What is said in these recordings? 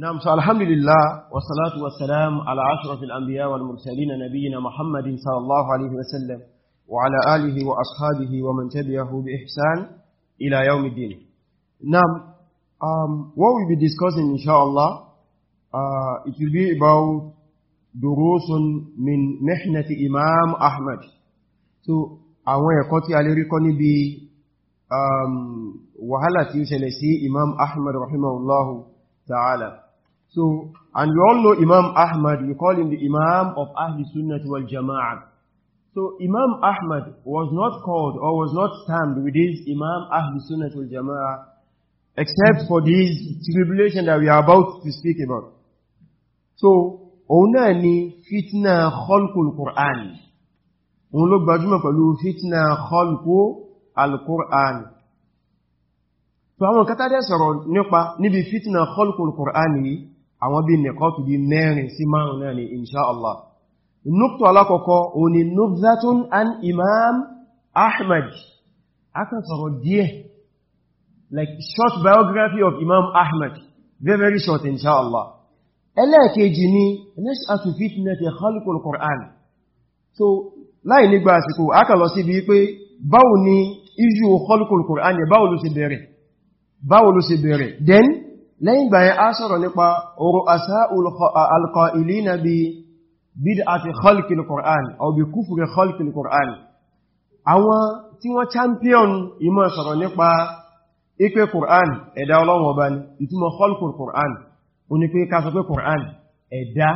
نعم الحمد لله والصلاة والسلام على أشرف الأنبياء والمرسلين نبينا محمد صلى الله عليه وسلم وعلى آله وأصحابه ومن تبعه بإحسان إلى يوم الدين نعم um, what we'll be discussing إن inshallah uh, it will be about دروس من محنة إمام أحمد so àwọn ẹ̀kọ́ tí a lè rí kọ́ níbi um, wàhálà tí ó ṣẹlẹ̀ sí Imam Ahmad rahimahullahu So, and we all know Imam Ahmad, we call him the Imam of Ahli Sunnah wal Jama'ah. So Imam Ahmad was not called or was not stamped with his Imam Ahli Sunnah wal Jama'ah except for this tribulation that we are about to speak about. So, òun ni fitna khalqul Qur'an. Òun ló gbajúmọ̀ pẹ̀lú fitna khalqul Qur'an. So àwọn kátàdẹ́ sọ̀rọ̀ nípa níbi fitna khalqul Qur'an yìí, àwọn bí nẹ̀kọ́tù bí mẹ́rin sí márùn náà ni inṣáàlá. nukta alákọ̀ọ́kọ́ o ni nubzatun an imam ahmad aka sọ̀rọ̀ díẹ̀ like short biography of imam ahmad very very short inṣáàlá ẹlẹ́ẹ̀kejì ni nash'atu fitnati khalqul qur'an so láì nígbà àsìkò aka lọ sí bí pé báwo ni iṣu khalqul qur'an báwo ló sì bẹ̀rẹ̀ báwo ló sì bẹ̀rẹ̀ then lẹ́yìn ìgbà yẹn a sọ̀rọ̀ nípa ọrọ̀ asá alkọ ilé na bí bídàtí khalqil Qur'an aw bí kúfùrẹ̀ khalqil Qur'an àwọn tí wọ́n champion ìmọ̀ sọ̀rọ̀ nípa ipe Qur'an ẹ̀dá Ọlọ́run Ọba ni ìtumọ̀ khalqil Qur'an ó ní pé ká sọ pé Qur'an ẹ̀dá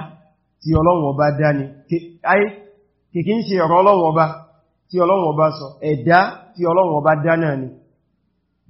tí Ọlọ́run Ọba dá ni kìkí ń ṣe ẹ̀dá tí ni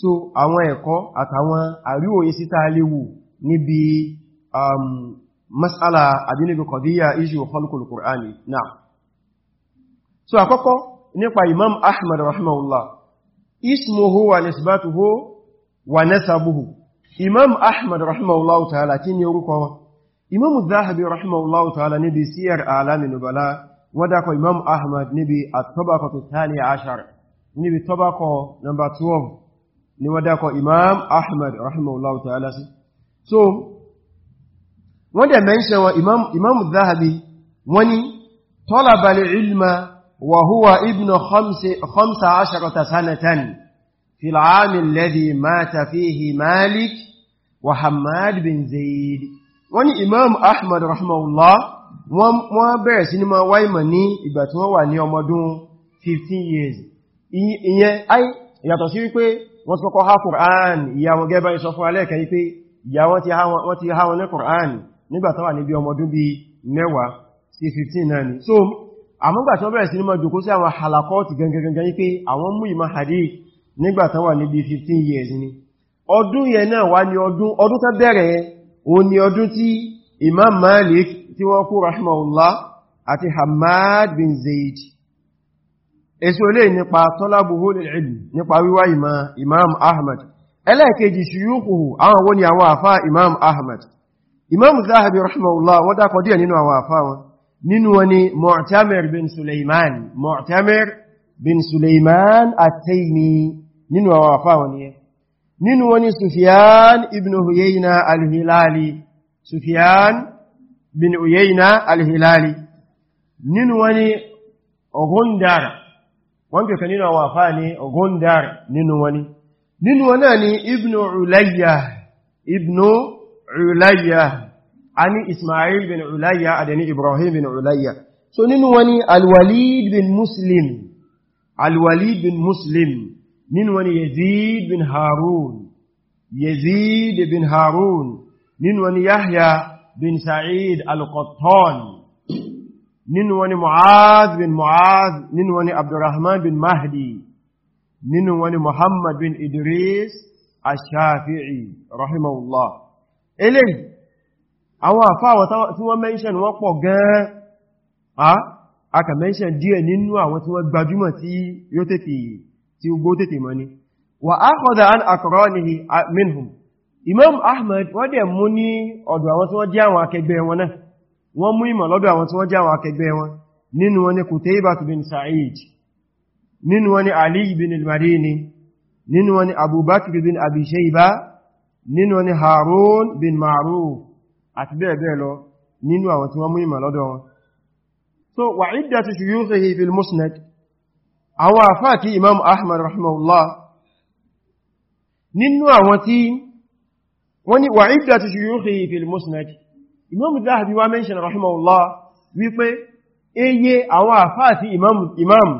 so àwọn ẹ̀kọ́ àtàwọn àríwòye síta léwu níbi um, masala àbínibí kọ̀díyà iṣu khalqul Qur'ani náà so àkọ́kọ́ nípa imam ahmad rahimahullah ismuhu wa nisbatuhu wa nasabuhu imam ahmad rahimahullah ta'ala kí ni orúkọ wọn imam zahabi rahimahullah ta'ala níbi siyar alami nubala wadakọ imam ahmad níbi at-tabaqatu thaniya ashar níbi tabaqo number 12 ni wọ́n dákọ̀ imam ahmad rahimahullahu ta'ala sí so wọ́n dẹ̀ mẹ́ṣẹ́ wọn imam imam zahabi wọ́n ni talaba al-ilma wa huwa ibn khamsa asharata sanatan fi al-aami alladhi mata fihi malik wa hamad bin zaid wọ́n ni imam ahmad rahimahullah wọ́n bẹ̀rẹ̀ sí 15 years ìyẹn yàtọ̀ sí wípé wọ́n tún kọ́ ha Qur'an ìyàwó gẹ́bà ìsọ fún alẹ́ẹ̀kẹ́ yí pé ìyàwó ti ha wọn ní Qur'an nígbàtà wà níbi ọmọdún bí mẹ́wàá sí 15 náà so àmúgbà tí wọ́n bẹ̀rẹ̀ sí ní máa jòkó sí àwọn halakọ́ọ̀tì gangan yí pé àwọn mú ìmá years ni ọdún yẹn náà wá ní ọdún ọdún tó bẹ̀rẹ̀ Imam Malik tí wọ́n kú rahimahullah àti Hamad bin Zaid èsì olè nípa tọ́lábù hulil ilmi nípa wíwá imam ahmad ẹlẹ́ẹ̀kejì ṣuyúkùhù àwọn wọ́n ni àwọn àfá imam ahmad imam zahabi rahimahullah wọ́n dákọ̀ díẹ̀ nínú àwọn àfá wọn nínú wọn ni mu'tamir bin suleiman mu'tamir bin suleiman at-taymi nínú àwọn àfá wọn ni nínú wọn ni sufyan wọ́n pẹ̀kẹ́ nínú àwọn àfáà ní Gondar nínú wani nínú wọn náà ni ibnu ulayya ibnu ulayya a ní ismail bin ulayya a da ní ibrahim bin ulayya so nínú wani alwalid bin muslim alwalid bin muslim nínú wani yazid bin harun yazid bin harun nínú wani yahya bin sa'id al-qattan nínú wọn ni mu'adh bin mu'adh nínú wọn ni abdurrahman bin mahdi nínú wọn ni muhammad bin idris ash-shafi'i rahimahullah eléyìí àwọn àfáwọ̀ tí wọ́n mention wọ́n pọ̀ gan a aka mention díẹ̀ nínú àwọn tí wọ́n gbajúmọ̀ tí yóò tètè tí ó gbó tètè mọ́ ni wa akhadha an aqranihi minhum imam ahmad wọ́n dẹ̀ mú ní ọ̀dọ̀ àwọn tí wọ́n jẹ́ àwọn akẹgbẹ́ wọn náà wọ́n mú ìmọ̀ lọ́dọ̀ àwọn tí wọ́n jáwọn akẹgbẹ́ wọn nínú wọn ni Kutaybah bin Sa'id nínú wọn ni Ali bin al-Madini nínú wọn ni Abubakar bin Abi Shayba nínú wọn ni Harun bin Ma'ruf àti bẹ́ẹ̀ bẹ́ẹ̀ lọ nínú àwọn tí wọ́n mú ìmọ̀ lọ́dọ̀ wọn so wa iddatu shuyukhihi fil musnad àwọn àfáàkì Imam Ahmad rahimahullah nínú àwọn tí wọ́n ni wa iddatu shuyukhihi fil musnad Imam Zahabi wá mention rahimahullah wípé eye àwọn àfáà tí imam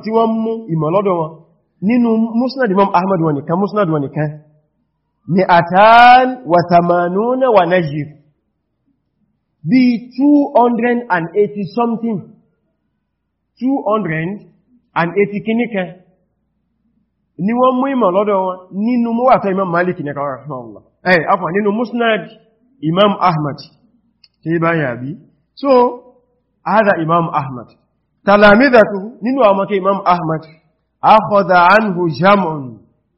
tí wọ́n mú ìmọ̀ lọ́dọ̀ wọn nínú musnad imam ahmad wọn nìkan musnad wọn nìkan ni àtàn wa thamanuna wa najif bí 280 something 280 kìníkan ni wọ́n mú ìmọ̀ lọ́dọ̀ wọn nínú mọ́wàtọ̀ imam malik nìkan rahimahullah eh afwan nínú musnad imam ahmad ṣe bá yà bí so hada imam ahmad talamidatu nínú àwọn kí imam ahmad akhadha anhu jam'un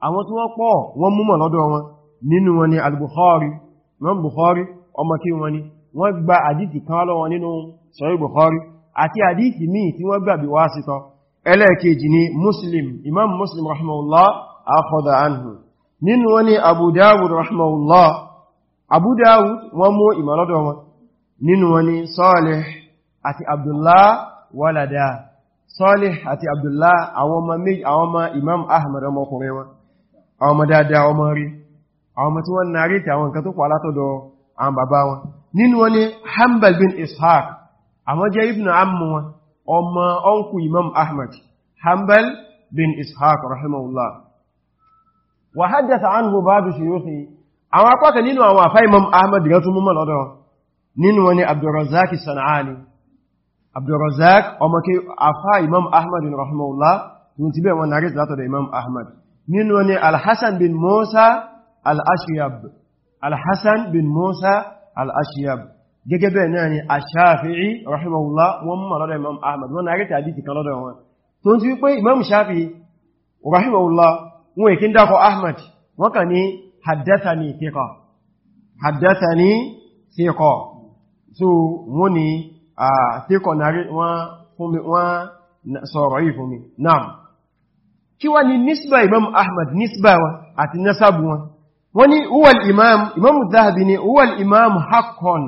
àwọn tí wọ́n pọ̀ wọ́n mú mọ̀ lọ́dọ̀ wọn nínú wọn ni al-bukhari imam bukhari ọmọ kí wọn ni wọ́n gba àdìsì kan lọ́wọ́ nínú sahih bukhari àti àdìsì míì tí wọ́n gbà bí wá sí tọ́ ẹlẹ́ẹ̀kejì ni muslim imam muslim rahimahullah akhadha anhu nínú wọn ni abu dawud rahimahullah abu dawud wọ́n mú ìmọ̀lọ́dọ̀ wọn nínú wọn ni Salih àti Abdullah wàlàdà Salih àti Abdullah àwọn ọmọ Imam Ahmad ọmọkùnrin wọn àwọn ọmọ dáadáa ọmọ rí àwọn ọmọ tí wọ́n narí tí àwọn nǹkan tó pọ̀ látọ̀dọ̀ àwọn bàbá wọn nínú wọn ni Hanbal bin Ishaq àwọn jẹ́ ibn ammu wọn ọmọ ọkù Imam Ahmad Hanbal bin Ishaq rahimahullah wa haddatha anhu ba'du shuyukhi àwọn apákan nínú àwọn àfá Imam Ahmad gan mú mọ́ lọ́dọ̀ wọn nínú wọn ni abdurrazak sana'ani abdurrazak ọmọ kí afá imam ahmad bin rahimahullah tún ti bẹ́ wọn narí látọ̀dọ̀ imam ahmad nínú wọn ni alhassan bin musa al'ashiyab alhassan bin musa al'ashiyab gẹ́gẹ́ bẹ́ẹ̀ náà ni ashafi'i rahimahullah wọn mọ̀ lọ́dọ̀ imam ahmad wọn narí tàbí ti kan lọ́dọ̀ wọn tó ti wípé imam shafi'i rahimahullah wọn èkí dákọ̀ ahmad wọn kà ní haddathani thiqa haddathani so wọ́n ni àtíkọ̀ narí wọ́n sọ̀rọ̀ yìí fún mi náà kí wá ni nisba imam ahmad nisba wa àti nasabu wọn wọ́n ni uwal imam imam zahabi ni uwal imam Hakon?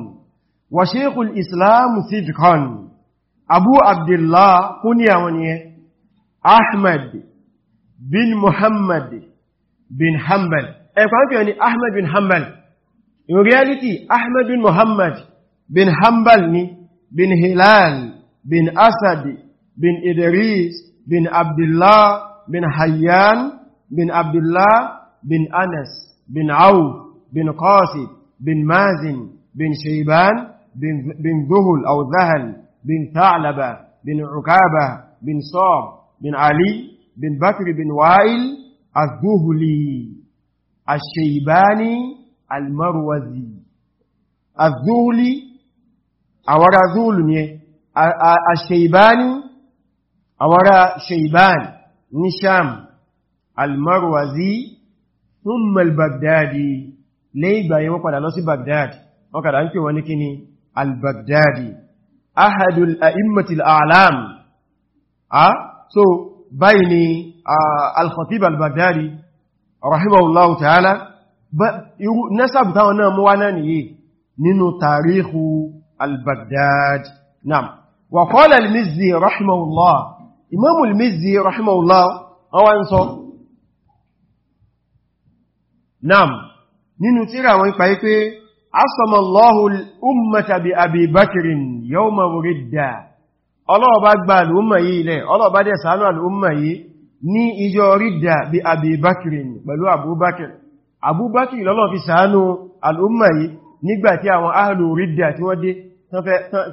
wa sheikhul islam sidqan abu abdullah kúníyà wọn ni ahmad bin muhammad bin hanbal ẹ̀kọ́ ń fi ni ahmad bin hanbal in reality ahmad bin muhammad bin Hanbal ni bin Hilal bin Asad bin Idris bin Abdullah bin Hayyan bin Abdullah bin Anas bin Auf bin Qasid bin Mazin bin Shayban bin, bin Zuhul أو ذهل بن ثعلبة بن عكابة بن صاب بن علي بن بكر بن وائل الذهلي الشيباني المروزي الذهلي àwárá zúlù ni àṣèìbáni àwárá ṣèìbáni ní sham almarwazi hummal bagdadi lẹ́yìn ìgbà yẹn wọ́n padà lọ sí bagdadi wọ́n kàdà ń pè wọ́n ní kíni al-baghdadi ahadul a'immatil a'lam a so báyìí ni al-khatib baghdadi rahimahullahu ta'ala irú nasabu táwọn náà mú wá náà nìyí nínú tàríhù البغداد نعم وقال المزي رحمه الله إمام المزي رحمه الله أو أنصر نعم ننترى ويقايك عصم الله الأمة بأبي بكر يوم ورد ọlọ́wọ́ bá gba al'umma yìí ilẹ̀ ọlọ́wọ́ bá dẹ̀ sánú al'umma yìí ní ìjọ rídà bí abubakirin pẹ̀lú abubakir abubakir lọ́lọ́ fi sánú al'umma yìí nígbàtí àwọn ahàlù rídà tí wọ́n dé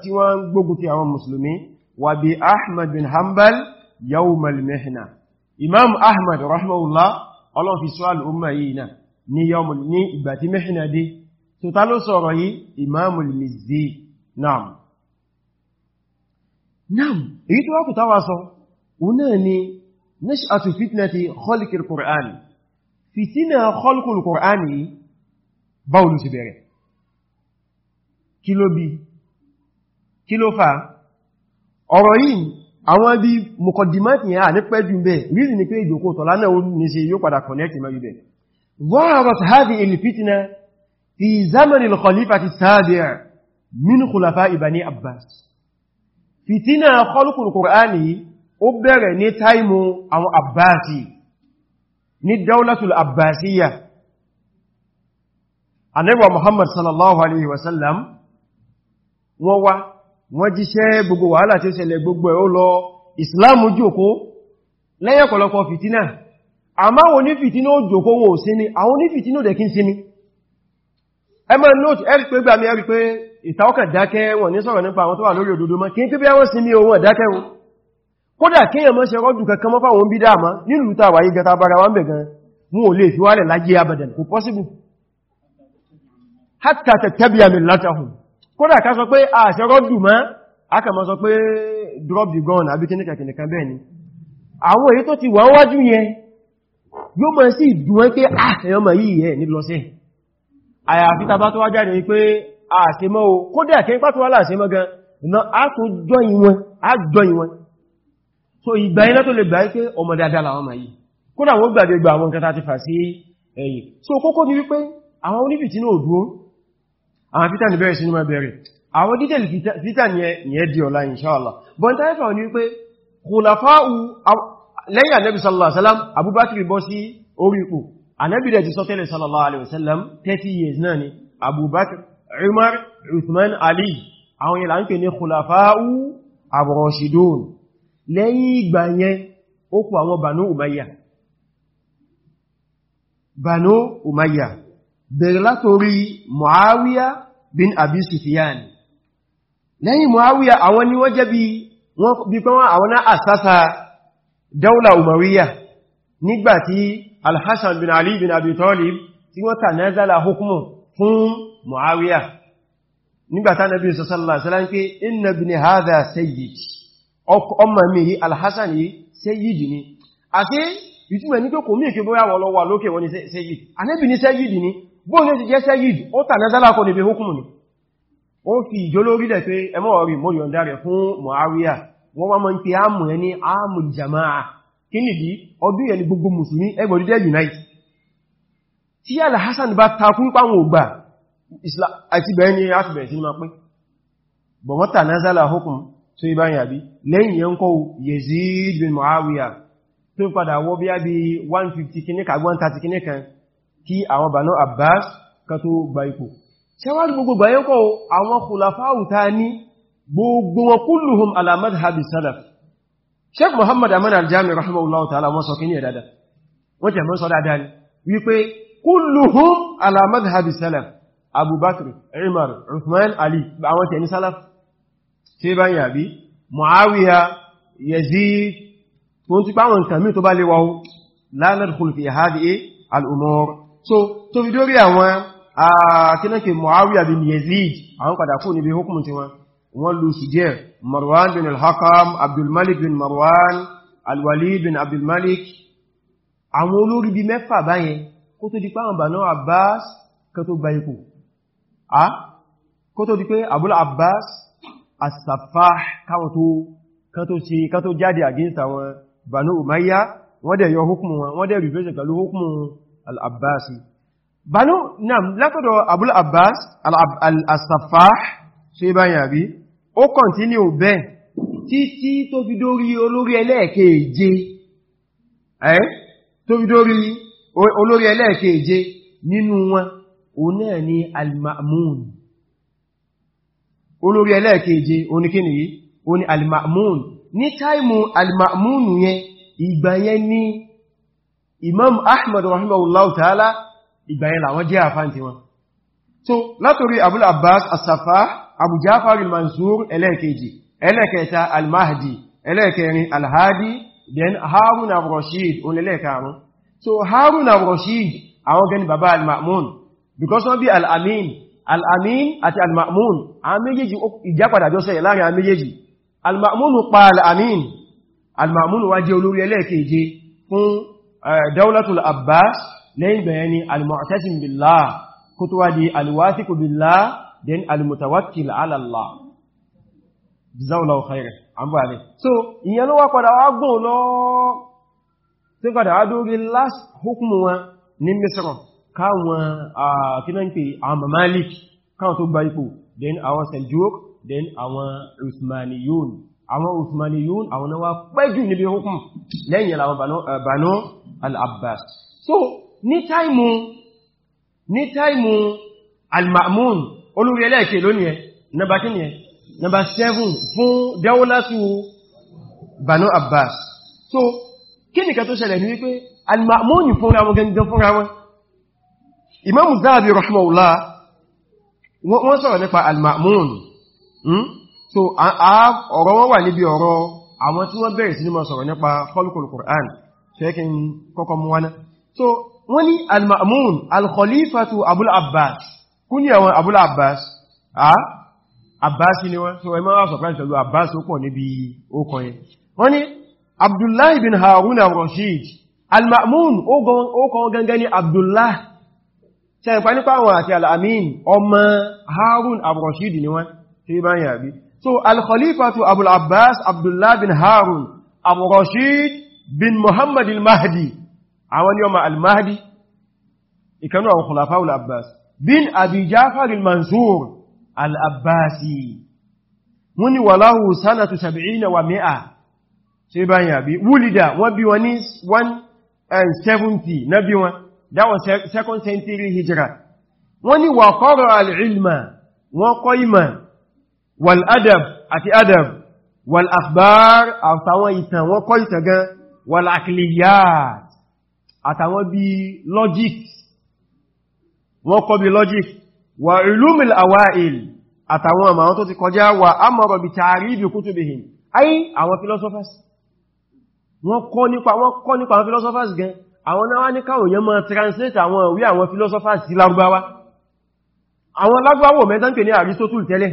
tí wọ́n ń gbógun ti àwọn mùsùlùmí wà bí ahmad bin hanbal yawmal mihna imam ahmad rahimahullah ọlọ́n fi sọ́ọ̀lù umma yìí na ní yawmal ní ìgbà tí mihna dé tó tá ló sọ̀rọ̀ yìí imamul mizzi naam naam èyí tó wákùtá wá sọ òun náà ni nash'atu fitnati khalqil qur'an fitina khalqil qur'an yìí báwo ló sì bẹ̀rẹ̀ kí ló bí kí ló fà ọ̀rọ̀ yìí àwọn ibi mọ̀kọ̀dìmáàtì yà ní pẹ́jù bẹ̀ rízi ni pé ìjòkó tọ̀lá náà ó ní ṣe yóò padà kọ̀nẹ́kì mẹ́rin bẹ̀ wọ́rọ̀t hadi ilfitina fi abbas fitina khalqul qur'ani ó bẹ̀rẹ̀ ní abbasi ní daulatul abbasiyya annabi muhammad sallallahu alaihi wasallam wọ́n wá wọ́n jíṣẹ́ gbogbo wàhálà tí ó ṣẹlẹ̀ gbogbo ẹ̀ ó lọ ìsìláàmù jòkó lẹ́yìn ọ̀pọ̀lọpọ̀ fìtínà àmá wọn ní fìtínà ó jòkó wọn ò sí ni àwọn ní fìtínà dẹ̀ kí ń sí ni ẹ máa note ẹ̀rí pé gbàmí ẹ̀rí pé ìtaọ́kà dákẹ́ wọn ní sọ̀rọ̀ nípa àwọn tó wà lórí òdodo mọ́ kí n kí bí wọ́n sí ní ohun ẹ̀dákẹ́ wọn kódà kí èèyàn mọ́ ṣe rọ́dù kankan mọ́ kódà ká sọ pé àṣẹ rọ́dù mọ́ akàmọ́ sọ pé drop the gun àbí kíníkà kìníkà bẹ́ẹ̀ ni àwọn èyí tó ti wà wájú yẹn yóò mọ̀ sí ìdúnwẹ́ pé àṣẹyàn mọ̀ yìí yẹn nílọsẹ̀ àyàfi tàbá tó wá jáde ní pé àṣẹ mọ́ o kódà kí pàtó wà láṣẹ mọ́ gan na a tó jọ ìwọ̀n a jọ ìwọ̀n so ìgbà iná tó lè gbà pé ọmọ dáadáa làwọn mọ̀ yìí kódà so kókó ni wípé àwọn oníbìtì náà dúró àwọn fítà ní bẹ̀rẹ̀ sí ní máa bẹ̀rẹ̀ àwọn detail fítà ní ẹ di ọ̀la inṣáàlá bọ́n tàí fà ní pé khulafa'u lẹ́yìn anẹ́bì sallallahu alaihi wasallam abubakar bọ́ sí orí ipò anẹ́bì 30 years náà ni abubakar umar uthman ali àwọn yìí là ń pè ní khulafa'u ar-rashidun lẹ́yìn ìgbà yẹn ó kù àwọn bẹ̀rẹ̀ látorí muawiya bin Abi Sufyan lẹ́yìn Muawiya àwọn ni wọ́n jẹ́ bí wọ́n bí pé wọ́n àwọn àsásà daula Umawiya nígbàtí Al-Hasan bin Ali bin Abi Talib tí wọ́n tà nazala hukmu fún Muawiya nígbàtí Nabi sallallahu alaihi wasallam pé inna ibni hadha sayyid ọmọ mi yìí Al-Hasan yìí sayyid ni àti ìtumẹ̀ ní pé kò mí ìkébóyàwó lọ lókè wọn ni sayyid bó ní ti jẹ́ sẹ́yìd ó tà nẹ́sẹ́lá kò níbi hukumu ni ó ń fi ìjó lórí lẹ̀ pé ẹmọ́ ọ̀rí mo yọ̀ǹda rẹ̀ fún Muawiya wọ́n wá mọ́ ń pe áàmù ẹ ní áàmù jama'a kí nìdí ọdún yẹn ni gbogbo mùsùlùmí hassan bá takún páwọn ògbà àti bẹ̀ẹ́ ni a ti bẹ̀ẹ̀ sí ma pín bọ̀wọ́n tà nẹ́sẹ́lá hukum tó ibá yàbí lẹ́yìn yẹn kọ́ Yazid bin Muawiya tó padà wọ́ bí i 150 kìníkà 130 kìníkà kí àwọn Banu Abbas kan tó gba ipò ṣẹ́wàá gbogbo gbàyẹ́kọ́ àwọn khulafa'u ta ní gbogbo wọn kulluhum ala madhhabi salaf Sheikh Muhammad Amin al-Jami rahimahullahu ta'ala wọ́n sọ kí ní ẹ̀ dáadáa wọ́n tẹ̀ mọ́ sọ dáadáa ni wípé kulluhum ala madhhabi salaf Abu Bakr Umar Uthman Ali àwọn tẹ̀ ní salaf ṣe al-umur so to fi dórí àwọn akínẹ́kẹ̀ Muawiya bin Yazid àwọn padà fún níbi hukumun ti wọn wọ́n lù sí díẹ̀ Marwan bin al-Hakam Abdulmalik bin Marwan al-Walid bin Abdulmalik àwọn olórí bí mẹ́fà báyẹn kó tó di pé àwọn Banu Abbas kó tó gba ipò a kó tó di pé Abul Abbas as-Saffah káwọn tó jáde against àwọn Banu umaya, wọ́n dẹ̀ yọ hukumu wọn wọ́n dẹ̀ reverse pẹ̀lú hukumu al-abbasi banu nam látọ̀dọ̀ abul abbas al-asafah ṣe bá yà bí ó kọ̀ntínú bẹ́ẹ̀ títí tó fi dórí olórí ẹlẹ́ẹ̀keje ẹ́ tó fi dórí olórí ẹlẹ́ẹ̀keje nínú wọn òun náà ni al-ma'mun olórí ẹlẹ́ẹ̀keje oníkíni yìí ó ní al-ma'mun ní táìmù al-ma'mun yẹn ìgbà yẹn ní imam ahmad rahimahullahu ta'ala ìgbàyẹn làwọn jẹ́ àfáǹtí wọn so látorí abul abbas asafa abu jafar al-mansur ẹlẹ́ẹ̀kejì ẹlẹ́ẹ̀kẹta al-mahdi ẹlẹ́ẹ̀kẹrin al-hadi then harun al-rashid olẹ́lẹ́ẹ̀karun so harun al-rashid àwọn gẹni bàbá al-ma'mun because wọ́n bí al-amin al-amin àti al-ma'mun àwọn méjèèjì ìjápadà jọ sẹ́yẹ̀ láàrin àwọn méjèèjì al-ma'mun pa Eh, daulatul abbas lẹ́yìn bẹ̀yẹn ni al-mu'tasim billah kó tó wá di al-wathiq billah then al-mutawakkil ala Allah jazakallahu khairan àmbàlẹ̀ so ìyẹn ló wá padà wá gbọ́n lọ tí padà wá dórí last hukumu wọn ní misra káwọn kínáǹkì àwọn malik káwọn tó gba ipò then usmaniyun àwọn usmaniyun àwọn náà wá pẹ́jù níbi hukumu lẹ́yìn àwọn banu eh, al-abbas so ní táìmù ní táìmù al-ma'mun olórí ẹlẹ́ẹ̀kẹ́ lónìí ẹ nàbà kí ni ẹ nàbà 7 fún dáwọ́lásù banu abbas so kí ni ká tó ṣẹlẹ̀ ní wípé al-ma'mun fúnra wọn gẹngẹn fúnra wọn imam zahabi rahimahullah wọ́n sọ̀rọ̀ nípa al-ma'mun hmm? so ọ̀rọ̀ wọn wà níbi ọ̀rọ̀ àwọn tí wọ́n bẹ̀rẹ̀ sí ní mọ́ sọ̀rọ̀ nípa khalqul Qur'an ṣẹ́kín kọ́kọ́ mú wáná so wọ́n ní al-ma'mun al-khalifatu abul abbas kún ní àwọn abul abbas a abbas ni wọ́n so ẹmọ́ wọ́n sọ̀kọ́ ìṣẹ̀lú abbas ó pọ̀ níbi ókan yẹn wọ́n ní abdullahi bin harun al-rashid al-ma'mun ókan gangan ni abdullah ṣe ìpa nípa àwọn àti al-amin ọmọ harun al-rashid ni wọ́n tí bá yàbí so al-khalifatu abbas abdullah bin harun al-rashid bin muhammad al-mahdi àwọn ni ọmọ al-mahdi ìkanú àwọn khulafa al-abbas bin abi jafar al-mansur al-abbasi wọ́n ni wàláhù sánàtù sàbìínà wà mẹ́à ṣe báyìí àbí wúlìdà wọ́n bí wọn ní 170 na bí wọn dáwọn second century hijra wọ́n ni wà kọ́rọ̀ al-ilma wọ́n kọ́ ìmà wal adab àti adab wal àtàwọn ìtàn wọ́n kọ́ ìtàn wàlàkìlìyàt àtàwọn bí logic wọ́n kọ́ bí logic wà ìlúmìl àwáìl àtàwọn àmà tó ti kọjá wà ámọ̀rọ̀ bí tààrí ibi kú tó bí hìn ayé àwọn philosophers wọ́n kọ́ nípa àwọn philosophers gan àwọn náwá ní káwọn yẹn máa translate àwọn ìwé àwọn philosophers sí lárúbáwá àwọn lárúbáwá mẹ́ta ń pè ní Aristotle tẹ́lẹ̀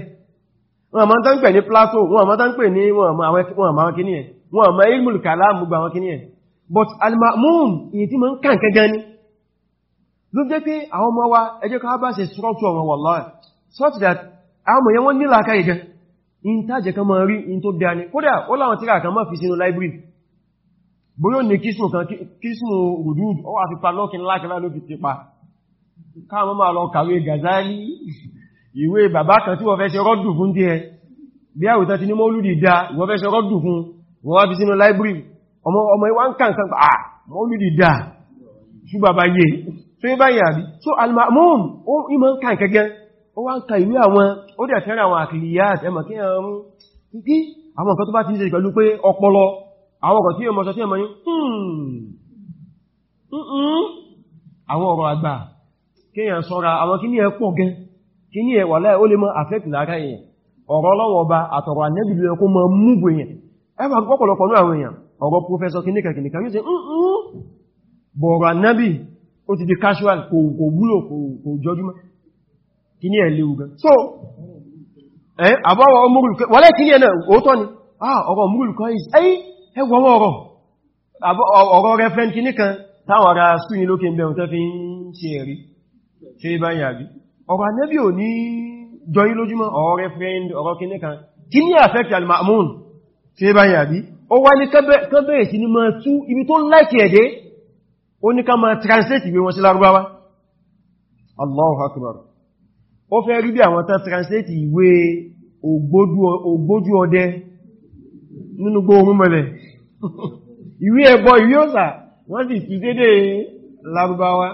wọ́n máa ń pè ní Plato wọ́n máa ń pè ní wọn àwọn kìíní wọn àmà ilmul kalam gbà wọn kí ní ẹ̀ but al-ma'mun èyí tí ma ń kàn kẹgẹ́ ní ló jẹ́ pé àwọn ọmọ wa ẹjẹ́ ká bá ṣe structure wọn wallahi such that àwọn ọmọ yẹn wọ́n nílà ká ìgẹ́ in tàjẹ́ kan ma rí in tó dá ní kódà ó láwọn tíra library bóyó ní kísùn kan kísùn rùdúd ó wà fi pa lọ́kín lákìlá ló fi ti pa káàmọ́ máa lọ kàwé Ghazali ìwé bàbá kan tí wọ́n fẹ́ ṣe rọ́dù fún ṣe rọ́dù fún wọ́n wá fi sínú library ọmọ ọmọ ìwá ń kà nǹkan pa ah mọ́lúdì dà ṣú bàbá yé tó yí báyìí àbí so al-ma'mum ó ìmọ̀ ń kà kẹ́gẹ́ ó wá ń ka ìwé àwọn ó dẹ̀ fẹ́ràn àwọn àkìlìyàt ẹmọ̀ kí àwọn kí àwọn nǹkan tó bá ti ń ṣe pẹ̀lú pé ọpọlọ àwọn ọ̀rọ̀ tí yóò mọ̀ sọ tí ẹmọ̀ yí hmm, àwọn ọ̀rọ̀ àgbà kíyàn sọ́ra àwọn kí ní ẹ pọ̀ gẹn kí ní ẹ wà láì ó lè mọ́ affect lára èèyàn ọ̀rọ̀ ọlọ́wọ̀ ọba àtọ̀rọ̀ ànẹ́bìlẹ̀ kó mọ́ múgbò èèyàn ẹwà pọ́pọ̀lọpọ̀ ní àwọn èèyàn ọ̀rọ̀ pọ́fẹ́sọ kìníkà kìníkà yóò ṣe ń mm, mm. bọ̀rọ̀ annabi ó ti di casual kò wúlò kò jọjúmọ́ kí ní ẹ̀lẹ́ ogun so àbọ́wọ̀ ọmọrùlùkọ́ wọ́lẹ́ kí ní ẹ̀nà òótọ́ ni ọ̀rọ̀ ọmọrùlùkọ́ is ẹ́ ẹwọ̀ ọ̀rọ̀ ọ̀rọ̀ referent kìníkan táwọn ará skúl ní lókè mẹ́rin tẹ́ fi ń ṣe ẹ̀rí ṣe bá yàbí ọ̀rọ̀ annabi ò ní jọyí lójúmọ́ ọ̀rọ̀ referent ọ̀rọ̀ kìníkan kí ní affect al-ma'mun tí bá yà bí ó wá ní kẹ́bẹ̀ẹ̀ sí ní máa tú ibi tó láìkì ẹ̀dẹ́ ó ní ká máa translate ìwé wọn sí lárúbáwá Allahu Akbar ó fẹ́ rí bí àwọn tán translate ìwé ògbójú ọdẹ nínú gbóhun mẹ́lẹ̀ ìwé ẹbọ ìwé òsà wọ́n sì fi dédé lárúbáwá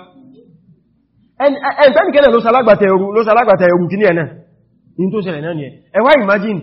ẹn tẹ́nìkẹ́lẹ̀ ló salágbàtẹ̀ ẹrù kí ní ẹ̀nà in tó ṣẹlẹ̀ náà imagine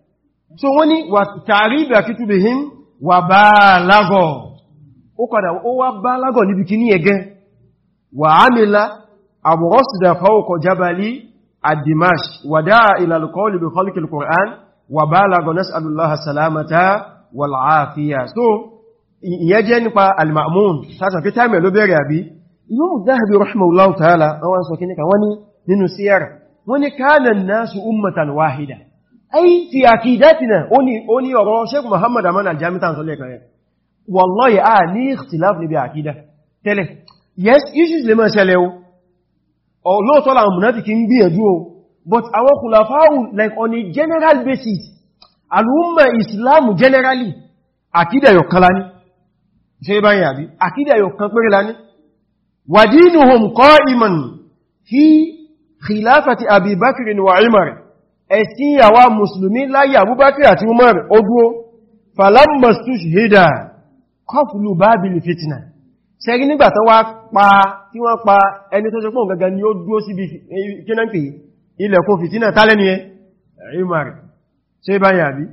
so wọ́n ní wà tàríbà kìtùbì him wà bá lágọ̀ ó kọ̀dà ó wá bá lágọ̀ níbi kí ní ẹgẹ́ wà ámìlá àwọ̀rọ̀sìdà fáwọkọ̀ jábàlì àdìmáṣ wàdá ìlàlùkọ́ọ̀lù wọ́n sọ kí ní ka wọ́n ní nínú siyar wọ́n ní kana nasu ummatan wahida ayi fi akidatina ó ní ọ̀rọ̀ Sheikh Muhammad Aman Al-Jamitan sọ lẹ́kan yẹn wallahi a ní ikhtilaf níbi àkídá tẹ́lẹ̀ yes issues lè máa ṣẹlẹ̀ o lóòtọ́ la munafiki ń gbìyànjú o but àwọn khulafa'u like on a general basis al'umma islam generally àkídá yọ̀kan lání ṣe bá yà bí àkídá yọ̀kan péré lání wa dinuhum qa'iman fi khilafati Abi Bakr wa Umar ẹ̀sìn àwa mùsùlùmí láyé àbúbákì àti umar odúó falambastush hida kọfùlù bábìlì fitna ṣẹ́rí nígbà tó wá pa tí wọ́n pa ẹni tó ṣepọ̀ gaga ni ó dúó síbi kínánpé ilẹ̀kùn fitina tálẹ́ni ẹ rímar ṣe bá yàbí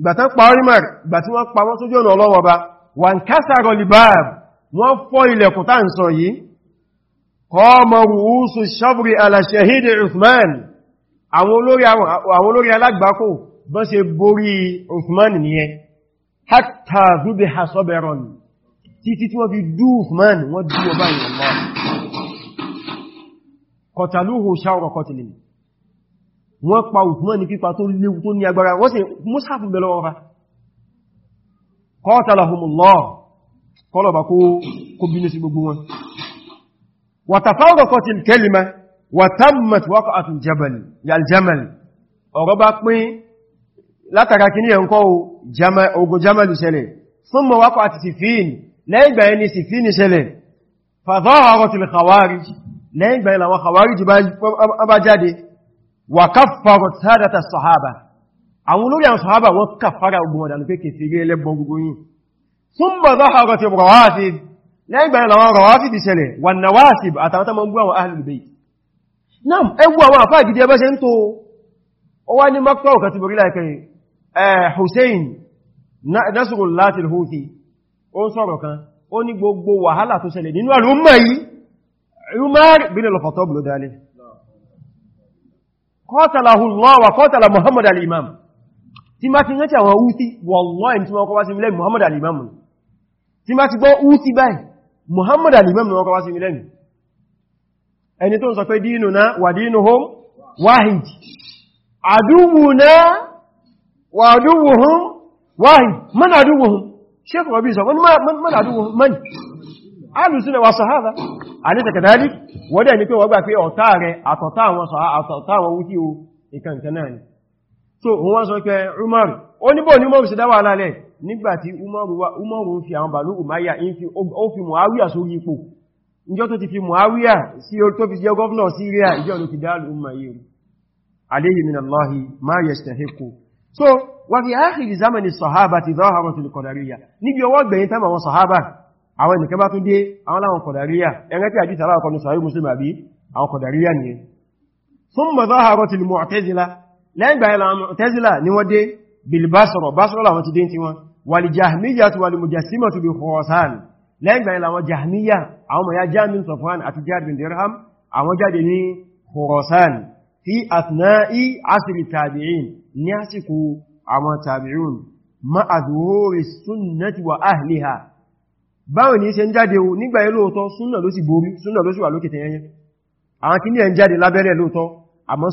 gbà tán pa rímar gbà tí wọ́n pa wọ́n sójú ọ̀nà ọlọ́wọ́ bá wọ́n kásàrọ̀ libab wọ́n fọ́ ilẹ̀kùn tá sọ yìí kọ́ mọ̀rù úsù shabri ala shahidi àwọn olórí alágbàkò bọ́n ṣe borí Uthman nìyẹn hatta zube ha sọ́bẹ̀rọ̀ ni títí tí wọ́n fi dú Uthman wọ́n dú ọba ìrọ̀lọ́ kọtàlúhù ṣáwọ̀ kọtìlì wọ́n pa Uthman ní pípa tó léwu tó ní agbára wọ́n sì mọ́sáfù bẹ̀lọ́ ọba kọtàlahumullah kọlọ̀bà kó bínú sí gbogbo wọn wàtàfáwọ̀ kọtìlì kẹlìmá wàtàmàtí wákọ̀ àtún jamal ọ̀rọ̀ bá pín látara kí ní ẹ̀nkọ́ ogun jamal ṣẹlẹ̀ fún mọ̀ wákọ̀ àti sifin lẹ́yìngbà ẹni sifin ṣẹlẹ̀ fàzọ́rọ̀tìl khawarij lẹ́yìngbà ẹni àwọn khawarij bá jáde wà káfàrọ̀ àtàwọn tó mọ́ gbọ́ àwọn náà ẹwú àwọn àfáà gidi ẹbẹ́ ṣe ń tó ọwá ní mọ́kọ̀ ọ̀kà ti borí láìkẹ́ Hussein Nasrullah al-Houthi ó ń sọ̀rọ̀ kan ó ní gbogbo wàhálà tó ṣẹlẹ̀ nínú àlúmọ̀ yìí Umar bin al-Khattab ló dálé qatalahu Allah wa qatala Muhammad al-Imam tí má ti rántí àwọn Houthi wallahi tí wọ́n kọ́ wá sí ilẹ̀ Muhammad al-Imam tí má ti gbọ́ Muhammad al-Imam ni wọ́n kọ́ wá ẹni tó ń sọ pé dínú na wà dínú wáhìd àdúwù na wà àdúwù wáhìd mọ́nà àdúwù hom ṣékùn ọbí sọ mọ́nà àdúwù mọ́nì alùsùn wa sọ̀háza àníta kàdálí wọ́dẹ̀ ni pé wọ́n gbà pé ọ̀tá rẹ̀ àtọ̀tá àwọn sọ̀há àtọ̀tá àwọn o ìkànkan náà so òun wọ́n sọ pé Umar ó níbò ní Umar sì ìjọ tó ti fi Muawiya sí orí tó fi jẹ́ gọ́ọ̀nà Síríà ìjọ ló ti dáàlù umma yìí alayhi min Allahi ma yastahiqu so wà fi áàkìrì zamani sọ̀hábà ti zọ́hàrùn tó kọ̀dàríyà níbi ọwọ́ gbẹ̀yìn tán àwọn sọ̀hábà àwọn ẹnìkan bá tún dé àwọn láwọn kọ̀dàríyà ẹgbẹ́ tí àjíta láwọn kọ̀nù sọ̀hábà muslim àbí àwọn kọ̀dàríyà nìyẹn thumma zọ́hàrùn tó mu'tazila lẹ́yìn gbà ìlànà mu'tazila ni wọ́n dé bilbasoro basoro làwọn ti lẹ́gbàá ìlàwọ̀ jahmiya àwọn mọ̀ ya jamin sofan àti jabin dirham àwọn jáde ní khurasan fi athna'i asiri tabi'in ní àsìkò àwọn tabi'un ma adhuri sunnati wa ahliha báwo ni ṣe ń jáde o nígbà yẹn lóòtọ́ wà lókè tẹ́yẹn àwọn ní ẹ̀ ń jáde lábẹ́rẹ̀ lóòtọ́ àmọ́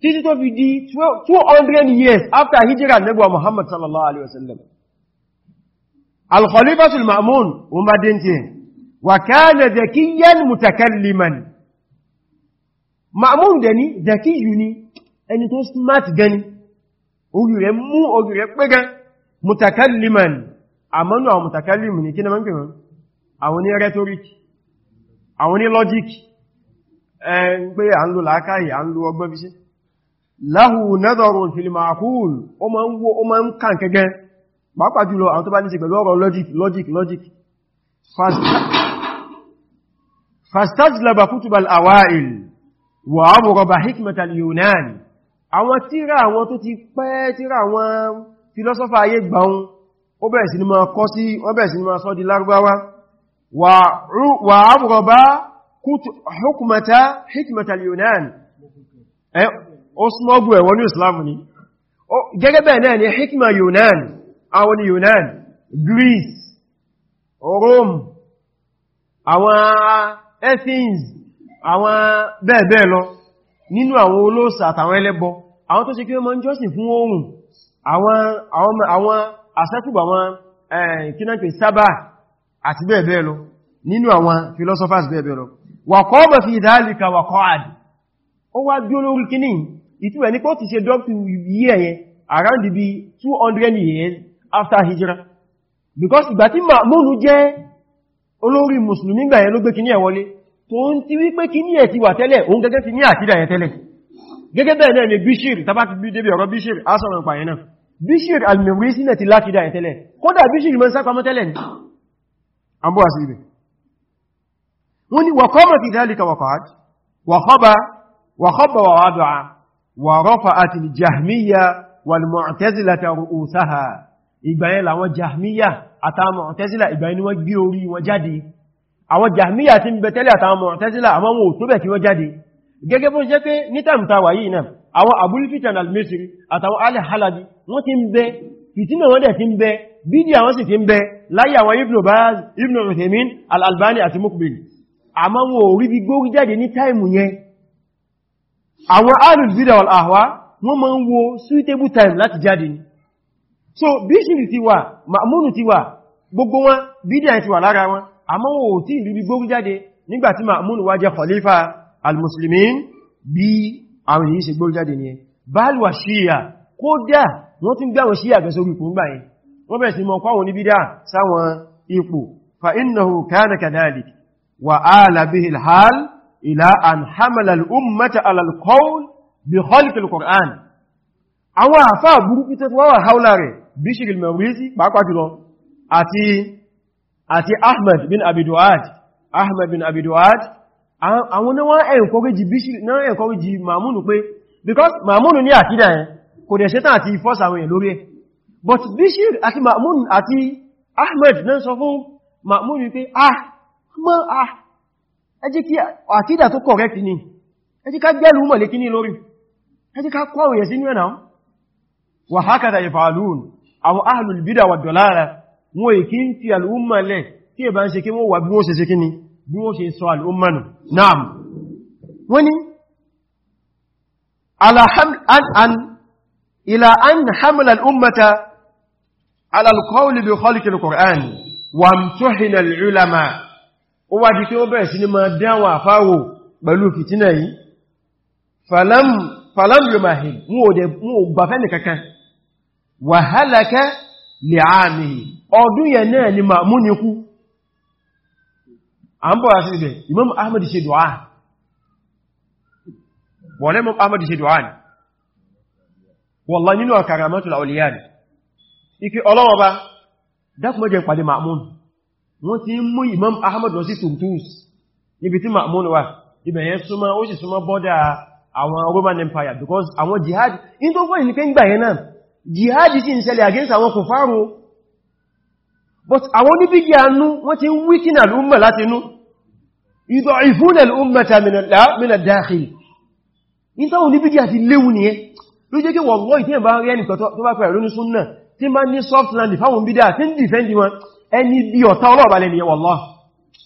títí tó fi di 200 years after hijira nabuwa muhammad sallallahu alaihi wasallam al-khalifatul ma'mun umar dinti wa kana zakiyan mutakalliman ma'mun dani zakiyu ni ẹni tó smart gani orí rẹ̀ mú orí rẹ̀ pẹ́gẹ́ mutakalliman àmọ́nà àwọn mutakallimu ni kí na mọ́nkẹ̀ àwọn ni rhetoric àwọn ni logic ẹ̀ ń pé à ń lo làákàyè à ń lo ọgbọ́n fi ṣe láhù nẹ́dọ̀rùn fìlìmàkúùl o ma ń wo o ma ń kàn kẹgẹ́ pàápàá jùlọ àwọn tó bá ní ṣe pẹ̀lú ọ̀rọ̀ logic logic logic fastajlaba kútùbal awa'il wà ámùrọ̀bà hikmetal yunani àwọn tíra àwọn tó ti pẹ́ tíra àwọn filosofa ayé gbáun ó bẹ̀rẹ̀ ó smọ́gbù ẹ̀wọ́n ní islam ni gẹ́gẹ́ bẹ́ẹ̀ náà ni hikma yunan àwọn ni yunan greece rome àwọn athens àwọn bẹ́ẹ̀ bẹ́ẹ̀ lọ nínú àwọn olóòsà àtàwọn ẹlẹ́bọ àwọn tó ṣe kí wọ́n máa ń jọ́sìn fún oòrùn àwọn àṣẹ́kùbà wọn kínákè sábà àti bẹ́ẹ̀ bẹ́ẹ̀ lọ nínú àwọn philosophers bẹ́ẹ̀ bẹ́ẹ̀ lọ wà mọ̀ fi dhalika wà àdì ó wá bí olórí kíní ìtumẹ̀ ní pé ó ti ṣe drop to year yẹn around bí 200 years after hijra because ìgbà tí Ma'mun jẹ́ olórí mùsùlùmí gbà yẹn ló gbé kíní ẹ̀ wọlé tó ń ti wípé kíní ẹ̀ ti wà tẹ́lẹ̀ òun gẹ́gẹ́ ti ní àkídà yẹn tẹ́lẹ̀ gẹ́gẹ́ bẹ́ẹ̀ náà ni Bishir tàbá ti bí débi ọ̀rọ̀ Bishir asọ̀rọ̀ ìpàyẹ náà Bishir al-Mimrisi náà ti lákídà yẹn tẹ́lẹ̀ kódà Bishir mọ́ sápamọ́ tẹ́lẹ̀ ni àbú àsìrì wọ́n ni wàkọ́mọ̀ ti dálíkà wàkọ́ ورفعت الجهمية والمعتزلة رؤوسها ìgbàyẹn làwọn jahmiya àtàwọn mu'tazila ìgbàyẹn ni wọ́n gbé orí wọn jáde àwọn jahmiya tí ń bẹ tẹ́lẹ̀ àtàwọn mu'tazila àwọn wọn ò tó bẹ̀ kí wọ́n jáde gẹ́gẹ́ bó jẹ́ pé ní tàmtàwà yìí náà àwọn Abul Fitan al-Misri àtàwọn al-Halabi wọ́n ti ń bẹ fìtínà wọ́n dẹ̀ ti ń bẹ bídí àwọn sì ti ń bẹ láyé àwọn Ibn al-Albani àti Muqbil àmọ́ wọn rí bí gbórí jáde ní táìmù yẹn àwọn alìsídà al'ahwa wọ́n ma ń wo suitable time láti jáde ni so bíṣìlì ti wà ma'amúnù ti wà gbogbo wọn bídíà ti wà lára wọn àmọ́ wọn ò tí ìlúbi gbórí jáde nígbàtí ma'amúnù wá jẹ́ khalifa al-muslimin bí àwọn èyí ṣe gbórí jáde ni bálùwà ṣíyà kódà wọ́n ti ń ìlà àn hamalal ummata alalkọ́ul bí holkil Qur'an àwọn àfá burúkú tó wọ́n wà haula rẹ̀ Bishr al-Mawrisi pàápàá jùlọ àti àti Ahmad bin Abi Du'ad Ahmad bin Abi Du'ad àwọn náà wọ́n encourage Bishr náà encourage Ma'mun pé because Ma'mun ní àkídà yẹn kò dẹ̀ ṣetán àti force àwọn èèyàn lórí ẹ̀ but Bishr àti Ma'mun àti Ahmad náà sọ fún Ma'mun pé ah mọ́ ah ẹ jẹ́ kí àkídà tó correct ní ẹ jẹ́ ká gẹ́lù mọ̀ lé kíní lórí ẹ jẹ́ ká kọ́ òyẹ̀ sínú ẹ̀nà wà hákàtà ìfààlùn àwọn ahlul bidà wà dọ̀lára wọ́n èkí ń fi al'umma lẹ̀ tí è bá ń ṣe kí wọ́n wà bí wọ́n ṣe ṣe kíní bí wọ́n ṣe sọ al'umma nù naam wani ila an hamla al'ummata ala alqawli bi khalqi al-qur'an wa amtuhina al-ulama ó wá di pé ó bẹ̀rẹ̀ sí ní máa dáwọn àfáwò pẹ̀lú fìtínà yìí falam mú ò gbà fẹ́ nìkankan wà hálàkẹ́ lè àmì ọdún yẹn náà ni ma mú a ń bọ̀rọ̀ sí ibẹ̀ imam ahmad ṣe dùá wọ́n imam ahmad ṣe dùá ni wallahi nínú ike ọlọ́wọ́ bá dákùnmọ́jẹ́ pàdé ma'amun wọ́n ti mú Imam Ahmad lọ sí Tumtus níbi tí Ma'mun wà ibẹ̀ yẹn súnmọ́ ó sì súnmọ́ bọ́dá àwọn Roman Empire because àwọn jihad in tó fọ́ ìníkẹ́ ìgbà yẹn náà jihad sì ń ṣẹlẹ̀ against àwọn kòfàrò but àwọn oníbígi anú wọ́n ti wíkínà l'umma láti inú ìdọ̀ ìfúnà l'ummata mina dáàkì in tó oníbígi àti léwu nìyẹn ló jẹ́ kí wọ́n lọ́ ìtí ẹni bí ọ̀tá ọlọ́ọ̀bá lẹ́ni wallahi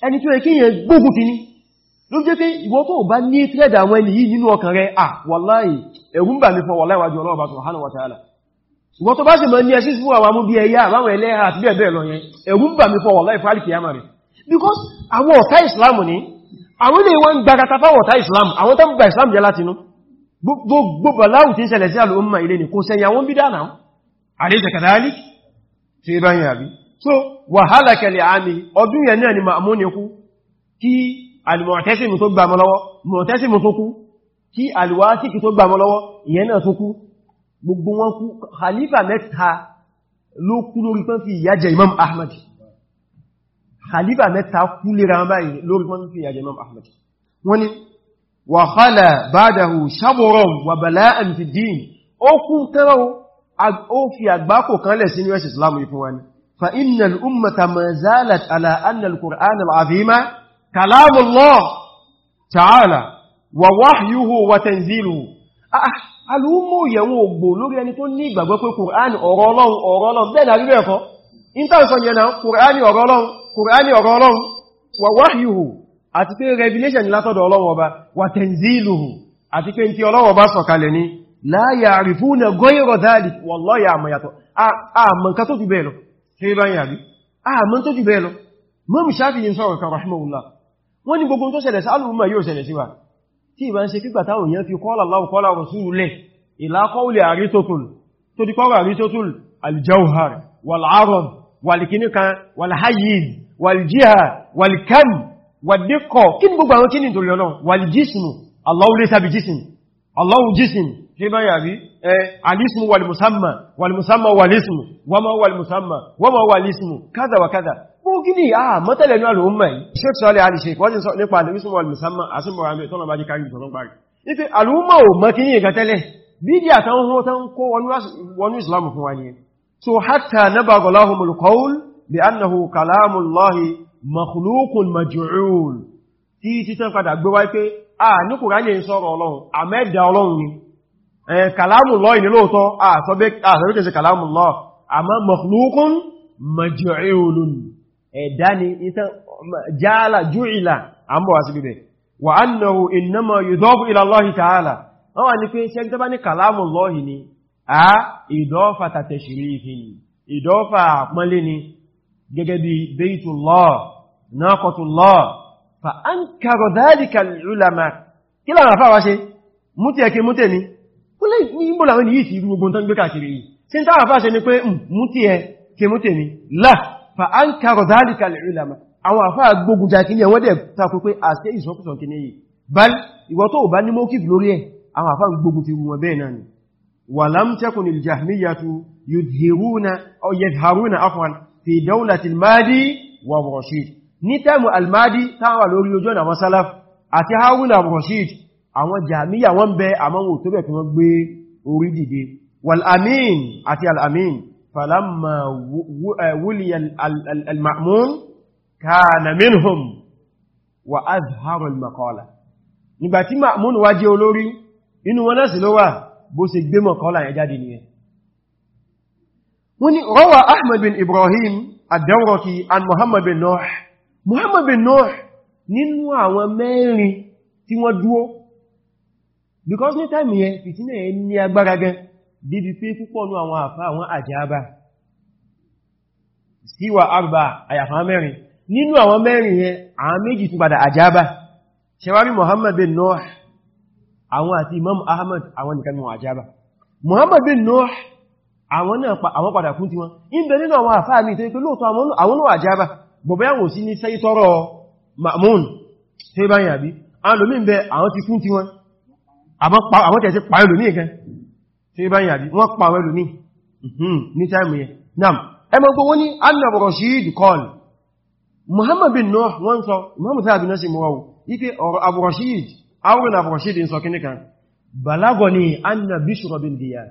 ẹni tó yẹ kí yẹn gbógun ti ní ló jẹ́ pé ìwọ tó bá ní tírẹ́dà àwọn ẹni yìí nínú ọkàn rẹ̀ à wallahi ẹ̀rù ń bà mí fún wallahi wájú ọlọ́ọ̀bá subhanahu wa ta'ala ìwọ tó bá sì mọ́ ní ẹsí sí àwọn amú bí ẹyà àwọn ẹlẹ́ha àti bẹ́ẹ̀ bẹ́ẹ̀ lọ yẹn ẹ̀rù ń bà mí fún wallahi fún alìkìyàmà rẹ̀ because àwọn ọ̀tá Islam ni àwọn ilé wọn gbagata fáwọn ọ̀tá Islam àwọn tó ń gba Islam jẹ́ látinú gbogbo bàláwù tí ń ṣẹlẹ̀ sí àlùmọ̀ ilé ni kò sẹ́yìn àwọn bídá náà àlejẹ̀kàdálì tí ó bá yìn àbí so wàhálà kẹlẹ̀ àmì ọdún yẹn náà ni Ma'mun kú kí al-Mu'tasim tó gbàmọ́ lọ́wọ́ Mu'tasim tó kú kí al-Wathiq tó gbàmọ́ lọ́wọ́ ìyẹn náà tó kú gbogbo wọn kú khalifa mẹ́ta ló kú lórí pẹ́ fi ìyájẹ Imam Ahmad khalifa mẹ́ta kú lè ra báyìí lórí pẹ́ fi ìyájẹ Imam Ahmad wọ́n ni فإن الأمة ما زالت على أن القرآن العظيم كلام الله تعالى ووحيه وتنزيله alúmọ̀ ìyẹ̀wò ògbò lórí ẹni tó ní ìgbàgbọ́ pé kùránì ọ̀rọ̀ ọlọ́run ọ̀rọ̀ ọlọ́run bẹ́ẹ̀ lárí bẹ́ẹ̀kọ́ ìntànsọ yẹna kùránì ọ̀rọ̀ ọlọ́run kùránì ọ̀rọ̀ ọlọ́run wa wahyuhu àti pé revelation látọ̀dọ̀ ọlọ́run ọba wa tanziluhu àti pé tí ọlọ́run ọba sọ̀kalẹ̀ ni la ya'rifuna ghayra dhalik wallahi àmọ̀ yàtọ̀ àmọ̀ nǹkan tó ti bẹ́ẹ̀ lọ ṣe bá yàrí àmọ́ tó jù bẹ́ẹ̀ lọ mọ́mù ṣáfì ní sọ́rọ̀ kan rahimahullah wọ́n ní gbogbo tó ṣẹlẹ̀ sáàlùmọ̀ yóò ṣẹlẹ̀ síwá tí ìbá ń ṣe kígbà táwọn èèyàn fi qala Allahu qala rasulu lẹ̀ ila qawli àrítótùl tó di qawli àrítótùl aljawhar wal-arab wal-kinikan wal-hayyiz wal-jiha wal-kam wal-diqqa kí gbogbo àwọn kí ni ìtòlẹ̀ ọlọ́run wal-jismu Allahu laysa bi jism Allahu jisim ṣe bá yàrí ẹ alísmù wàlmùsánmà wàlmùsánmà wàlísmù wọ́mọ̀ wàlmùsánmà wọ́mọ̀ wàlísmù kádà wà kádà mú gíní à ah, mọ́tẹ̀lẹ̀ ní àlò ọmọ yìí ṣe tí sọ́lẹ̀ àríṣẹ́ wọ́n ti sọ nípa alísmù wàlmùsánmà àsìmọ̀rànmẹ́ tọ́nà bá jí kárí ìtọ́nà gbárí ife alúmọ̀ ò mọ́ kí ní ìgbà tẹ́lẹ̀ bídí so hatta nabagolahumul qawl bi annahu kalamullahi makhluqun maj'ul tí títẹ́ padà gbé wáyé pé a ní kùránì ń sọ̀rọ̀ ọlọ́run àmẹ́dà ọlọ́run ni kàlámù lọ́ ìní lóòtọ́ àtọ́bẹ́kẹ́ sí kàlámù lọ́ àmọ́ mọ̀lúkún maj'ulun ẹ̀dá ni ìtàn jàálà jùìlà àmọ́wà sí bíbẹ̀ wà annahu innama yudhafu ila Allahi ta'ala wọ́n wà ní pé ṣe gbẹ́bá ní kàlámù lọ́hì ni a ìdọ́fà tàtẹ̀ṣìrífì ni ìdọ́fà àpọ́nlé ni gẹ́gẹ́ bí baytullah fa an kàrọ̀ dáríkà lùlámà kí lára fáwa ṣe mútẹ̀ ẹ̀kẹ́ mútẹ̀ ní kúlẹ̀ ní ìbò làwọn ènìyàn ti rú ogun tán gbé káàkiri yìí tí ń tára fáṣẹ ni pé mútẹ̀ ẹ̀kẹ́ mútẹ̀ ní lá fa an kàrọ̀ dáríkà lùlámà àwọn àfá gbógun kí ní ẹwọ́n tako pé àṣẹ ìsọkúsọ kí ní yìí bal ìwọ ní tẹ́mù almadi táwà lórí ojú ọ̀nà àwọn salaf àti hawun al-rashid àwọn jamiya wọ́n bẹ àmọ́wò tó bẹ̀ kí wọ́n gbé orí dìde wal-amin àti al-amin falamma wuliya al-ma'mun kana minhum wa azhara al-maqala nígbàtí ma'mun wá jẹ́ olórí inú wọn náà sì ló bó ṣe gbé mọ̀kọ́lá yẹn jáde nìyẹn wọ́n ni rawa ahmad bin ibrahim ad-dawraqi muhammad bin nuh Muhammad bin Nuh nínú àwọn mẹ́rin tí wọ́n dúó because ní tàìmì yẹn fìtínà yẹn ní agbára gan débi pé púpọ̀ ní àwọn àfá àwọn àjábá síwà àrùbà àyàfà mẹ́rin nínú àwọn mẹ́rin yẹn àwọn méjì tún padà àjábá Muhammad bin Imam Ahmad àwọn nìkan wọn Muhammad bin àwọn náà àwọn padà kún ti wọn nínú àwọn àfá bọ̀bẹ̀yàwó sí ní sẹ́yí tọ́rọ ma'amun tí bá yàbí alòmí ń bẹ àwọn ti kún tí wọn àwọn tẹ̀sí pa ẹlòmí ẹ̀kẹ́ tí bá yàbí wọ́n pa ẹlòmí mhm, ní ní anna Muhammad bin Nuh wọ́n sọ Muhammad tàbí náà sí mọ́wọ́ ike ọ̀rọ̀ Abu Rashid awurin Abu Rashid ń sọ kíníkan balagọ ni bin Diyar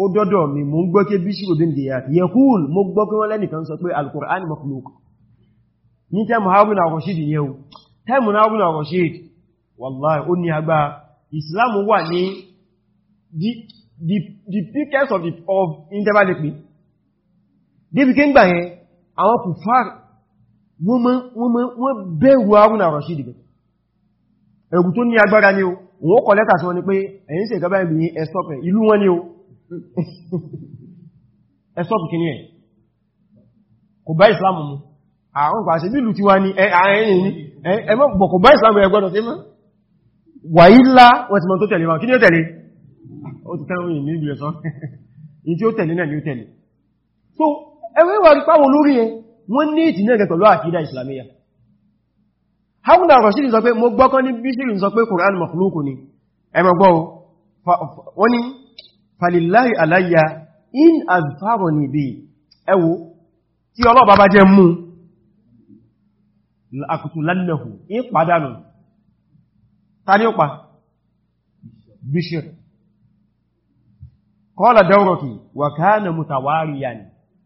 ó dọ́dọ̀ mi mú gbọ́kẹ́ Bishru bin Diyar yẹkúl mú gbọ́kẹ́ wọn lẹ́nìkan sọ pé al-Qur'an ní tẹ́mù haruna rashid yẹ́ o tẹ́mù haruna rashid wallahi ó ní agbá islam wà ní the pickets of the of intervalepi david king gbà yẹn àwọn kò fà wọ́n bẹ̀rù haruna rashid gẹ̀ẹ́ ẹ̀gù tó ní agbára ni o wọ́n kọ̀ lẹ́tà sí wọn ni pé ẹ̀yin ṣe ìjọba ìgbìyàn ẹ̀sọ́pẹ̀ ìlú wọn ni o ẹ̀sọ́pù kìíní ẹ̀ kò bá ìsìlámù mu àwọn pàṣẹ nílùú ti wá ní àárín ẹmọ́ bọ̀kọ̀ bá ìsìlámù ẹgbọ́dọ̀ tí mọ́ wàílá wọ́n ti mọ́ tó tẹ̀lé wọn kí ní ó tẹ̀lé ó ti tẹ́wọ́n yìí ní ìgbìyàn sọ ní tí ó tẹ̀lé náà ni ó tẹ̀lé so ẹwẹ́ wà rí páwọn olórí ẹ wọ́n ní ìtì náà pẹ̀lú àkídà ìsìlámíyà Harun al-Rashid sọ pé mo gbọ́kọ́ ní Bishir sọ pé Qur'an makhluku ni ẹmọ gbọ́ wọ́n ni falillahi alayya in azfaroni bi ẹwo tí ọlọ́ọ̀bá bá jẹ́ mú akùtùlánàhù in pàdánù tàbí ó pa bishir kọ́lá dáurọ̀tù wà káàna mutawariya ni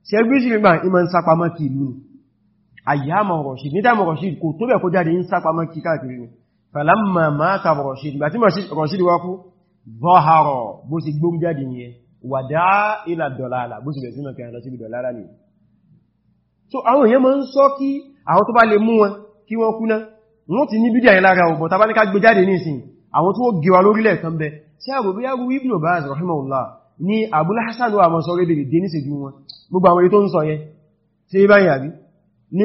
ṣe bishir gbà ima ń sápamọ́ kí ìlú ayyáma rọ̀ṣìd níta mọ̀ rọ̀ṣìd kò tó bẹ̀ kó jáde ń sápamọ́ kí káàkiri ni falamma mata rọ̀ṣìd gbà tí rọ̀ṣìd wá kú zọ́harọ̀ bó ti gbóm jáde ni wàdá ilà dọ̀lálà so àwọn èèyàn máa ń sọ kí àwọn tó bá lè mú wọn kí wọ́n kú náà wọ́n ti ní bídí àyìn lára ọgbọ̀n tàbá ní ká gbé jáde ní ìsìn àwọn tó gẹwà lórílẹ̀ kan bẹ sí àgbòbíyàwó Ibn Baz rahimahullah ní Abul Hasan wà mọ́ sọ́rẹ́ bèèrè dé níṣẹ́jú wọn gbogbo àwọn ètò ń sọ yẹn tí ó bá yà bí ní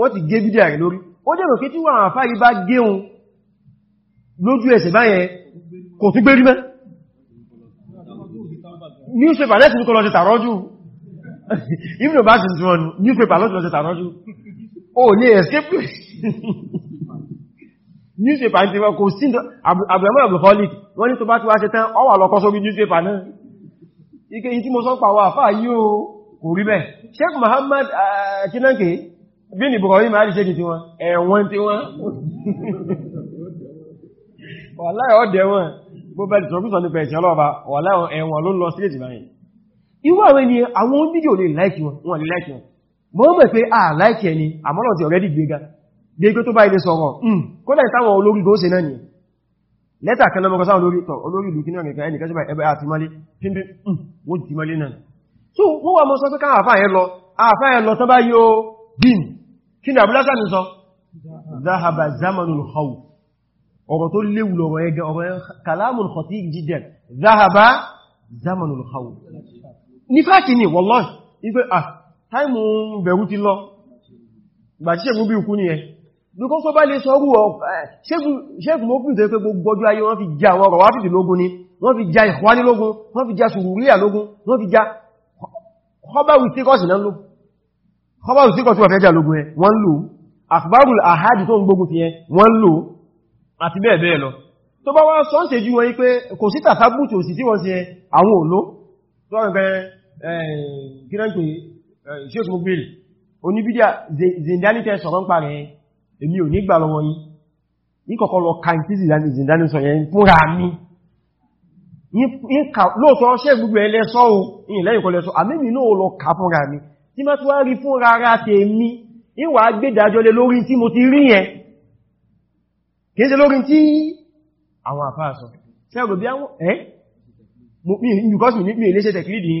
wọ́n ti gé bídí àyìn lórí ó jẹ́ mọ̀ pé tí wọ́n àfáàrí bá géun lójú ẹsẹ̀ báyẹn kò tún gbé rí newspaper lẹ́sìn kọlọ́sẹ̀ tàrọ́jú Ibn Baz ti wọn newspaper lọ́sẹ̀ tàrọ́jú o lè escape newspaper ní tẹwọ́ kò sí àbẹ̀mọ́ ọ̀gbọ̀fọ́lì wọ́n ní tó bá ti wá ṣe tán ọ wà lọ́kọ́ sóbi newspaper náà ike yìí tí mo sọ pàwọ́ àfáà yí o kò rí bẹ́ẹ̀ Sheikh Muhammad kinanke bí ní bukọ̀rí ma rí ṣe kìtì wọn ẹ̀wọ̀n tí wọ́n wàláhì ọdẹ̀ wọn bó bẹ́ẹ̀ tọ́kùsọ̀ nípa ẹ̀ṣẹ̀ ọlọ́ọ̀bá wàláhì ẹ̀wọ̀n ló lọ sí mọ́ mẹ́ pé à ah, láìkì ẹni àmọ́nà ti ọ̀rẹ́dì gbéga gbégbé tó bá ilé sọ̀rọ̀ hmm. kódà ìtàwọn olórí tó ṣe náà ni lẹ́tà kan lọ́mọ́kọ́ sáwọn olórí tọ̀ olórí ìlú kínú ẹ̀kà ẹni kẹsìbà ẹbẹ́ àtìmálé pínpí wọ́n ti málé náà so wọ́n wà mọ́ sọ pé káà àfáà lọ àfáà lọ tán bá yóò dín kí ni abúlásà ní sọ zahaba zamanul hau ọ̀rọ̀ ah táìmù bẹ̀rú ti lọ gbà tí ṣẹ́gun bí ikú ní ẹ bí kọ́ sọ́bá lè sọ́rú ọ ṣẹ́gun mọ́ pìtẹ́ pé gbogbo ọjọ́ ayé wọ́n fi já àwọn ọ̀rọ̀ wáfìdì lógún ni wọ́n fi já ìkwáni lógún wọ́n fi já sùúrùlíà lógún wọ́n fi já kọbáwù síkọ́sì náà ló kọbáwù síkọ́sì wà fẹ́ já lógún ẹ wọ́n lò àfibárùl àhádì tó ń gbógun ti ẹ Eh, Sheikh Mukbil oníbídíà zindani sọ̀rọ̀ ń parẹ́ èmi ò nígbà lọ́wọ́ yìí ní kọ̀kọ́ lọ ka ìtí zindani sọ yẹn fúnra mi lóòtọ́ Sheikh Mukbil ẹlẹ́sọ́ o ìyìnlẹ́yìn kọ lẹ́sọ́ àmẹ́mì náà lọ ka fúnra mi tí má tí wá rí fúnra ara tèmi ìwà agbẹ́dàjọ́ lé lórí tí mo ti rí yẹn kìí ṣe lórí tí àwọn àfáà sọ ṣẹ́gbẹ̀ bí àwọn ẹ́ mi ìlú kọ́sùn mi ilé ṣe tẹ̀kìlì dìí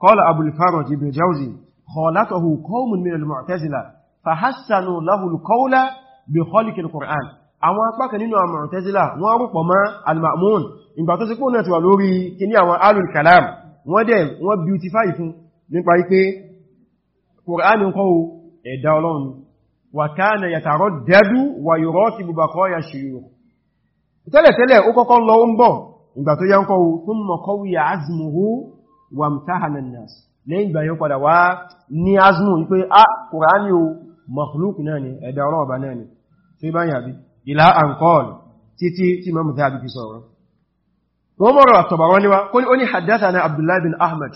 قال أبو الفرج بن جوزي خالطه قوم من المعتزلة فحسنوا له القول بخلق القرآن àwọn apá kan nínú àwọn Mu'tazila wọ́n rúpọ̀ mọ́ al-Ma'mun ìgbà tó sí pò náà ti wà lórí kíní àwọn alul kalam wọ́n dẹ̀ wọ́n beautify fún nípa wípé Kùránì kọ́ ẹ̀dá Ọlọ́run wa kana yataraddadu wa yurakibu baqaya shuyukh tẹ́lẹ̀tẹ́lẹ̀ ó kọ́kọ́ lọ ń bọ̀ ìgbà tó yá ń kọ́ thumma qawiya azmuhu wà mtahana nas lẹ́yìn ìgbà yóò padà wá ní azmù wípé a kùránì o makhluk náà ni ẹ̀dà ọlọ́ọ̀bá náà ni tí bá yàbí ìlà àǹkọ́ọ̀lù títí tí mọ́mù tàbí fi sọ̀rọ̀ wọ́n mọ́rọ̀ àtọ̀bàwọ́ níwá ó ní haddathana abdullahi bin ahmad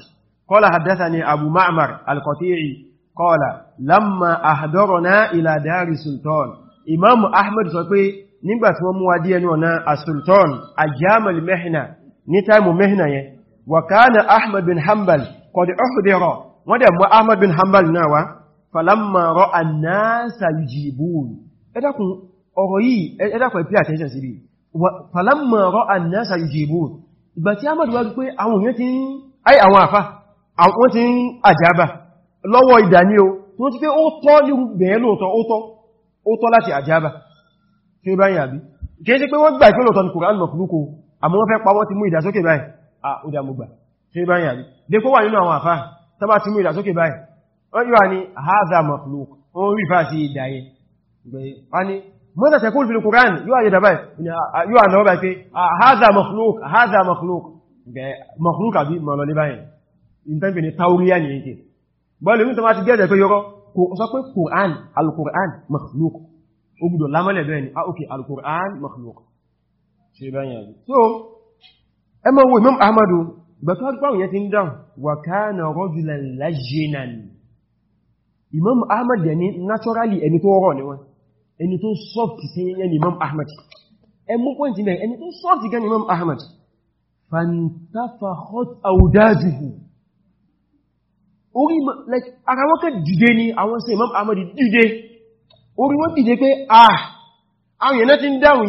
qala haddathani abu ma'mar al-qati'i qala lamma ahdarna ila dari sultan imam ahmad وكان أحمد بن حنبل قد أحضر ودم أحمد بن حنبل ناوى فلما رأى الناس يجيبون إذاكم أغيي إذاكم يبيع تنشان سبيل فلما رأى الناس يجيبون بس إباتي أحمد وقال أعوان يتين أي أوافة أعوان تين أجابة lọ́wọ́ ìdàníò tó ti pé ó tọ́ ní bẹ̀ẹ́ lóòtọ́ ó tọ́ láti àjábà tí ó báyìí àbí kìí sí pé wọ́n gbà ìpínlòtọ́ ní kòrán lọ̀kúlúkò àmọ́ wọ́n fẹ́ pa wọ́n ti mú ìdásókè báyìí àúdàmùgbà ah, tí bá yàrí dé kó wà nínú àwọn àfá tàbá ti mú ìdàsókè báyìí wọ́n yíwa ní haza makhluq oun rí fà sí ìdáyé wani mọ́ta tẹ̀kún fi Qur'an yíwa yẹ dàbáyì yíwa náà bá pé haza ah, makhluq haza makhluq makhluq àbí mọ̀lọ ní báyìí ìtẹ́bì ni tauriya ni yake bọ́ọ̀lù ní tọ́má ti gẹ́ẹ̀dẹ̀ pé yọrọ kò sọ pé Qur'an al-Qur'an makhluq ó gbùdọ̀ lámọ́lẹ̀ bẹ́ẹ̀ ni a ah, ókè al-Qur'an makhluq ṣe báyìí ẹ máa wo Imam Ahmadu gbàtọ́ àgbàwò yẹn ti ń dáhùn wà kana rajulan lajinan Imam Ahmad ni naturally ẹni tó rọ̀ ni wọ́n ẹni tó soft sí yẹn Imam Ahmad ẹ mú pọ́ntì bẹ̀rẹ̀ ẹni tó soft gan Imam Ahmad fantafakhat awdajuhu orí like ara wọ́n kẹ́ dìde ni Imam Ahmad dìde orí wọ́n dìde pé ah àwọn yẹn náà ti ń dáhùn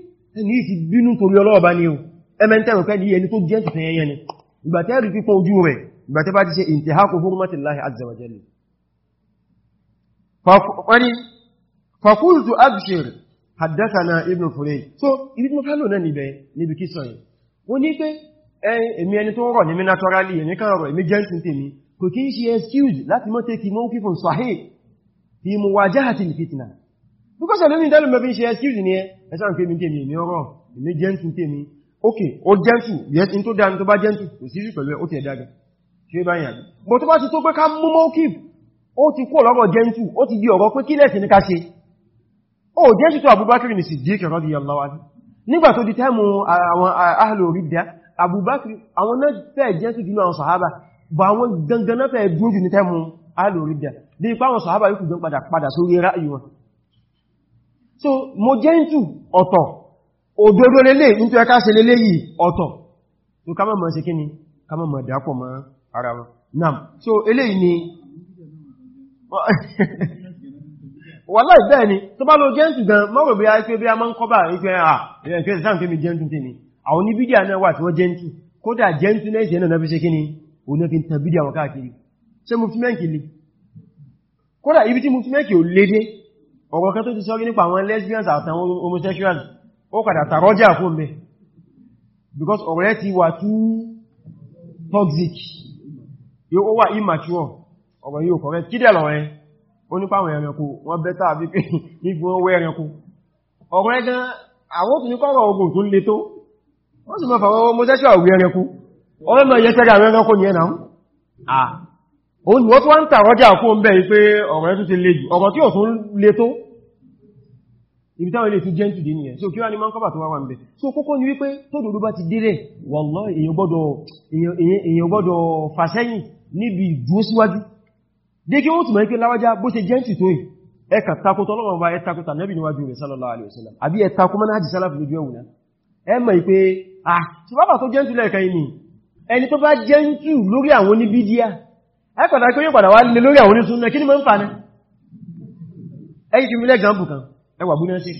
ẹni yìí ti bínú torí ọlọ́ọ̀bá ni o ẹmẹ́ntẹ́rù pẹ́ ní ẹni tó jẹ́ tìfẹ́ ẹyẹn ni ìgbàtẹ́ rí pípọ̀ ojú rẹ̀ ìgbàtẹ́ bá ti ṣe intihaku hurmatillahi azza wa jalla fakultu abshir haddathana ibn furey so ibi tí mo fẹ́ lò náà níbẹ̀ níbi kí sọ yìí wọ́n ní pé èmi ẹni tó rọ̀ ními naturally èmi kan rọ̀ èmi jẹ́ǹsì tèmi kò kí ń ṣe excuse láti mọ́ tẹ́kì mọ́ fífún sahih fi muwajahati fitna because I ẹ̀lẹ́mí ìdẹ́lù mẹ́bí ṣe excuse ni eh? ẹ ẹ̀sàn pé mi tèmi ní ọ̀rọ̀ ìmé gentle tèmi ok o gentle yes in tó dáa tó bá gentle kò sí sí pẹ̀lú ẹ ó ti ẹ̀dá gan ṣe é báyìí àbí bọ̀ tó bá ti tó pé ká mú mọ́ kíp ó ti kó lọ́rọ̀ gentle ó ti di ọ̀rọ̀ pé kí lẹ́sìn ní ká ṣe ó gentle tó Abubakar ní Siddiq radiyallahu anhu nígbà tó di tẹ́mù àwọn ah, ahlu ridda Abubakar àwọn náà fẹ́ gentle jùlọ àwọn sahaba bọ̀ àwọn gangan náà fẹ́ dúnjù ní tẹ́mù ahlu ridda bí ipá àwọn sahaba yóò kù gan padà padà sórí ráyù wọn so mo jẹ́ntù ọ̀tọ̀ òdodo lélé nítorí ẹka se lélé yìí ọ̀tọ̀ tó ká mọ̀ sí kíni ká mọ̀ dápọ̀ mọ́ ara wọn náà so eléyìí ni wàláhì bẹ́ẹ̀ ni tó bá lo jẹ́ntù gan mọ́rọ̀ bí i pé a máa ń kọ́ bá ah, ìfẹ́ àwọn oníbídíà náà wà tí wọ́n jẹ́ntù kódà jẹ́ntù náà ìṣẹ́ náà fi ṣe kíni òun fi ń tàbídíà wọn káàkiri ṣe mú fímẹ́ǹkì lè kódà ibi ọ̀rọ̀ tó ti sọ́rí nípa àwọn lesbians àtàwọn homosexuals ó kàdà tàrọ́jà fún mẹ́ because ọ̀rẹ́ ti wà too toxic yóò ó wà immature ọ̀rọ̀ yóò correct kí dẹ̀ lọ́rẹ́ ó nípa àwọn ẹranko wọ́n bẹ́ta àbí pé nígbì wọ́n wẹ́ ẹranko ọ̀rẹ́ gan àwọn òkùnrin kọ́rọ̀ ogun tó le tó wọ́n sì mọ́ fàwọn homosexual wẹ́ ẹranko òun wọ́n tó wá ń tàrọjà fún ọmọ ẹ̀ pé ọ̀rọ̀ ẹ̀ tó ti lè jù ọ̀rọ̀ tí ò tún lè tó ibi táwọn ilé ti jẹ́ ìtùdí nìyẹn so kí wá ní máa ń kọ́bà tó wá wà ń bẹ̀ so kókó ni wípé tó dòdó bá ti délẹ̀ wọ́lọ́ èèyàn gbọ́dọ̀ fàṣẹ́yìn níbi ìdúró síwájú dé kí wọ́n túnmọ̀ pé láwájá bó ṣe jẹ́ ìtù tó yìí ẹ kà takò tọ́lọ́wọ́n bá ẹ takò tànẹ́bì níwájú rẹ̀ sallallahu alaihi wasallam àbí ẹ takò mọ́nà àjì sálàfù lójú ẹ̀wùn náà ẹ mọ̀ pé ah tí bàbà tó jẹ́ ìtù lẹ́ẹ̀kan yìí ni ẹni tó bá jẹ́ ìtù lórí àwọn oníbídíà ẹ́kọ̀dá kí yóò padà wá lè lórí àwọn onísúnnà kí ní mọ́ ń fa ní ẹ̀yí ti múlẹ̀ example kan ẹwà búnásí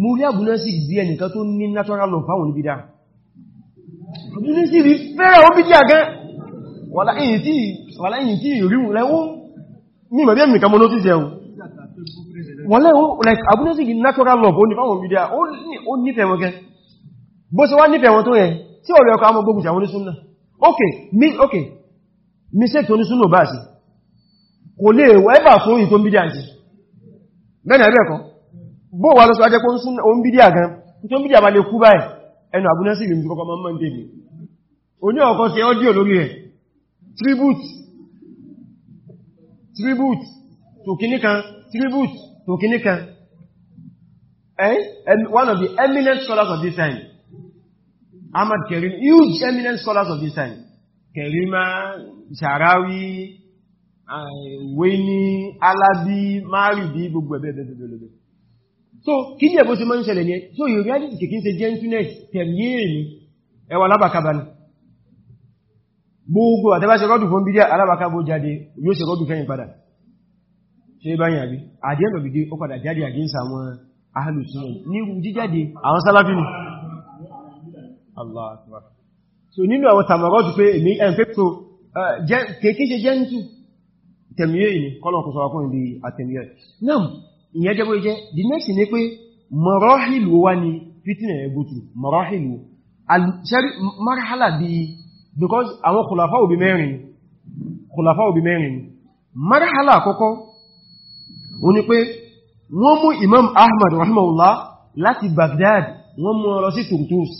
mú rí àbúnásí bí ẹnìkan tó ní natural law fáwọn níbi dáa àbúnásí rí fẹ́rẹ̀ ó bí díà gan wà láyìn ti jẹun wọ́n lẹ́wọ́n ní natural law ó mistake tó ní súnà bá sí kò lè wẹ́bà fún ìtò ń bídíà sí bẹ́ẹ̀nà ẹ̀rẹ́ kan bó wà lọ́sọ́ ajẹ́ kó ń bídíà gan tó ń bídíà bá lè kú báyìí ẹnu àbúná sí ìrìnjú kọkọ mọ́ tèmi oní ọkọ̀ sí ọ́díò lórí rẹ̀ tribute tribute tó kìní kan tribute tó kìní kan one of the eminent scholars of this time Ahmad Karim huge eminent scholars of this time kẹrìmá ṣàráwí wéní alábí márìdí gbogbo ẹ̀bẹ̀bẹ̀bẹ̀bẹ̀ so kí ní ẹ̀bọ́ sí mọ́ ń ṣẹlẹ̀ ní ẹ so yóò reality kìí ṣe gentleness tẹ̀lé èmì ẹwà alábàkábàní gbogbo àtẹ́bá ṣe rọ́dù fún bídíà alábàkábò jáde yóò ṣe rọ́dù fẹ́yìn padà ṣe báyìí àbí àdíẹ̀nà bìdí ó padà jáde Allah akbar so nínú àwọn tamarọ́tù pé èmi ẹnfẹ́ tó kèkí ṣe jẹ́ntù tẹ̀míyẹ ni kọ́lọ̀kù sọ akún ibi àtẹ̀míyẹ náà ìyẹn jẹ́ bó jẹ́ the next ni pé mọ̀rọ́hìlù wá ní fitina ẹgbùtù mọ̀rọ́hìlù marhala bí because àwọn kùlàfà òbí mẹ́rin kùlàfà òbí mẹ́rin marhala àkọ́kọ́ wọ́n ní pé wọ́n mú Imam Ahmad rahimahullah láti Baghdad wọ́n mú lọ sí Turtus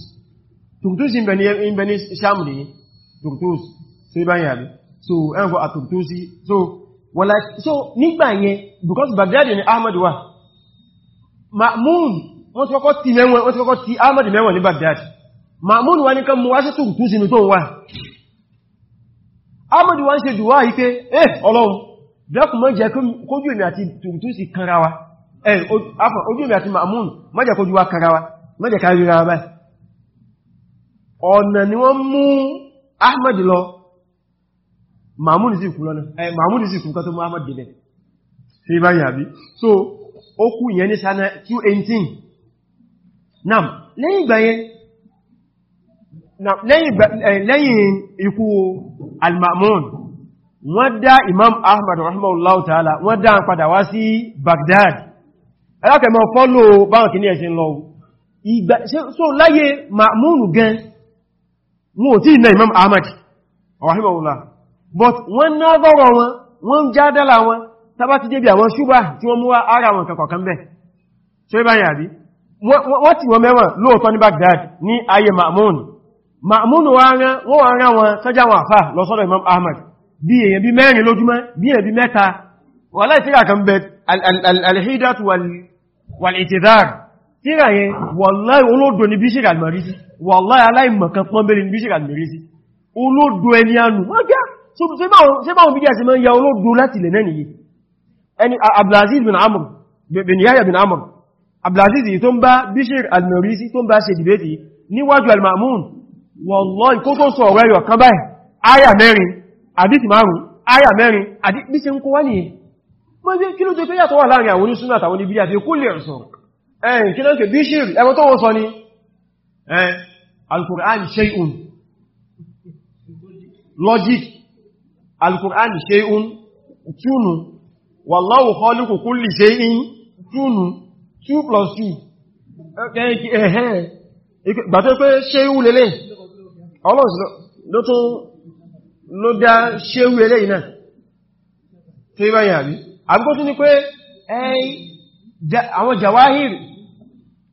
tùkùtùsì ìbẹ̀ ní sàmù ní tùkùtùsì so ibá yà bí so ẹnfọ́ àtùkùtùsì so wọ́lá so nígbà yẹn because Baghdadi ni Ahmad wà Ma'mun wọ́n ti kọ́kọ́ ti mẹ́wọ̀n wọ́n ti kọ́kọ́ ti Ahmad mẹ́wọ̀n ní Baghdadi Ma'mun wá ní kan wá sí tùkùtùsì ní tó wà Ahmad wá ń ṣe dùwà yìí eh Ọlọ́run dákùn mọ́ jẹ́ kójú èmì àti tùkùtùsì kanra wa eh ojú èmì àti Ma'mun mọ́jẹ́ kójú wa kanra wa mọ́jẹ́ kárí ra wa báyìí ọ̀nà ni wọ́n mú Ahmad lọ Mahmud sì kú eh, tó mú Ahmad sí so ó kú ìyẹn ní 218 nam lẹ́yìn ìgbà eh, lẹ́yìn ikú al-Ma'mun wọ́n dá Imam Ahmad rahimahullahu ta'ala wọ́n dá padà wá sí Baghdad ẹlọ́kẹ̀mọ́ fọ́lò báwọn lọ so gan wọn ò tí ìna Imam Ahmad rahimahullah but wọ́n ná gọ́rọ̀ wọn wọ́n jádálà wọn tàbá ti débi àwọn ṣúgbà tí wọ́n mú wá ara wọn kọ̀kọ̀kan bẹ́ ṣe bá yà rí wọ́n ti wọ́n mẹ́wọ̀n lóòtọ́ ní Baghdad ní ayé Ma'mun Ma'mun wọ́n rán wọn sọ́jà wọn àfà lọ sọ́dọ̀ Imam Ahmad bí èyàn bí mẹ́rin lójúmọ́ bí èyàn bí mẹ́ta wọ́n láì tíra kan bẹ al-Hidatu wal-I'tidhar tíra yẹn wàláì olóòdó ní bíṣìrì àgbàrísí wàláì aláìmọ̀kan pọ́nbẹ̀lẹ̀ ní bíṣìrì àgbàrísí olóòdó ẹni anù wájá ṣe báwọn bídí àṣẹ mọ́ ya olóòdó láti lẹ̀ náà nìyí ẹni Abdulaziz bin Amr bin Yahya bin Amr Abdulaziz tó ń bá bíṣìrì àgbàrísí tó ń bá ṣe dìbẹ́tì níwájú al-Ma'mun wàláì kó tó sọ ọ̀rẹ́ yọ̀kan báyìí áyà mẹ́rin àdìsì márùn áyà mẹ́rin àdìsì ń kó wá nìyẹn mọ́ bí kí ló jẹ́ pé yàtọ̀ wà láàrin àwọn oníṣúná àtàwọn ibi àti kó lè sọ̀rọ̀ ẹ̀yìn eh, kí lọ́kẹ̀ bíṣìr ẹwọ tó wọ́n ni ẹn eh, alkùránì ṣe'un logic alkùránì ṣe'un túnù wallahu khaliqu kulli shay'in túnù 2 plus 2 ẹ̀hẹ́n gbàtẹ́ pé ṣe'un lélẹ̀ ọlọ́sì ló tún ló dá lélẹ̀ iná tí ó àbúkọ́ tún ní pé eh, jawahiri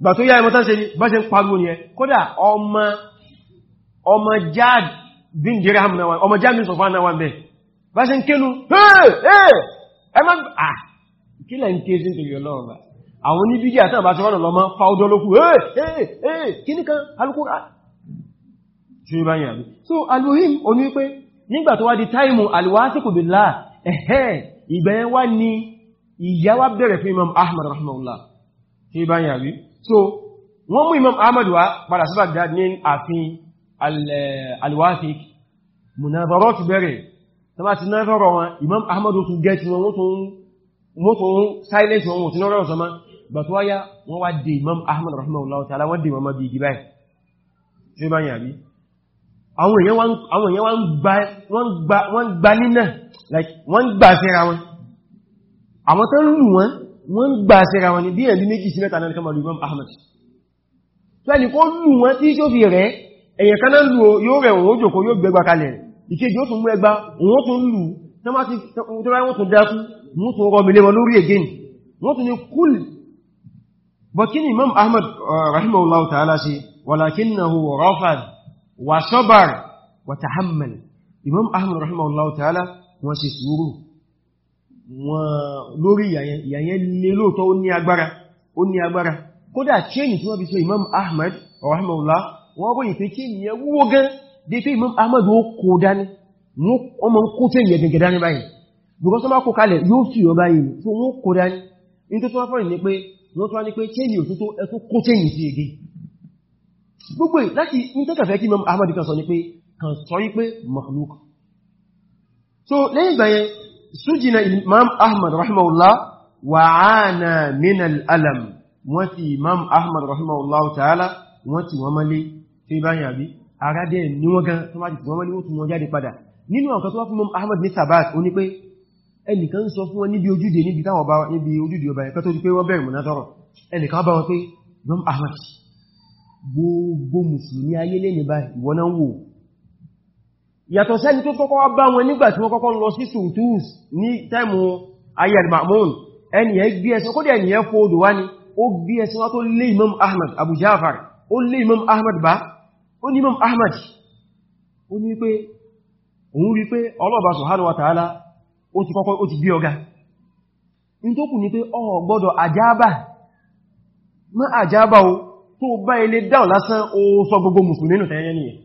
gbà tó yá ẹmọ́tán ṣe ní bá ṣe ń pariwo ní ẹ kódà ọmọ jáàd bin dirham náà ọmọ jáàd bin sọfán náà bẹ̀ bá ṣe ń kénu ah, kílẹ̀ ń ké sí nítorí ọlọ́run bá àwọn oníbídí àtàbà tí wọ́n lọ́mọ́ fáúdọ́ lókù kíníkan alukúrà ṣe so alúhìm oní pé nígbà tó wá di táìmù alwásíkù billah ẹ̀hẹ́ ìgbẹ̀yẹn wá ní ìyáwá bẹ̀rẹ̀ Ahmad rahimahullah ṣe bá yà so wọ́n mú imam ahmad wá padà sí baghdad ní àfin alwafiq eh, munazara ti bẹ̀rẹ̀ tọ́bá ti náfẹ́rọ wọn imam ahmad tún gẹ́ ti wọn wọ́n tún silence wọn tí lọ́rọ̀ sọmá gbàtíwáyá wọ́n wá dé imam ahmad rahimahullahu ta'ala wọ́n dé wọn mọ́bí ìdí báyìí tí ó bá yàrí àwọn èèyàn wọ́n gbà nínà wọ́n gbà fẹ́ra wọn àwọn tó ń lù wọn wọ́n gbà síra wọn ni bí ẹ̀lú méjì sí mẹ́ta náà kọmọlù Imam Ahmad lẹ́ni kó lù wọ́n tí ó fi rẹ̀ ẹ̀yẹ̀ kan náà lù yóò rẹ̀ òun òjòkó yóò gbẹgbà kalẹ̀ ìkejì ó tún mú ẹgbà òun tún lù wọ́n tún dákú wọ́n tún rọ mílẹ̀ wọn lórí again wọ́n tún ni uh, kúl wọn lórí ìyàyẹn lè lóòtọ́ ó ní agbára ó ní agbára kódà chain tí wọ́n fi so imam ahmad rahimahullah wọ́n ròyìn pé chain yẹ wúwo gan dé pé imam ahmad ó kó dání wọ́n mọ́ kó chain yẹ gẹ̀gẹ̀ dání báyìí bùkọ́ sọ bá kó kalẹ̀ yóò ni pé wọ́n tọ́wọ́ ni pé chain yóò tó ẹkó kó chain sí ege gbogbo láti in tó imam ahmad kan sọ kan sọ yí so lẹ́yìn ìgbà yẹn sujina imam ahmad rahimahullah wa ana min al'alam wọ́n ti imam ahmad rahimahullah ta'ala wọ́n ti wọ́n mọ́lé tí bá yà bí ara dẹ̀ ní wọ́n gan tó má jù wọ́n mọ́lé wọ́n tún wọ́n jáde padà nínú àwọn tó wá fún imam ahmad ní sabat ó ní pé ẹnìkan sọ fún wọn níbi ojúde níbi táwọn bá yàtọ̀ sẹ́ni tó kọ́kọ́ wá bá wọn nígbà tí wọ́n kọ́kọ́ lọ sí sultus ní tẹ́mù ayé al-ma'mun ẹni ẹ gbé ẹsẹ̀ kódé ẹni ẹ fòdò wá ní ó gbé ẹsẹ̀ wá tó lé imam ahmad abu jafar ó lé imam ahmad bá ó ní imam ahmad ó ní pé òun rí pé ọlọ́ọ̀bá subhanahu wa ta'ala ó ti kọ́kọ́ ó ti gbé ọ̀gá in tó kù ní pé ọ gbọ́dọ̀ àjábà má àjábà o tó bá ilé dáun lásán ó sọ gbogbo mùsùlùmí nù tẹ́yẹ nìyẹn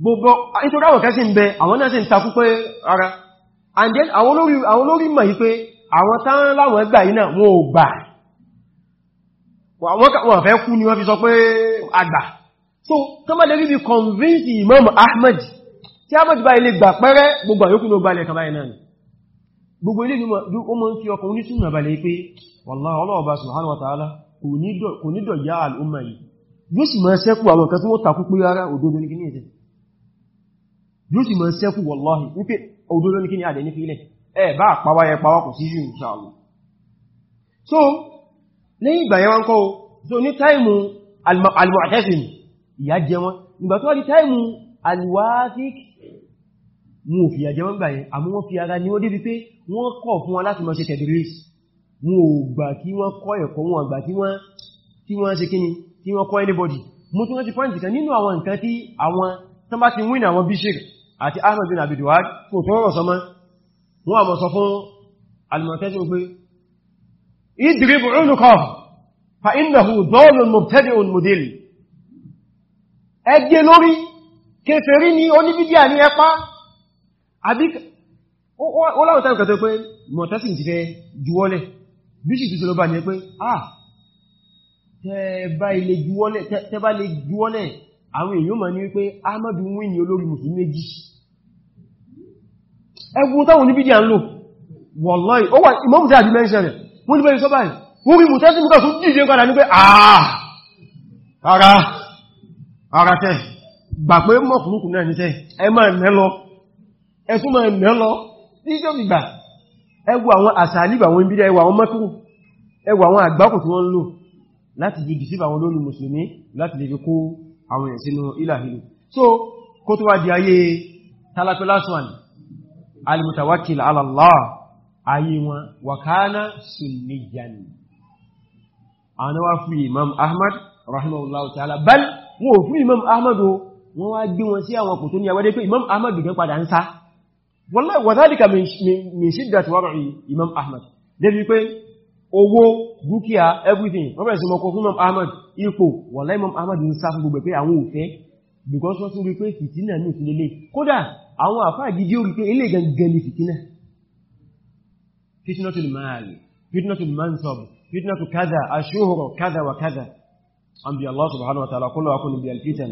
gbogbo nítorí àwọn kẹsí ń bẹ àwọn náà sì ń takú pé ara and then àwọn olórí mọ̀ yí pé àwọn tán láwọn ẹgbà yìí náà wọn ò gbà wọ́n fẹ́ kú ni wọ́n fi sọ pé àgbà so tó mọ́ lérí bí convince Imam Ahmad tí Ahmad bá ilé gbà pẹ́rẹ́ gbogbo àyókù ló balẹ̀ kàbáyé náà ni gbogbo ilé o mọ́ ń fi ọkọ̀ oníṣùnà balẹ̀ pé wallahi ọlọ́ọ̀bá subhanahu wa ta'ala kò ní dọ̀ yá al'umma yìí yóò sì mọ́ ṣẹ́kù àwọn kan tí wọ́n takú pé rárá òdodo ní kí ní ìsìn yóò sì mọ̀ sẹ́kù wọ̀lọ́hì wípé òdòdó ní kí ni àdẹ̀ ní fi ilẹ̀ ẹ bá àpáwá ẹ pàwá kò sí jù ìṣàlù so lẹ́yìn ìgbà yẹn wọ́n kọ́ so ní táìmù al-mu'tasim ìyà jẹ wọ́n nígbà tó wá di táìmù al-wathiq mú ò fìyà jẹ wọ́n gbà yẹn àmú wọ́n fi ara ní ó débi pé wọ́n kọ̀ fún anybody mo tún rántí pọ́ǹtì kan nínú àwọn nǹkan tí àwọn àti ahmed bin abiduwad kò tó rọ̀ sọmọ́ wọ́n àmọ́ sọ fún alìmọ̀tẹ́sí wípé idribu unuqah fa innahu dhalun mubtadi'un mudil ẹgbẹ́ lórí kèfèrí ni oníbídíà ní ẹpá àbí ó láwọn tàbí kàtọ́ pé mọ̀tẹ́sí ti fẹ́ ah tẹ́ẹ̀bá ilé juwọ́lẹ̀ àwọn èèyàn mọ̀ ní wípé ahmed wíní olórí mùsùlùmí méjì ẹgbù táwọn oníbí díà ń lò wọ̀láì ó wà ìmọ́mù tí a ti mẹ́ṣẹ̀rẹ̀ wọ́n ní bẹ́ẹ̀ sọ báyìí wọ́n rí mùtẹ́sí mú kàtún jíje padà ní pé ààrà ah, ara tẹ́ gbà pé mọ́kùnrùkù náà ní tẹ́ ẹ máa mẹ́lọ ẹ tún máa mẹ́lọ tí jọ gbìgbà ẹgbù àwọn àsàlìbà àwọn ibi ẹwà àwọn mẹ́kùrù ẹwà àwọn àgbákù tí wọ́n lò di dìsíbà àwọn olórí mùsùlùmí láti lè fi kó àwọn ẹ̀sìn ìlàhìlù so kó tó al-mutawakkil ala Allah ayé wọn wakana sunniyan àwọn wá fún imam ahmad rahimahullahu ta'ala bal wọ́n fún imam ahmad wọ́n wá gbé wọn sí àwọn kòtò ní àwọ́dé pé imam ahmad gẹ̀ẹ́ padà ń sá wallahi wa dhalika min shiddati wad'i imam everything wọ́n bẹ̀rẹ̀ sí mọ́kọ fún imam ahmad ipò wallahi imam ahmad ń sá fún gbogbo pé àwọn òfẹ́ because wọ́n tún rí àwọn àfáà gidi orí pé ilé gangan ni fìtínà fitnatul man fitnatul mansab fitnatul kaza ashuhuru kaza wa kaza an bi Allah subhanahu wa ta'ala kullu akun bi al-fitan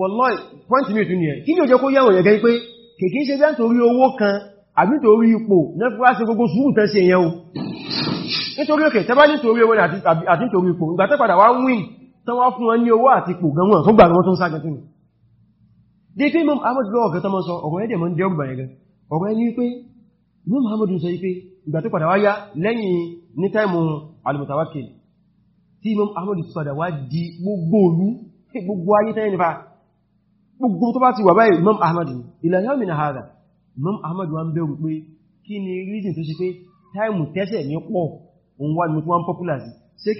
wallahi point mi tun ye kí ni ó jẹ́ yawo yẹn gan pe keke ṣe bí an torí kan abi tori ipo na fi wá ṣe gogo sùúrù tán ṣe o nítorí òkè tẹ́bá nítorí owó àti àti nítorí ipò ìgbà dé pé imam ahmad lọ́wọ́ ọ̀gẹ́ tọmọ sọ ọ̀rọ̀ ẹ̀dẹ̀ mọ́ ń dẹ́rùbà ẹ̀gẹ́ ọ̀rọ̀ ẹni pé imam ahmad sọ pé ìgbà tó padà wáyá lẹ́yìn ní táìmù al-Mutawakkil tí imam ahmad padà wá di gbogbo olú gbogbo ayé tẹ́yìn nípa gbogbo tó bá ti wà báyìí imam ahmad ila yawmina hadha imam ahmad wá ń bẹ̀rù pé kí ni reason tó ṣe pé táìmù tẹ́sẹ̀ ní pọ̀ òun wá ní tó wá ń popular sí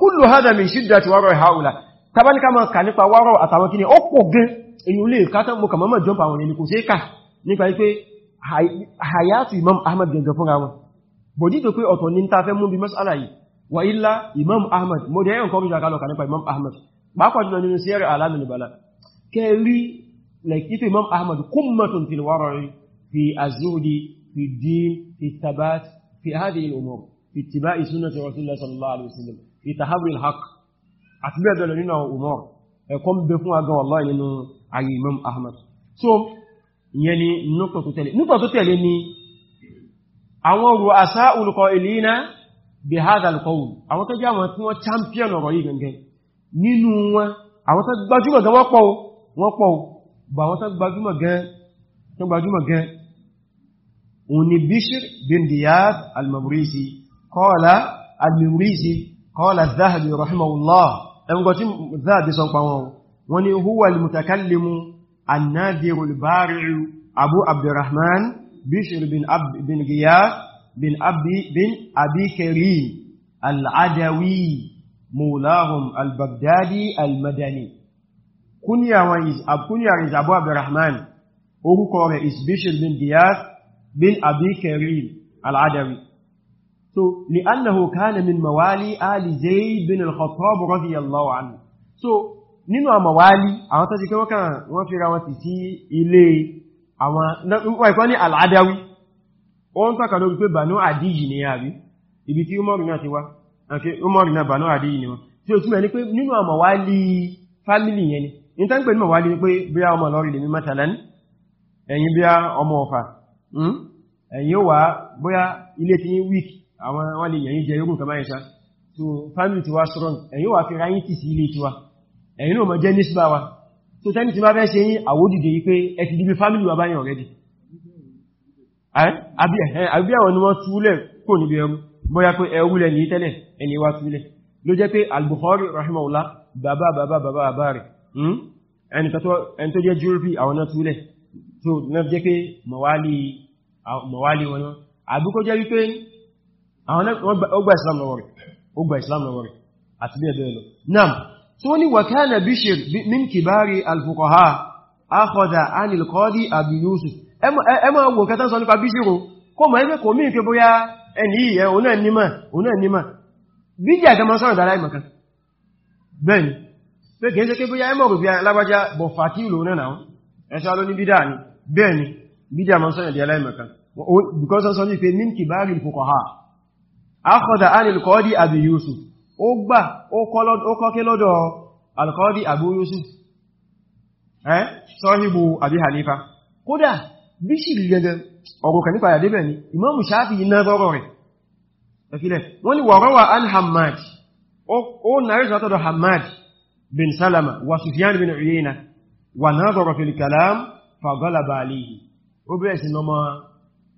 kúlù uh, hádà min ṣídàtí wárọ̀ ìhàúlà tàbálíká ma kà nípa wárọ̀ àtàwọn kí ní ó pọ̀ gan èyàn lè kátà mọ́ kàmọ́ mọ́ jọmpa àwọn ẹni kò sí kà nípa wípé hayatu imam ahmad gangan fúnra wọn bọ̀dí tó pé ọ̀tọ̀ ní ta fẹ́ mú bí masala yìí wà ilá imam ahmad mo dẹ̀ yẹn kọrin jàkálọ̀ kà nípa imam ahmad pàápàá jùlọ اتباع سنة رسول الله صلى الله عليه وسلم في الحق أتبع دلنا وأمور قم بفوا الله لأنه على أحمد so يعني نقطة تتلي نقطة تتلي ni àwọn رؤساء القائلين بهذا القول àwọn tó jẹ́ àwọn tí wọ́n champion ọ̀rọ̀ yìí gẹ̀gẹ̀ nínú wọn àwọn tó gbajúmọ̀ gan wọ́n pọ̀ wọ́n pọ̀ bọ̀ àwọn قال الموريسي قال الذهبي رحمه الله ẹnugọ́tí záàbí sọ pa wọn wọn ni huwa al-mutakallimu an-nadiru al-bari'u abu abdurrahman bishir bin giyas bin abi karim al-adawi maulahum al-baghdadi al-madani kúníyà rẹ̀ abu abdurrahman orúkọ rẹ̀ is bishir bin giyas bin abi karim so لأنه كان من موالي آل زيد بن الخطاب رضي الله عنه so nínú àmàwálí àwọn tó ti kí wọ́n kàn wọ́n fi ra wọn ti sí ilé àwọn wọ́n ìkọ́ ní al'adáwí wọ́n tọ́ka lórí pé bànú àdíyì ni àbí ibi tí umaru náà ti wá àti umaru náà bànú àdíyì ni wọ́n tí ó túnmẹ̀ ní pé nínú àmàwálí fámílì yẹn ni in tán pè ní màwálí ni pé bí a ọmọ lọ́rì lè ní mẹ́tàlán ẹ̀yìn bí a ọmọ ọ̀fà hmm? ẹ̀yìn ó wà ti ní wíkì àwọn wọ́n lè yẹ̀yìn jẹ yóò kama ẹ̀ṣá so family ti wá strong ẹ̀yin wà fi ráyìn tì sí ilé tiwa ẹ̀yin náà mọ̀ jẹ́ nísbà wa so tẹ́ni ti bá fẹ́ ṣe yín àwódìdè yí pé dìbí family wa báyìí already àbí àwọn ni wọ́n túlẹ̀ kò níbi ẹrú bóyá pé ẹrú lẹ ní tẹ́lẹ̀ ẹni wá túlẹ̀ al-Bukhari rahimahullah bàbá bàbá bàbá bàbá rẹ̀ hmm, ẹni tó jẹ́ jùrùbí àwọn so náà jẹ́ pé mọ̀wálì wọn àbúkọ́ jẹ́ wípé àwọn ọgbà islam lọ́wọ́ rẹ̀ ọgbà islam lọ́wọ́ rẹ̀ àti bí ẹ̀bẹ̀ẹ̀ lọ náà tó ní wakana bishir min kibari alfuqaha akhadha anil qadi abi yusuf ẹ ma wò kẹta sọ nípa bishir kó ma ẹgbẹ́ kò mí pé bóyá ẹni yíyẹ òun náà nímọ̀ òun náà nímọ̀ bí jẹ́ àgbà sọ́rọ̀ dára ìmọ̀ kan bẹ́ẹ̀ni pé kìí ṣe pé bóyá ẹmọ̀ rò bí alágbájá bọ̀ fàtílò náà náà ẹ̀ṣọ́ ló ní bídà ní bẹ́ẹ̀ni bídà mọ́ sọ́rọ̀ akọ̀dà alìlkọ́dí àbí yusuf ó gbà ó kọ́kẹ́ lọ́dọ̀ yusuf ẹ́ sọ́hìbò àbí hanifa kódà bí sì gẹ̀gẹ̀ ọ̀rọ̀ nípa àdébẹ̀ ni imamu shafi iná rọrọ rẹ̀ ẹ̀filẹ̀ wọ́n ni wọ̀rọ̀wà hamad bin salama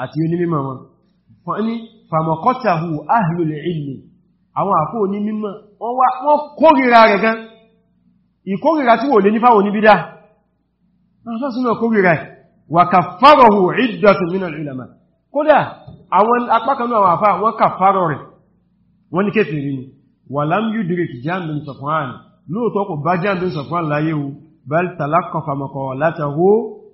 àti onímímọ̀ wọn wọ́n ní fàmọ̀kọ́tàhù ahlul ilmi àwọn àkó onímímọ̀ wọ́n kórìíra rẹ̀ gan ìkórìíra tí wò lè nífà wọn níbídá sọ́sùnà kórìíra wà kàfàrọ̀hù iddatun minal ulama kódà àwọn apákanú àwọn àfá wọ́n kàfàrọ̀ rẹ̀ wọ́n ní kéfèrí ni wà lám yudrik jáàmì sọ̀fán lóòtọ́ kò bá jáàmì sọ̀fán láyé bal talaqqa maqalatahu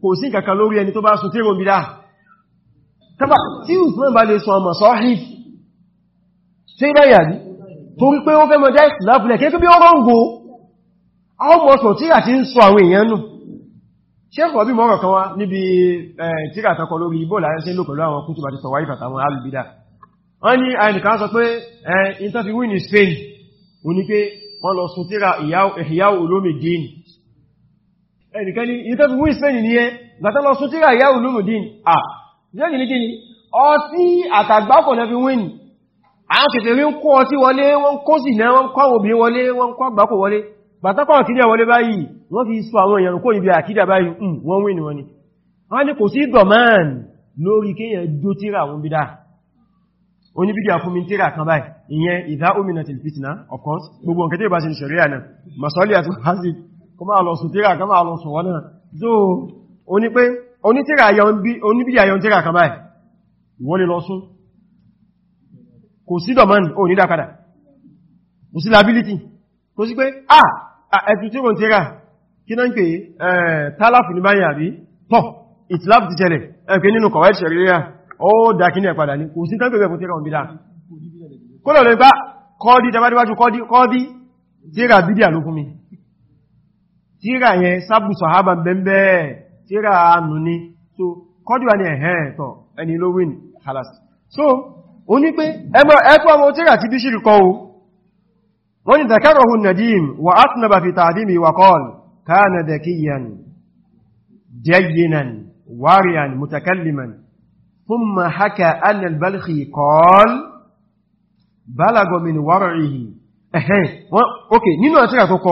kò sí kankan lórí ẹni tó bá sun tí ròmìdá tí Usman bá lè sọ ọmọ sọ́hí tí báyà ní torí pé ó fẹ́ mọ̀ jáìsì láfilẹ̀ kéèkú bí ó rọ́ǹgó ọmọsọ̀ tí àti ń sọ àwọn èèyàn nù ṣẹ́kọ̀ọ́ bí mọ́rọ̀ kan wá níbi tíra àtakọ̀ lórí ibò láyé sí ló pẹ̀lú àwọn kútù bá ti sọ wáyé fàtàwọn alùbídà wọ́n ní àìnìkan ẹnìkan ní ìtọ́ fi wí spain ní ẹ gbàtà lọ sún tíra ìyá olómùdín à jẹ́gì ní kíni ọtí àtàgbákọ̀ náà fi wíni àwọn kèfè rí ń kó ọtí wọlé wọ́n kó sì náà wọ́n kó òbí wọlé wọ́n kó àgbákò wọlé gbàtàkọ̀ àkídà wọlé báyìí wọ́n fi sọ àwọn èèyàn kó ibi àkídà báyìí hmm, wọ́n wíni wọ́n ni wọ́n ní kò sí dọ̀mán ìyẹn ìdá ominatil fitna of course gbogbo nǹkan tí ìbá ṣe ní ṣẹ̀ríà náà masọ́lì àti hazard kó máa lọ sùn tíra kan máa lọ sùn wọ́nà so oní pé onítíra oníbídí àyọ tíra kan báyìí ìwọ́n lè lọ sùn kò sí dọ̀mọ́n ò ní dákadà kò sí liability kò sí pé ah, ah ẹ̀tù tí wọ́n tíra kí náà ń pè eh, tálàfù ní báyìí àbí tọ́ ìtìláfù ti tẹ̀lẹ̀ ẹ̀kẹ́ nínú kọ̀wẹ́ ṣẹ̀ríyà ó dákí ní ẹ̀padà ní kò sí tán pè bẹ̀kùn tíra òmìnira kó lọ lè gbá kọ́ dí tẹbàdíwájú kọ́ dí tíra bídíà ló fún mi tíra yẹn sábù sọ̀hábà bẹ̀m̀bẹ̀ tíra àánú ní so kọ́dùwà ní ẹ̀hẹ́ ẹ̀tọ̀ ẹni ló win halas so o ní pé ẹgbọ́ ọmọ tíra ti bí ṣírí kọ́ o wọ́n ni dakarohu nadim wa atnaba fi tàdími wa kọ́l kana kọ́l balago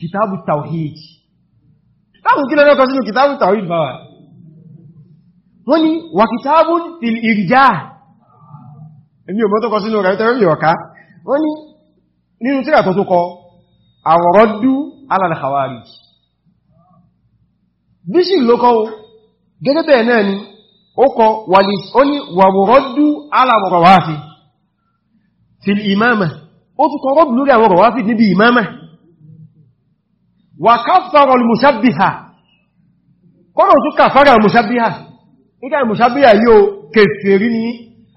kìtàbù tawhid láàrùn kí lọ́nà kan sínú kìtàbù tawhid bá wà wọ́n ni wà kìtàbù fil irja èmi ò mọ̀ tó kọ sínú rẹ̀ tẹ́rẹ yọ̀ká wọ́n ni nínú ala al-khawarij bí sí ló kọ́ gẹ́gẹ́ bẹ́ẹ̀ náà ni ó ala al-rawafi fil imama ó tún kọ rọ́dù lórí àwọn rawafi imama wà káfàrọ̀ mùsábíhà kọ́nà tó kàfàrọ̀ mùsábíhà nígbà mùsábíhà yóò kèfèrí ní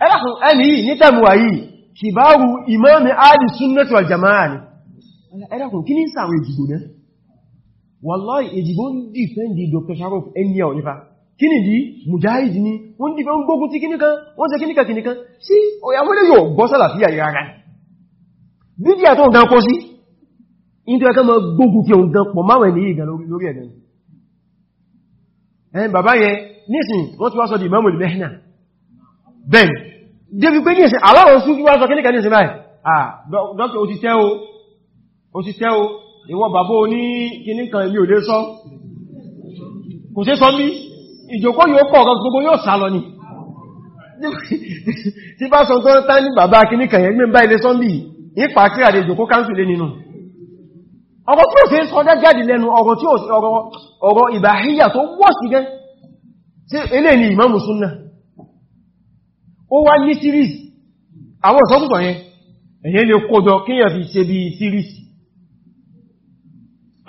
ẹlàkùn ẹni yìí ní tàbíwà yìí kì bá rú ìmáàmì áàdì súnnẹ́tù àjàmáà ni ẹlàkùn kí ní sàwọn ìjìgbò náà wàláì ìjìgbò ń dìfẹ́ndì Dr. Sharof ẹni ni di mujahid ni wọ́n dìfẹ́ ń gbógun ti kíníkan wọ́n tẹ kíníkan kíníkan sí òyàwó lè yóò gbọ́sàlàfíà ní tó ẹkẹ́ mọ́ gbógun fi òun gan pọ̀ máwẹ̀ ní ìgbà lórí ẹ̀gẹ̀ ẹ̀yìn bàbá yẹn nísìn wọ́n ti wá sọ di Imam al-Mihna ben débi pé nísìn aláwọ̀ sún kí wá sọ kíníkà nísìn báyìí ah dókítà òṣìṣẹ́ o òṣìṣẹ́ o ìwọ bàbá o ní kíníkà èmi ò lè sọ kò sí sọ mí ìjòkó yóò pọ̀ ọ̀gọ́ gbogbo yóò sá lọ ni tí bá sọ tó ń tán ní bàbá kíníkà yẹn gbé báyìí lé sọ́mbì ìpàkíyàdé ìjòkó káńsù lé ọ̀rọ̀ tí ó ṣe sọ jájáde lẹ́nu ọ̀rọ̀ tí ó ṣe ọ̀rọ̀ ìbàhíyà tó wọ́ sí gẹ́ tí ilé ni ìmáàmù súnnà ó wá ní series àwọn ìsọ́tútọ̀ yẹn èyẹ lè kójọ kíyàn fi ṣe bí series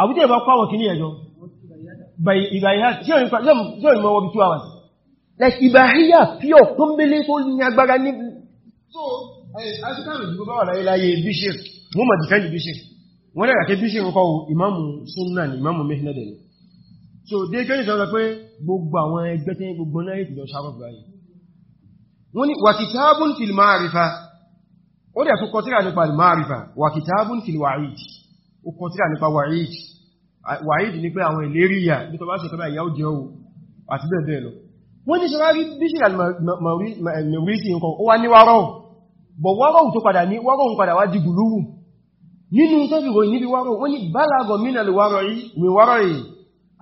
àbújẹ́ ìbá kọ́ àwọn kìíní ẹjọ́ ìbàhíyà pure tó ń belé tó ní agbára so àti káàrùn-ún bá wà láyé láyé bíṣẹ́ mú mọ̀ dìkẹ́ ní wọ́n lẹ́gbà kí bíṣì ń kọ́ ìmáàmù súnnà ní ìmáàmù mehnade ni so dé kí ní sọ pé gbogbo àwọn ẹgbẹ́ tí gbogbo náà ìtìjọ sáàrọ̀ wọ́n ni wà kìtàbùn fil ma'arifa ó dẹ̀ tún kọtíra nípa ma'arifa wà kìtàbùn fil wa'id ó kọtíra nípa wa'id wa'id ni pé àwọn ìléríyà nítorí wọ́n ṣe kọ́bá ìyá ó jẹ́ owó àti bẹ́ẹ̀ bẹ́ẹ̀ lọ wọ́n ni sọ rárí bíṣì al-Mawarisi nǹkan ó wá ní wárọ̀ bọ̀ wárọ̀ tó padà ní wárọ̀ padà wá di gùlúwù nínú tọ́bìrò níbi wárọ̀ wọ́n ni bálagọ̀ mínàlì wárọ̀ yìí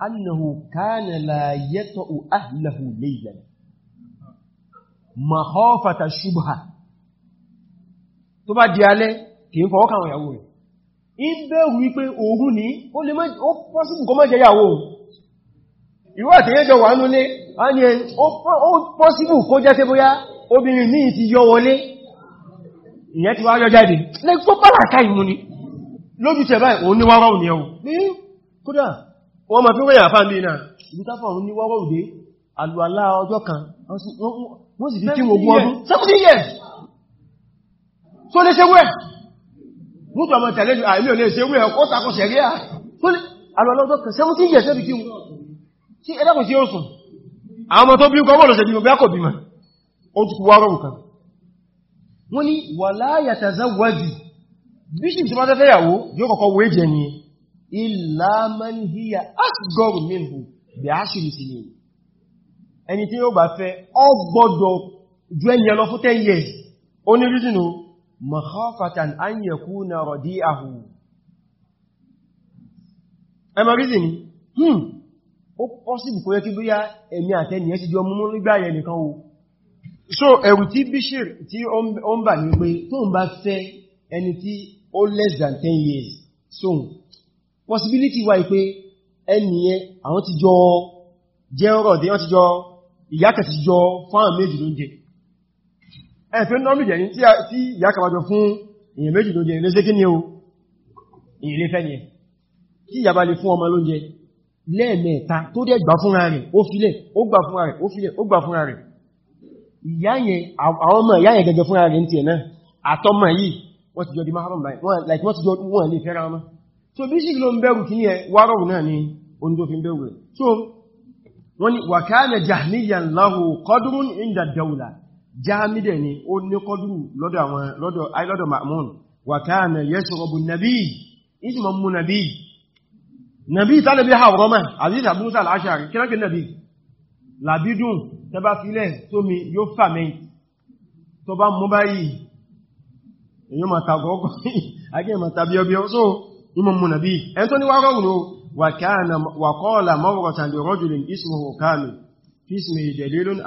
annahu kana la yata'u ahlahu laylan mahafata shubha tó bá di alẹ́ kì í fọwọ́ kàwọn ìyàwó rẹ̀ in bẹ̀rù wípé òògùn ní ó lè pọ́sùn kọ mọ́jẹ yàwó ìwọ́ àtẹ́yẹjọ wà ń lé ó pọ́sùn kó jẹ́ tẹ́ bóyá obìnrin ní ti yọ wọlé ìyẹn ti wá yọ jáde lẹ́gbọ́ bálàkà ìmúni lójú tẹ̀ báyìí òun ní wárọ̀ ní ẹ̀wù ní kódà wọ́n ma fi wẹ́yà àfáà ní náà ìbítàfà òun ní wárọ̀ òdé alùalá ọjọ́ kan wọ́n sì fi kí ogun ọdún 17 years so lè ṣe wẹ́ mútu àmà tẹ̀lé àìlú olè ṣe wẹ́ ọkọ́ takọ̀ ṣẹ̀rí à alùalá kan 17 years ẹbí kí wọn sí ẹdàkùn sí oṣùn àwọn ọmọ tó bí kọ́ wọ́n lọ ṣẹ̀bí ọgbẹ́ àkọ̀bí mà ni wàlá yàtàzá bíṣì tí wọ́n tẹ́fẹ́ yàwó yóò kọ́kọ́ wé jẹ ni illa man hiya asgaru minhu bí a ṣìrì sí ni ẹni tí yóò bá fẹ́ ọ gbọ́dọ̀ ju ẹni ẹlọ fún 10 years ó ní rídínú makhafatan an yakuna radi'ahu ẹmọ rídín ni hmm ó pọ́sìbù kó yẹ kí bóyá ẹ̀mí àtẹ́ni ẹ́ ti jọ múmú nígbà yẹ nìkan o so ẹ̀rù tí bíṣìr tí ó ń bà ní pé tó ń bá fẹ́ ẹni tí ó less than 10 years so possibility wà pé ẹniyẹn àwọn ti jọ jẹ́ ọ̀rọ̀ dé wọ́n ti jọ ìyákà ti jọ fáwọn méjì ló ń jẹ ẹ̀fẹ́ nọ́mì jẹ́ ní tí ìyákà bá jọ fún èèyàn méjì ló ń jẹ ilé sé kí ni o èèyàn lé fẹ́ ni ẹ̀ kí ìyàbá lè fún ọmọ ló ń jẹ lẹ́ẹ̀mẹ́ta tó dẹ̀ gbà fúnra rẹ̀ ó filẹ̀ ó gbà fúnra rẹ̀ ó filẹ̀ ó gbà fúnra rẹ̀ ìyá àwọn ọmọ ìyá yẹn gẹ́gẹ́ rẹ̀ ní tiẹ̀ náà àtọmọ yìí wọ́n ti jọ di maharam báyìí like wọ́n ti jọ wọ́n lè fẹ́ra ọmọ so bí sí ló ń bẹ̀rù kí ní ẹ wárọ̀rù náà ni oúnjẹ fi ń bẹ̀rù rẹ̀ so wọ́n ni wa kana jahmiyan lahu qadrun inda dawla jahmidẹ̀ ni ó ní kọdúrù lọ́dọ̀ ma'mun wa kana yashrabu nabi isi ma mú nabi nabi tálẹ̀bí ha rọ́mà aziz abúnsà al'ashari kíránkì nabi labidun tẹba filẹ̀ tómi yóò fàmẹ́ tó bá mú báyìí èyàn ma tàbí ọgọ́ agẹ́ ma tàbí ọbí ọsọ́ ìmọ̀ mú nàbí ẹn tó ní wárọ̀ wùlò wàkọ́ọ̀lá mọ́wọ̀rọ̀ta rọ́jùlẹ̀ ismuhu kamil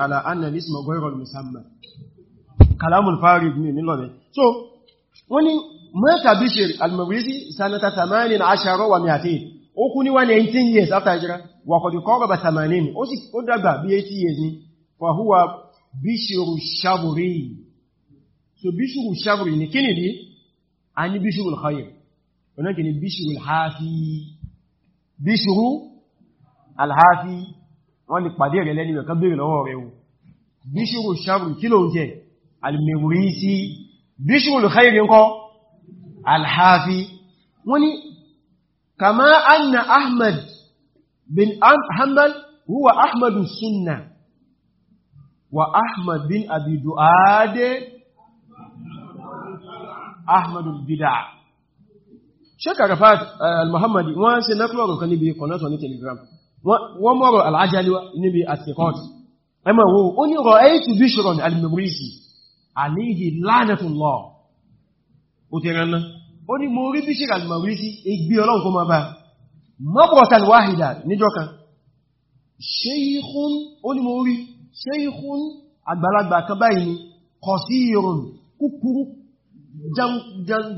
ala anna isma ghayrul musamma kalamul farid ní nílọ́rẹ̀ so wọ́n ni mẹ́ta bishir al-mabrisi ashara wa mi'ati ó kú ní 118 years after hijira wa qad qaraba tamanin ó sì ó dàgbà bí 80 years ni fa huwa bishiru shaburi so bíṣùrù ṣàrù ní kí nìdí a ní bíṣùrù al-khayr ọ̀nà kì ní bíṣùrù al-hafi bíṣùrù al-hafi wọ́n lè pàdé rẹ̀ lẹ́ni ẹ̀kọ́ bèèrè lọ́wọ́ rẹ̀ bíṣùrù ṣàrù kí ló ń jẹ́ al-Mawrisi bíṣùrù al-khayr ńkọ́ al-hafi wọ́n ni kama anna ahmad bin hanbal huwa ahmadu sunna wa ahmad bin abi du'ade ahmadul bid'ah sheik arafat eh, al-muhammadi wọ́n ṣe nẹ́kùlọ̀rọ̀ kan níbi kọ̀nẹ́tọ̀ ní telegram wọ́n mọ́rọ̀ al'ajaliwa níbi atikot ẹmọ̀ wo ó ní rọ̀ ẹ́yìtù bishron al-mabrisi alayhi lánàtùlọ́ ó ti rán náà ó ní mo rí bishron al-mabrisi igbi ọlọ́run kó ma bá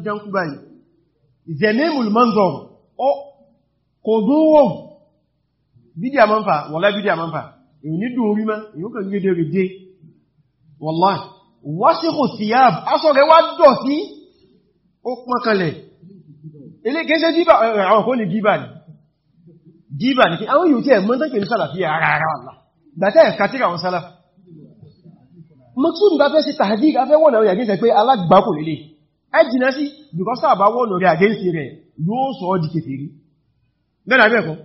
jánkú báyìí zemimul manzor ó kò dúnwò bídíà ma ń fà wọ́lá bídíà ma ń fà èyí ní dùn orí má èyí ó kàn gẹ́gẹ́ rẹ̀ dé wọ́lá wáṣíkò síyáb aṣọ rẹ̀ wá dọ̀ sí ó pọ́n kalẹ̀ ilé kẹ́ṣẹ́ gíbà àwọn kò ní gíbà ní gíbà ní kí àwọn yóò tí ẹ̀ mọ́ tẹ́kẹ̀ ní sàlàfíà ara ara wà gbàtẹ́ ẹ̀ka tí àwọn sálàfí mọ́tún bá fẹ́ sí tàhàdí afẹ́wọ̀n àwọn yàgí ẹjìnà sí because tàbá wọ́n lórí àgẹ́sì rẹ̀ yóò sọ ọ́ di kèfèrí mẹ́rin àbẹ́ẹ̀kọ́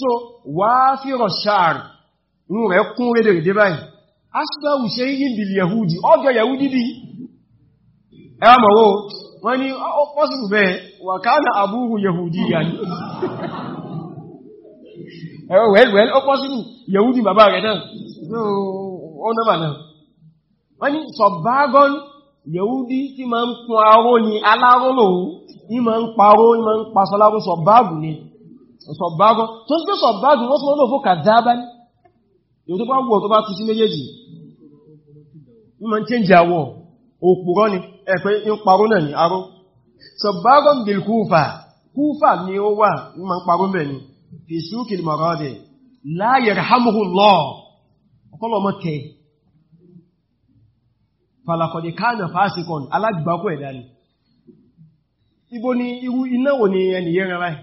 so wà fi rọ̀ṣàrì inú rẹ̀ kún rédè rèdè báyìí asbáwù ṣe yí bí yahudi ọjọ́ yahudi bí ẹwàmọ̀wó wọ́n ni pọ́sùsù bẹ́ẹ̀ wà káàdà àbúrú yahudi yàní ẹwẹ́wẹ́l ó pọ́sùsù yahudi bàbá rẹ̀ náà yẹ̀údí tí ma ń kún aró ni aláró lòun ní ma ń paró ní ma ń pasọ láró sọ̀báàgù ni sọ̀báàgù tó sí pé sọ̀báàgù wọ́n sí wọ́n lò fó kàdábá ní yóò tó bá wọ́ tó bá tú sí méjèèjì ní ma ń change àwọ̀ òpùrọ́ ni ẹ̀pẹ́ ń paró náà ni aró sọ̀báàgù bil kúfà kúfà ni ó wà ní ma falakọ̀dé káàna fásikọ̀n alágbàkó ẹ̀dá ni ibo ni irú iná wò ni ẹniyàn rárá ẹ̀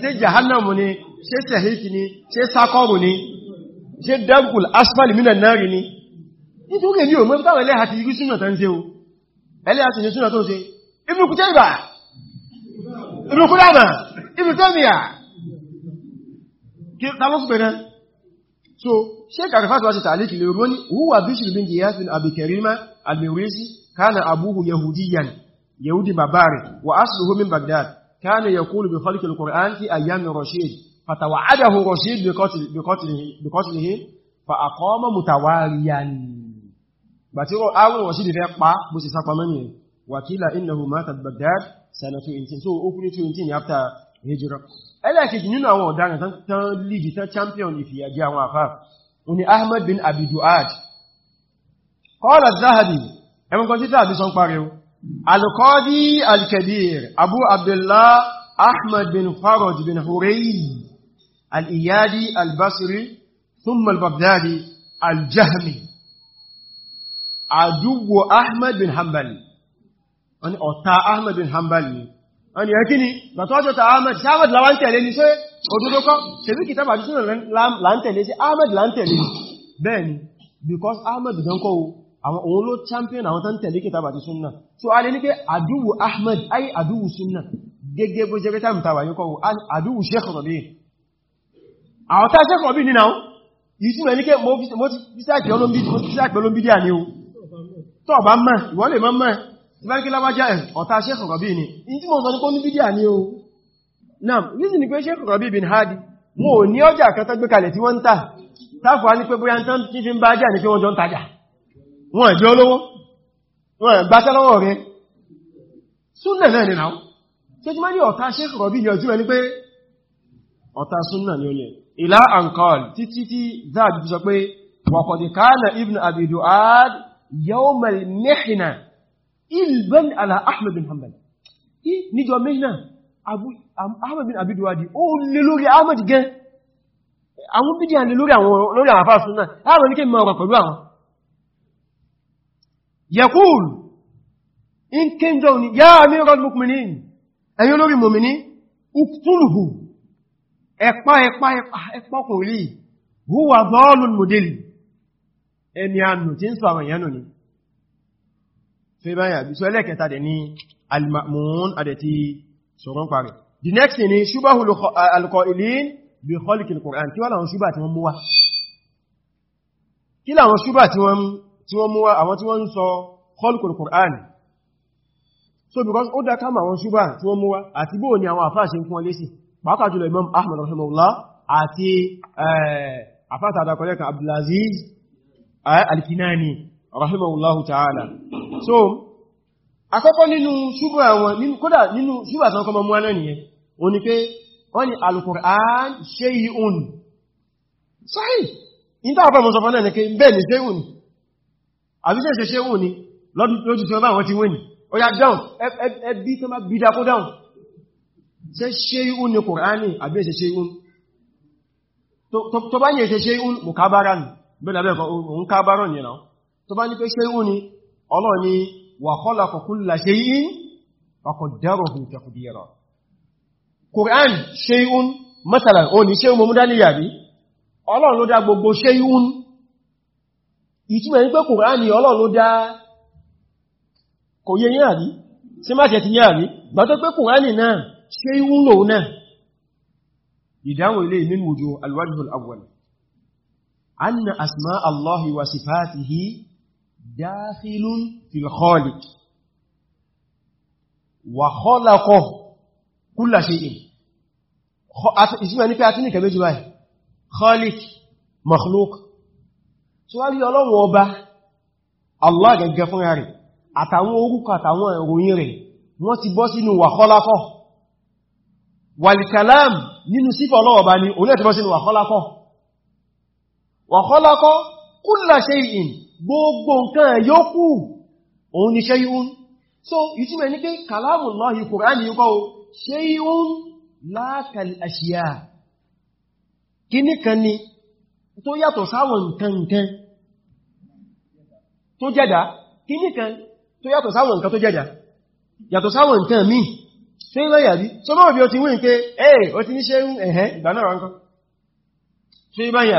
ṣe jahannamu ni ṣe sẹ̀hìkì ni ṣe sakọrù ni ṣe dankul asfali minan nari ni nítorí èmi ò mọ́ táwọn ẹlẹ́ha ti irú súnà tán ṣe o ẹlẹ́ha ti ní súnà tó ṣe Ibn Kutayba Ibn Qudama Ibn Taymiyyah sheik arifat wa ṣe tààlìkì lè rú ní huwa bishir bin giyas bin abi karima al-mawrisi kana abuhu yahudiyan yahudi babari wa asluhu min baghdad kana yaqulu bi khalqi al-qur'an fi ayyam rashid fatawa'adahu rashid bi qatl bi qatlihi bi qatlihi fa aqama mutawaliyan bati ro awon rashid fẹ́ pa bó ṣe sá pamọ́ ni wa qila innahu mata baghdad sanatu 18 so okuni 20 nínú àwọn ọ̀daràn tán league tán champion ìfìyàjẹ́ àwọn àfáà ni ahmad bin abi duad qala az-zahabi ẹmọ kan títà àbí sọ́n parí al-qadi al-kabir abu abdullah ahmad bin faraj bin hurayi al-iyadi al-basri thumma al-baghdadi al-jahmi aduwo ahmad bin hanbali wọ́n ni ọ̀tá ahmad bin hanbali wọ́n ni ẹkíni bàtọ́jọ́ta ahmad sí ahmad lawan tẹ̀lé ní sọ́yẹ́ òdúdókọ́ ṣebí kìtàbà jù sínú láńtẹ̀lé sí ahmed láńtẹ̀lé bẹ́ẹ̀ni because ahmed gankọ́ àwọn òun ló champion àwọn tán tẹ̀lé kìtàbà jù súnnà so a lè ní pé àdúwù ahmed ayi àdúwù súnnà gẹ́gẹ́ bó jẹ́ tàbà yíkọ́ àdúwù sheikh rabi àwọn tá sheikh rabi nínà ìtú ẹni pé mo fi sáàkì olóbídí àní o tọ́ bá mẹ́ ìwọ́lẹ̀ mọ́ mẹ́ tí bá ń kí lábájá ẹ̀ ọ̀tá sheikh ni ìtú mọ́ sọ ní kó o náà rízi ni pé Sheikh Rabi bin Hadi Mo ò ní ọjà kan tó gbé kalẹ̀ tí wọ́n ń tà táfà ní pé bóyá ń tán fífí ń bá jà ní pé wọ́n jọ ń tajà wọ́n ẹ̀jọ́ lówó wọ́n ẹ̀gbáṣẹ́ lọ́wọ́ rẹ̀ súnnà náà ni náà ṣe ti má ní ọ̀tá Sheikh Rabi yọ tí wọ́n ní pé ni ó lẹ̀ ahmed bin abiduwadi ó lè lórí ahmed gan àwọn bídí à lè lórí àwọn lórí àwọn afáàsùn náà ahmed ní kí ma ọ̀rọ̀ pẹ̀lú àwọn yakul in kíndọ̀ ni ya amiral mukminin ẹ̀yin olórí mọ̀mìní uktulhu ẹ̀pá ẹ̀pá ẹ̀pá ọkùnrin huwa zọ́ọ̀lùn mọ̀dẹ́lì ẹni ànù tí ń sọ àwọn ìyànù ni fẹ́ báyà bí sọ ẹlẹ́kẹta dẹ̀ ni al-ma'mun adẹ̀ti sọ̀rọ̀ ń parí the next thing ni ṣúbáhù alqa'ilin bí kọlìkì al-Qur'an kí wọ́n láwọn ṣúbà tí wọ́n mú wá kí láwọn ṣúbà tí wọ́n mú wá àwọn tí wọ́n sọ kọlìkì al-Qur'an so because ó dáká ma àwọn ṣúbà tí wọ́n mú wá àti bóò ni àwọn àfáà ṣe ń kún lésì pàápàá jùlọ Imam al-Kinani rahimahullahu ta'ala so àkọ́kọ́ nínú ṣúgbà wọn nínú kódà nínú ṣúgbà tán kọmọ mú aná nìyẹn o ni pé wọ́n ni al-Qur'an shay'un sahih in tàbí ọmọ sọfọ́nà ní pé bẹ́ẹ̀ ni shay'un àbíṣẹ́ shay'un ni lójú tí wọ́n bá wọ́n ti wẹ́ni ó yá down ẹbí tó má bídá kó down ṣe shay'un ni Qur'ani àbíṣẹ́ shay'un tó bá yẹ ṣe shay'un وخلق كل شيء فقدره تقديرا Quran ṣeun mẹ́sàlá òní ṣeun mọ̀mú dáníyà rí ọlọ́run ló dá gbogbo ṣeun ìtumẹ̀ ní pé Quran ọlọ́run ló dá kò yẹ yín àrí sí máa jẹ ti yín àrí gbà tó pé Quran náà ṣeun lòun náà dáhìlún fil khaliq wà khalaqa kulla shay'in ìsìnmà ní pé a tún ní kẹ̀mẹ́jì báyìí khaliq makhluk tó wá rí ọlọ́run ọba Allah gẹ́gẹ́ fún rẹ̀ àtàwọn orúkọ àtàwọn ìròyìn rẹ̀ wọ́n ti bọ́ sínú wà khalaqa wal kalam nínú sífà ọlọ́ọ̀bá ni olóòtí bọ́ sínú wà khalaqa wà khalaqa kulla shay'in gbogbo nǹkan yókù òun ni shay'un so ìtumọ̀ ní pé kalamullahi kùránì yíkọ́ shay'un la kal ashiya kíní kan ni tó yàtọ̀ sáwọn nǹkan tó jẹ́dà kíní kan tó yàtọ̀ sáwọn nǹkan tó jẹ́dà yàtọ̀ sáwọn nǹkan míì ṣe ń lọ́yà so mọ́ bí o ti wí ń pé ẹ̀ẹ́ o ti ní ṣe ń ẹ̀hẹ́ ìgbà náà ránkọ́ ṣe bá yà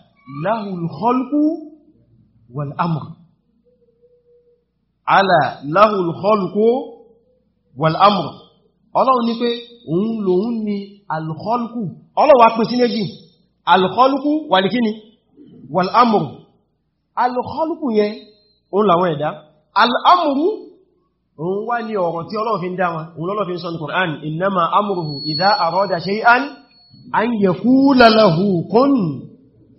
lahul khalqu wal amr ala lahul khalqu wal amr ọlọ́run ní pé òun lòun ni alkhalqu ọlọ́wà pín sí méjì alkhalqu wal kíni wal amr alkhalqu yẹn òun làwọn ẹ̀dá al amr òun wá ní ọ̀rọ̀ tí Ọlọ́run fi ń dá wọn òun fi ń sọ ní innama amruhu idha arada shay'an an yaqula lahu kun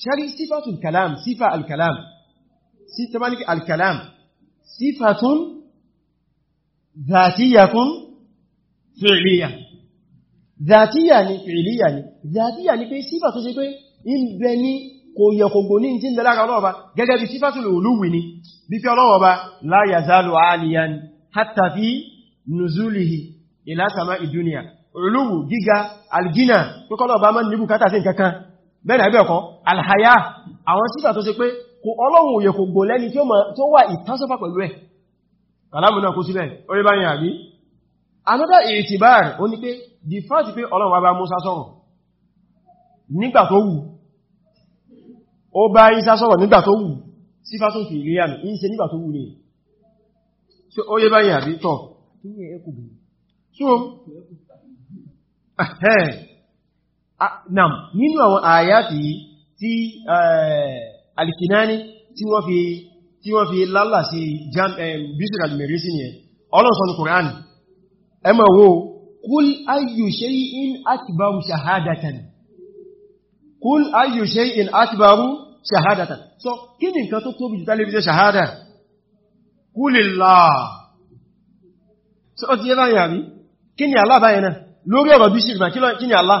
ṣẹ́rí sífàtún kalam sífà alkalam sí tàbí alkalam sífàtún zàtíyàkún fìlíyà zàtíyà ni fìlíyà ni zàtíyà ni pé sífà tó ṣe pé in bẹ ní kò yẹ kò gbò ní tí ń dalára ọlọ́ọ̀ba gẹ́gẹ́ bí sífàtún olúwi ni bí fi ọlọ́ọ̀ba la yazalu aliyan hatta fi nuzulihi ila sama gíga algina pẹ́kọ́lọ̀ ọba mọ́ níbù kátà sí nǹkankan bẹ́ẹ̀rẹ̀ ẹgbẹ́ ọ̀kan alhaya àwọn sísà tó ṣe pé kò ọlọ́run òye kò gbò lẹ́ni tó wà ìtánṣọ́fà pẹ̀lú ẹ̀ kàlámù náà kó sílẹ̀ orí báyìí àbí another ètìbáàrì ó ní pé the fact pé ọlọ́run bá Mùsá sọ̀rọ̀ nígbà tó wù ó bá Ìsá sọ̀rọ̀ nígbà tó wù sí fásún fi ilé àmì ìṣe nígbà tó wù ní ṣe ó yé báyìí àbí tọ̀ nam nínú àwọn àyàtì tí eh, alìkìnáni tí wọ́n fi tí wọ́n fi lálà sí bíṣìrì alìmẹ̀rí sí ni ọlọ́sọ̀ ní Kùránì ẹ máa wò kúl ayyu shay'in akbaru shahadatan kúl ayyu shay'in akbaru shahadatan so kí ni nǹkan tó tóbi jù tálébíṣẹ́ shahada kúlillah so ó ti yẹ́ láyàrí Allah báyẹ̀ náà lórí ọ̀rọ̀ bíṣìrì kí ni Allah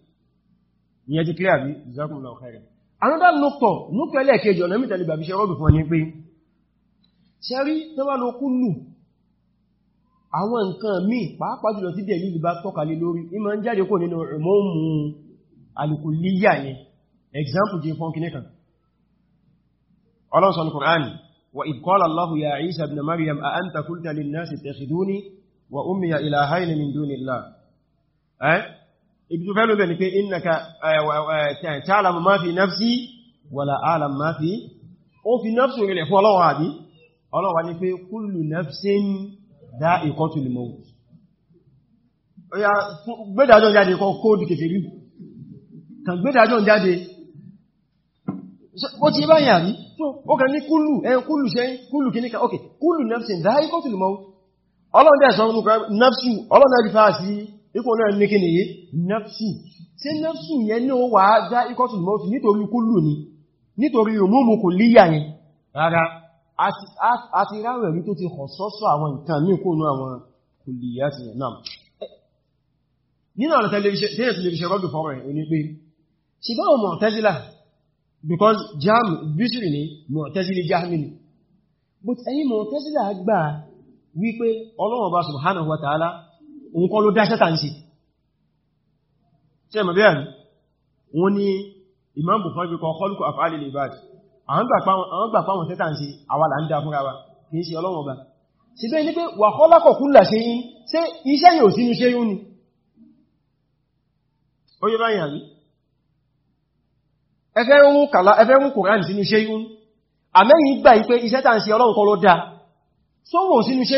ìyẹn ti clear bí jazakumullahu khairan another noctor noctor ẹlẹ́ẹ̀kejì ọ̀nà mítẹ̀lẹ̀ bàbí ṣe rọ́bì fún ọ ní pé ṣe rí tó wá lọ kúlù àwọn nǹkan míì pàápàá jùlọ example jẹ fún kìnnì kan ọlọ́sàn Qur'an wa idh qala Allahu ya Isa ibn Maryam a anta qulta lin-nasi ittakhiduni wa ummiya eh ibi tó fẹ́lú bẹ̀ ni pé innaka ta'lamu ma fi nafsi wala a'lamu ma fi ó fi nafsi rẹ̀ fún ọlọ́wọ́ àbí ọlọ́wọ́ ni pé kullu nafsin dha'iqatul maut ọya gbẹ́dàjọ́ jáde kọ kóòdù kèfèrí kan gbẹ́dàjọ́ jáde ó ti bá yà rí ó kàn ní kullu ẹn kullu ṣe kullu kìníkà ok kullu nafsin dha'iqatul maut ọlọ́dẹ̀ sọ ikọ̀ náà ní kí ni yí nafsu tí nafsu yẹn ní ó wà já ikọ̀ tún mọ́ sí nítorí kúlù ni nítorí òmúmù kò líyà yẹn rárá a ti ráwẹ̀ rí tó ti hàn sọ́sọ́ àwọn nǹkan ní kónú àwọn kò líyà ti yẹn náà nínú àwọn tẹlifíṣẹ́ rọ́dù fọ́rọ̀ ẹ̀ ní pé ṣe bá wọn Mu'tazila because jam bísìrì ni Mu'tazili jahmi ni but ẹ̀yin Mu'tazila gbà wípé Ọlọ́hun Ọba subhanahu wa ta'ala òun kọ́ ló dáṣẹ́ tàǹsì ṣe mọ̀ bẹ́ẹ̀ wọ́n ní Imam Bukhari bí kọ kọlùkù àfáàlì lè báàdì àwọn gbà pàwọn tẹ́ta ń ṣe àwàlà ń dá fúnra wa kì í ṣe Ọlọ́run ọba ní pé wà kọ́lákọ̀ kúlà ṣe yí ṣe iṣẹ́ yóò sínú ṣe yún ni ó yẹ báyìí àrí ẹfẹ́ ń kàlá ẹfẹ́ ń Kùránì sínú ṣe yún amẹ́yìn gbà yí pé iṣẹ́ tà ń ṣe Ọlọ́run kọ́ ló dá sọ́wọ́ sínú ṣe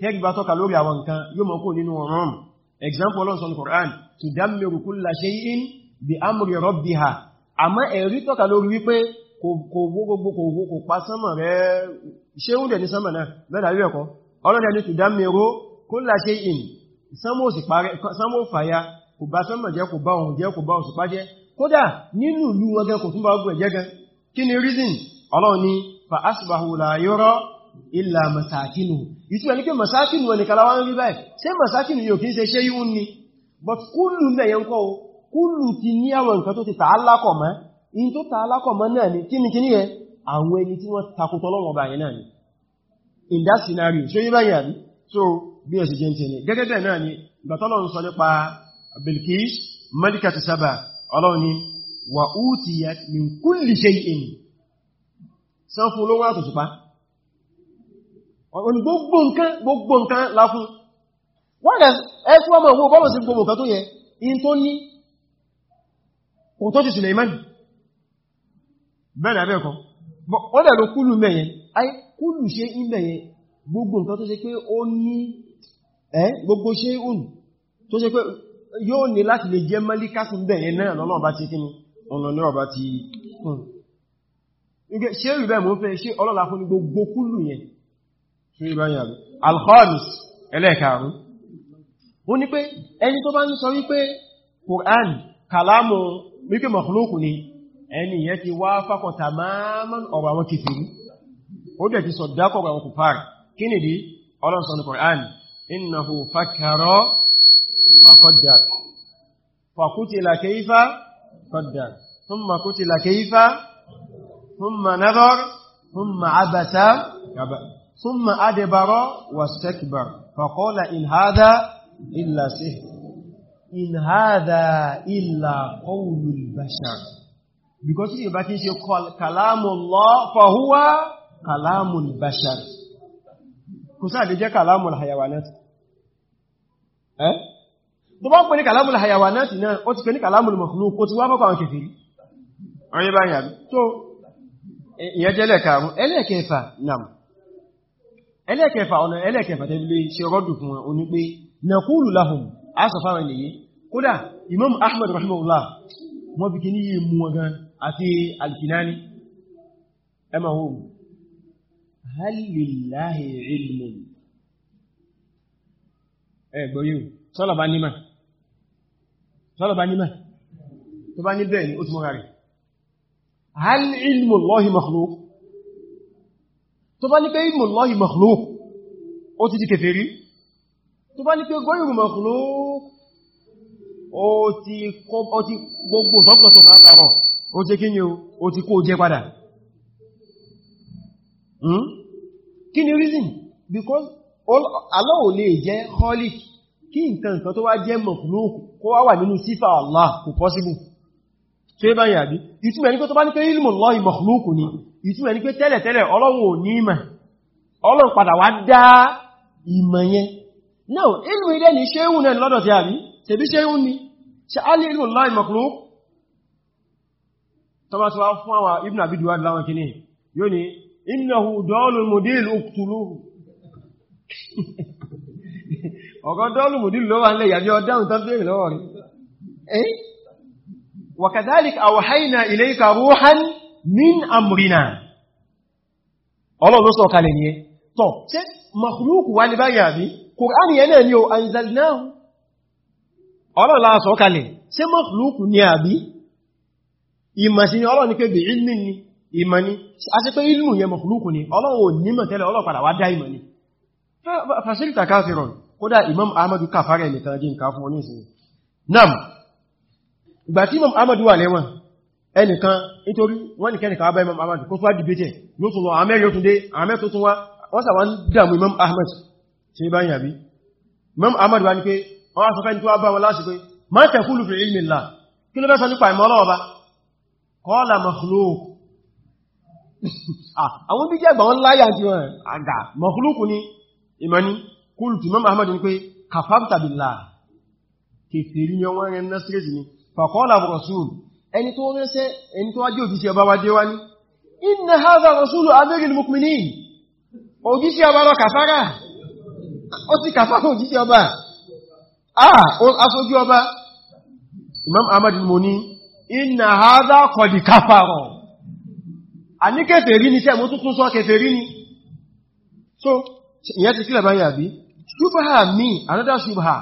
tẹ́rì bá tọ́ka lórí àwọn nǹkan yóò mọ́ nínú ọ̀run example ọlọ́run sọ ní Qur'an tudammiru kulla shay'in bi amri rabbiha àmọ́ ẹ̀rí tọ́ka lórí wípé kò gbogbo kò pa sánmà rẹ̀ ṣe ń dẹ̀ ní sánmà náà bẹ́ẹ̀dà rí ẹ̀kọ́ ọlọ́run ní tudammiru kulla shay'in sánmà fàyà kò bá sánmà jẹ́ kò bá òun jẹ́ kò bá òṣùpá fa asbahu la yura ìlà masakinu ìtumẹ̀ ní pé masakinu ẹni kalawa ń rí báyìí ṣe masakinu yóò kí ń ṣe ṣe yíò ní but kúlù mẹ́yẹn kọ́ kúlù ti ní àwọn nǹkan tó ti ta alákọ̀ mọ́ in tó ta alákọ̀ mọ́ náà ni kí ni kí ni yẹn àwọn ẹni tí wọ́n takotọ́ lọ́wọ́ ọba yẹn náà ni in that scenario ṣe yí báyìí àbí so bí ẹ̀sì jẹ́ ti ní gẹ́gẹ́ bẹ́ẹ̀ náà ni ìgbà tọ́lọ́ ń sọ nípa Bilkis malikatu Saba ọlọ́run ni wa utiyat min kulli olówó àtòsùpá ọ̀nà gbogbo nǹkan gbogbo nǹkan láfún wọ́n dẹ̀ ẹ́kú ọmọ owó bọ́lọ̀ sí gbogbo nǹkan tó yẹ in tó ní kò tó ti Suleiman bẹ́ẹ̀ abẹ́ kan wọ́n dẹ̀ ló kúlù mẹ́yẹn ayé kúlù ṣe ìmẹ̀yẹn gbogbo nǹkan tó ṣe pé ó ní ẹ́ gbogbo ṣe òun tó ṣe pé yóò ní láti lè jẹ́ mẹ́líkásùn bẹ̀yẹn mọ́ fẹ́ ṣe ọlọ́lá fún gbogbo kúlù yẹn alkhamis ẹlẹ́ẹ̀kàrún ó ní pé ẹni tó bá ń sọ wípé Qur'an kàlámù wípé makhlúkù ni ẹni yẹn ti wá fákọ̀ tamaman ọ̀rọ̀ àwọn kìfìrí ó dẹ̀ ti sọ dákọ̀ ọ̀rọ̀ àwọn kùfàrí kí nìdí ọlọ́sọ ní Qur'an innahu fakkara wa qaddar fakutila kayfa qaddar thumma kutila kayfa thumma nadhar thumma abasa ثم أدبر واستكبر فقال إن هذا إلا سحر إن هذا إلا قول البشر because if you can say كلام الله فهو كلام البشر كسا دي جẹ́ كلام الحيوانات eh tó bá pè ní كلام الحيوانات náà ó ti pè ní كلام المخلوق ó ti wá boko an kefiri oyin ba yan so ìyẹn jẹ́ lẹ́ka mu ẹlẹ́kẹfà nam ẹlẹ́ẹ̀kẹfà ọ̀nà ẹlẹ́ẹ̀kẹfà tẹ́lẹ̀ ṣe rọ́dù fún wọn oní pé naqulu lahum asọ̀fáwọn ènìyàn kódà imam ahmad rahimahullah wọ́n fi kí ní yìí mú ọgán àti alkinani ẹmà ohun hal lillahi ilmun ẹgbọ́yìn sọ́lọ̀bá nímà tó bá ní bẹ́ẹ̀ ni tó bá ní pé ilmu Allahi makhluq ó ti di kèfèrí tó bá ní pé gọ́yìrù makhluq ó ti gbogbo sọ́pọ̀tọ̀ látàrọ̀ ó ti kí ni ó ti kó jẹ padà hmm? kí ni reason because Allah ò lè jẹ́ khaliq kí nǹkan kan tó wá jẹ́ makhluq kó wá wà nínú sífà Allah kò possible tó yẹ báyìí àbí ìtumẹ̀ ní kó tó bá ní pé ilmu Allahi ni ìtumẹ̀ ní pé tẹ́lẹ̀tẹ́lẹ̀ ọlọ́run ò ní ìmọ̀ ọlọ́run padà wá dá ìmọ̀ yẹn náà ilmù ilẹ̀ ní ṣéhùn náà lọ́dọ̀ tí a rí tẹ̀bí ṣéhùn ni ṣe á lè ilmù láì mọ̀kúrú tọ́bátọ́wá min amrina ọlọ́run sọ kalẹ̀ ní ẹ tọ́ tí makhluk wà ní báyìí àbí kùránì ẹ̀nà ni o anzalnahu ọlọ́run la sọ kalẹ̀ tí makhluk ní àbí ìmọ̀sí ni ọlọ́run ni pé bí ilmi ni ìmọ̀ ni a sì pé ilmu yẹ makhluk ni ọlọ́run ò ní mọ̀ tẹ́lẹ̀ ọlọ́run padà wá dá ẹnìkan nítorí wọ́n ní kẹ́nìkan abẹ́ imam ahmad kó tó wá dìbẹ̀tẹ̀ yóò tún lọ àmẹ́ yóò tún dé àmẹ́ tó tún wá wọ́n sà wọ́n dàmù imam ahmad tí bá ń yàbí imam ahmad wá ní pé wọ́n sọ fẹ́ni tó wá bá wọn láti pé ma taqulu fi ilmi Allah kí ah, ni ìmọ̀ni qultu imam ahmad ní pé kafarta ni wọ́n rẹ̀ nasiris ni ẹni tó ránṣẹ́ ẹni tó wájé òjíṣẹ́ ọba wájé wá ní inna hadha rasulu amiril mu'minin òjíṣẹ́ ọba lọ kàfárà ó ti kàfárà òjíṣẹ́ ọba ah aṣojú ọba imam ahmad mo ní inna hadha qad kàfárà a ní kèfèrí ní sẹ́mú tó tún sọ so ìyẹn ti kílẹ̀ báyìí àbí mi another ṣubha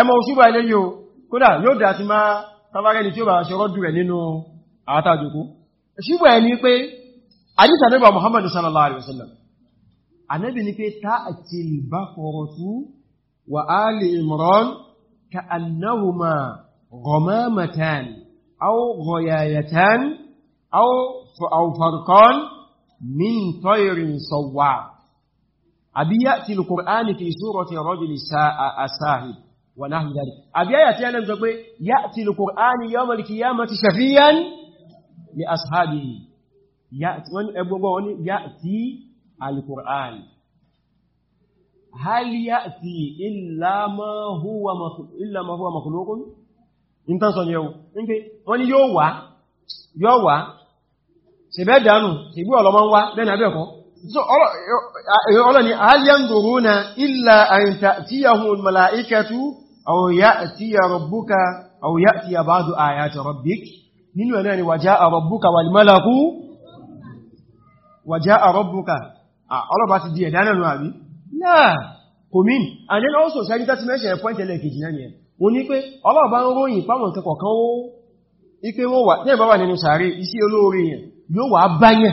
ẹmọ ṣubha ilé yóò kódà yóò tàbárẹ́ ni tí ó bá ṣe rọ́dù rẹ̀ nínú àtàjòkó ṣígbà ẹ̀ ni pé àdíta nígbà Muhammadu sallallahu alaihi wasallam Ànábì ní pé ta'ati al-baqaratu wa ali imran fi surati rajuli as-sahib wà náà ìdárí àbí ayà tí ẹlẹ́m sọ pé yá ti lè kòránì yọ́ mọ̀lìkì yá mọ̀ ti ṣàfihàn ní asáàbì ẹgbogbo wọn ni yá ti alìkòránì hal yá ti ìlàmọ̀húwà makhlukun in tán sọ yẹ̀wò nígbé wọ́n ni yóò wá yóò wá ọlọ́ni alyanzuruna illa an ta'tiyahum mala'ikatu aw ya'tiya rabbuka aw ya'tiya ba'du ayati rabbik nínú ẹ̀nà ni waja'a rabbuka wal malaku waja'a rabbuka ọlọ́bá ti di ẹ̀dá náà àbí náà kò mín and then also sẹ́rí tàti mẹ́ṣẹ̀ point ẹlẹ́kejì náà ni ẹ̀ o ní pé ọlọ́bá ń ròyìn fáwọn kẹkọ̀ọ́ kan ó ipé wọ́n wà ní ẹ̀bá wà nínú sàárè iṣẹ́ olóorí yẹn yóò wà báyẹ̀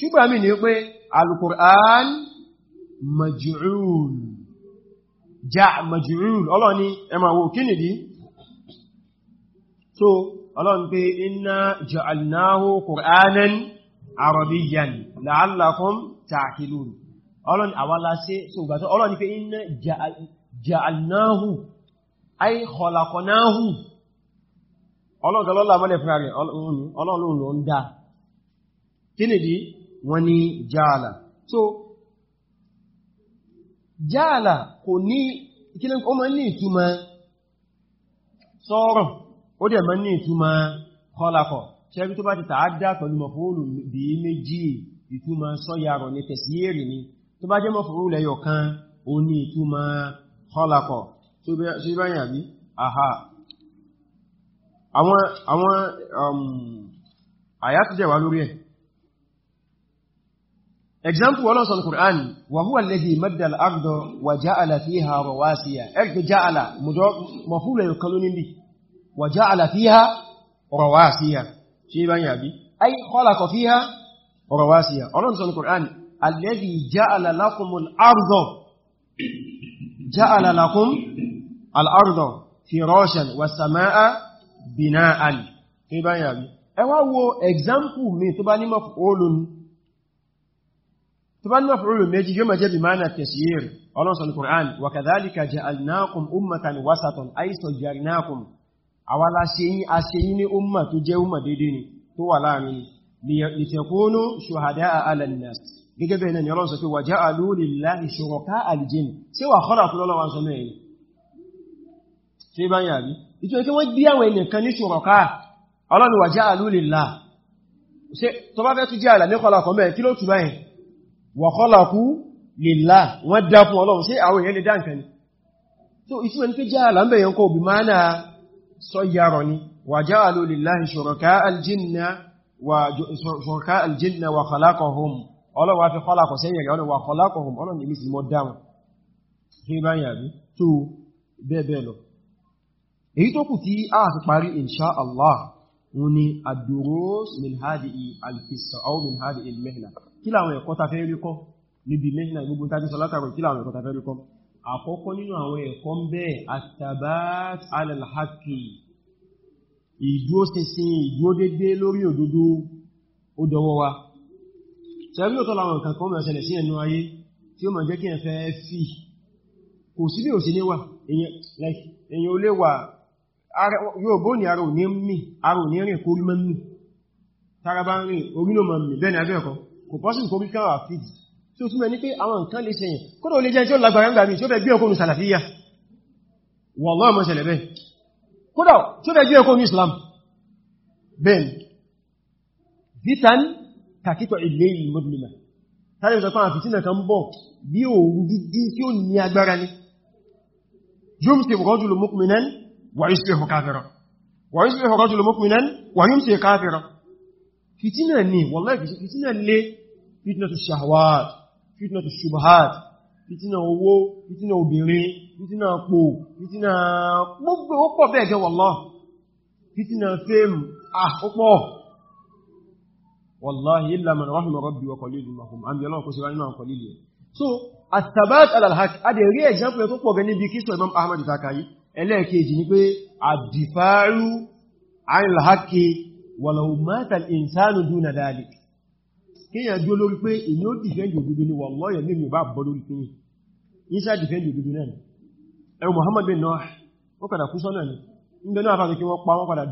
ṣùgbà mi ni pé al-Qur'an maj'ul já maj'ul ọlọ́run ni ẹ máa wò kí nìdí so ọlọ́run pé inna ja'alnahu Qur'anan arabiyyan la'allakum ta'qilun ọlọ́run àwálá sí ṣùgbàtọ́ ọlọ́run ni pé inna ja'alnahu ay khalaqnahu ọlọ́run lọ́lá mọ́lẹ̀ fún ààrẹ ọlọ́run ló ń dá kí nìdí wọ́n ní jáàlà so jáàlà kò ní ìkílẹ̀ o máa ní ìtumọ̀ sọ́rọ̀ ó dẹ̀ máa ní ìtumọ̀ kọlakọ̀ ṣẹ́rí tó bá ti tààdá pẹ̀lú mọ̀fúrúlù bí i méjì ìtumọ̀ sọ́yàrọ̀ ní tẹ̀síyèrì ni tó bá jẹ́ mọ̀fúrúlù ẹyọ kan ó ní ìtumọ̀ kọlakọ̀ tó báyà àwọn um, àyà tó jẹ́ wà lórí ẹ̀ example wọ́n sọ Kùránì wa huwa alladhi madda al-arda wa ja'ala fiha rawasiya ẹgbẹ̀ ja'ala mọ̀fúlẹ̀ ìkọlú níbi wa ja'ala fiha rawasiya ṣe bá yà bí ay khalaqa fiha rawasiya ọlọ́n sọ Kùránì alladhi ja'ala lakum al-arda ja'ala lakum al-arda firashan wa samaa bina'an ṣe bá yà bí ẹ wá wo example mi tó bá ní mọ̀fúlẹ̀ تبقى المفعول ميجي يوم جاء بمعنى التسيير الله صلى القرآن وكذلك جعلناكم أمة وسطا أي سجرناكم أولا شيء أشيين أمة تجي أمة ديني طولا من لتكونوا شهداء على الناس gẹ́gẹ́ bẹ̀rẹ̀ ni ọlọ́run sọ pé وَجَعَلُوا لِلَّهِ شُرَكَاءَ الْجِنِّ tí wà kọ́rà tó lọ́lọ́wà sọ mẹ́rin tí bá ń yàrí ìtò ìkẹ́ wọ́n bí àwọn ènìyàn ní ṣùrọ̀ká ọlọ́run وَجَعَلُوا لِلَّهِ wa khalaqu lillah wọ́n dá fún ọlọ́run sí àwọn èèyàn lè dá nǹkan ni so ìtumọ̀ ní pé já àlàmbẹ̀ yẹn kó bí máa náà sọ yàrọ̀ ni wa ja'alu lillahi shuraka aljinna wa shuraka aljinna wa khalaqahum ọlọ́run wá òun ni ad-durus min hadhihi al-qissa aw min hadhihi al-mihna kí láwọn ẹ̀kọ́ ta fẹ́ rí kọ́ níbi mihna gbogbo tàbí sọ látàrí kí láwọn ẹ̀kọ́ ta fẹ́ rí kọ́ àkọ́kọ́ nínú àwọn ẹ̀kọ́ ń bẹ at-tabat ala al-haqqi ìdúró ṣinṣin ìdúró dédé lórí òdodo ó dọwọ́ wa ṣẹ́bí òtọ́ láwọn nǹkan kan mọ̀ ṣẹlẹ̀ sí ẹnu ayé tí ó yóò bó ní ara ò ní mì ara ò ní rìn kórí mọ́ mì tara bá rìn orí ló mọ́ mì bẹ́ẹ̀ni abẹ́ ẹ̀kọ́ kò pọ́sí kórí káwà fìdí tí ó túnmẹ̀ ní pé àwọn nǹkan lè ṣẹyìn kódò lè jẹ́ tí ó lágbàrá gbàmí tí ó fẹ́ gbé ọkọ̀ ní sàlàfíyà wallahi mọ́ ṣẹlẹ̀ bẹ́ẹ̀ kódà tí ó fẹ́ gbé ọkọ̀ ní Islam bẹ́ẹ̀ni vitan takítọ̀ ilé ìmọ̀dúnlẹ̀mà tàbí ìsọ̀kan àfìtínà kan bọ̀ bí òun dídí tí ó ní wàyúsílẹ̀ ọkàfẹ́rọ wàyúsílẹ̀ ọkàtùlù mọ́kùnrin wàyúmsẹ̀ káfẹ́rọ fìtínà ni wallahi fìtínà lé fìtínà tó shahwat fìtínà tó shubahat fìtínà owó fìtínà obìnrin fìtínà pò fìtínà gbogbo ó pọ̀ bẹ́ẹ̀ gẹ́ wallahi fìtínà fèèrù àkópọ̀ wallahi illa man rahima rabbi wa qalilun mahum àmì ọlọ́run kò sí rá nínú àwọn qalilun so at-thabat ala al-haqq adẹ̀ rí ẹ̀jẹ́ pẹ̀lú tó pọ̀ gẹ́ níbi kí sọ Imam Ahmad ìtakayi ẹlẹ́ẹ̀kejì ni pé àdìfàárú àìlàákì walau mata al-insanu duna dhalik kíyàn dúó lórí pé ìní ó dìfẹ́ndì òdúdú ní wallahi ní mi bá bọ́ lórí kíyàn ìṣà dìfẹ́ndì Muhammad bin Nuh wọ́n padà kú sọ́nà ni ìgbẹ̀ náà fàájú kí wọ́n pa wọ́n padà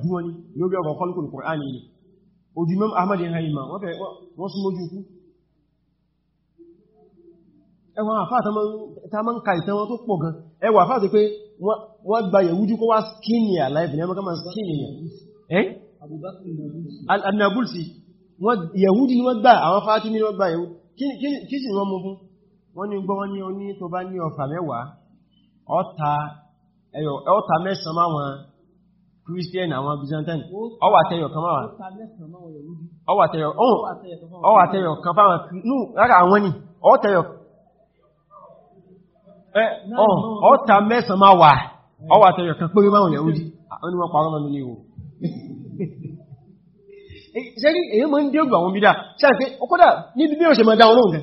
ẹwọ̀n àfáà ta mọ́ ń ka ìtàn wọn tó pọ̀ gan ẹwọ̀ àfáà ti pé wọ́n gba yẹ̀wújú kó wá skinny alive ní ẹmọ́ká máa skinny yẹn ẹ́ annabulsi yẹ̀wújú ni wọ́n gba àwọn fàájú ni wọ́n gba yẹ̀wú kí sì wọ́n mú fún wọ́n ní gbọ́ wọ́n ní oní tó bá ní ọfà mẹ́wàá ọta mẹ́sàn máwọn Christian àwọn Byzantine ọwà tẹyọ kan máwọn ọwà tẹyọ kan fáwọn ọ̀ta mẹ́sàn máa wà ọwà tẹ̀yọ̀ kan péré máa yẹ̀wó jí wọn pàrọ́ mọ́mí ní ìwò ṣẹ́rí èyí mọ́ ń dé ògbà wọn bídá níbi bí ó ṣe mọ́ dáwọn lóògẹ́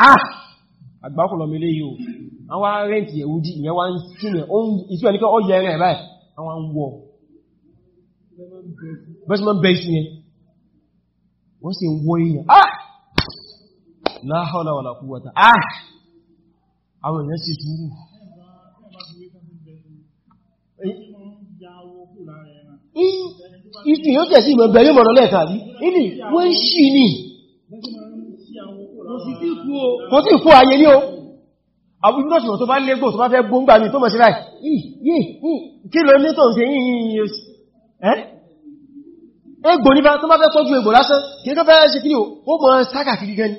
ah àgbákùnlọ mi léyìí o àwọn rẹ̀ntì ẹ̀wújí ìyẹn wá ń kílẹ̀ ìṣú ẹ̀ní kọ́ ọ yẹ ẹ̀rẹ̀ báyìí àwọn ń wọ bẹ́sìmọ́n bẹ́ẹ̀sì yẹn wọ́n sì ń wọ èèyàn ah la hawla wala quwwata ah àwọn èèyàn sì sùúrù ìtù yóò tẹ̀sí ìmọ̀ bẹ̀rẹ̀ mọ̀rọ̀ lẹ́ẹ̀kàrí ìlú wọ́n ṣì ní kò tí fún ayé ní o àbúgbọ́sùn tó bá lẹ́gbò tó bá fẹ́ gbóngbà mi tó mọ̀ sí láì kí ló ní tó ń ṣe yìí egbò ní bá tó bá fẹ́ tọ́jú egbò lásán kí ló fẹ́ ṣe kílò ó mọ̀ sákà kiri gẹni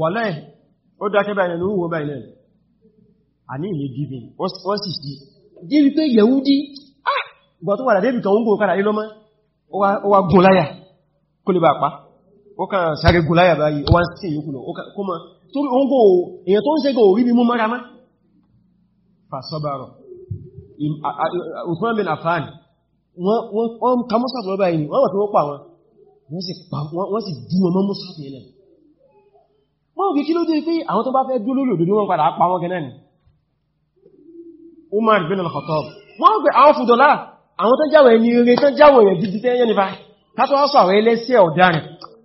wà láì ó dákẹ́ báyìí ló wọ́n báyìí lẹ́nu àní ìlé giving ó sì sí débi pé yẹ̀wúdí ah! gbọ́ tó wà débì kan ó ń gbò kára lé lọ́mọ́ ó wá gùn láyà kó lè bá pa ó kàn sáré gúláyà báyìí ó wá sí ìyókù lọ kó mọ́ torí ó ń gò èyàn tó ń ṣe gò rí bí mú mọ́ra má fàṣọ́bàrọ̀ Uthman bin Affan wọ́n ka mọ́sáàtì lọ́bà yìí wọ́n wọ́n tí wọ́n pa wọn wọ́n sì dí wọn mọ́ mọ́sáàtì ilẹ̀ wọ́n wọ́n kí ló dé pé àwọn ni Umar bin al-Khattab wọ́n gbé àwọn fùdọ́lá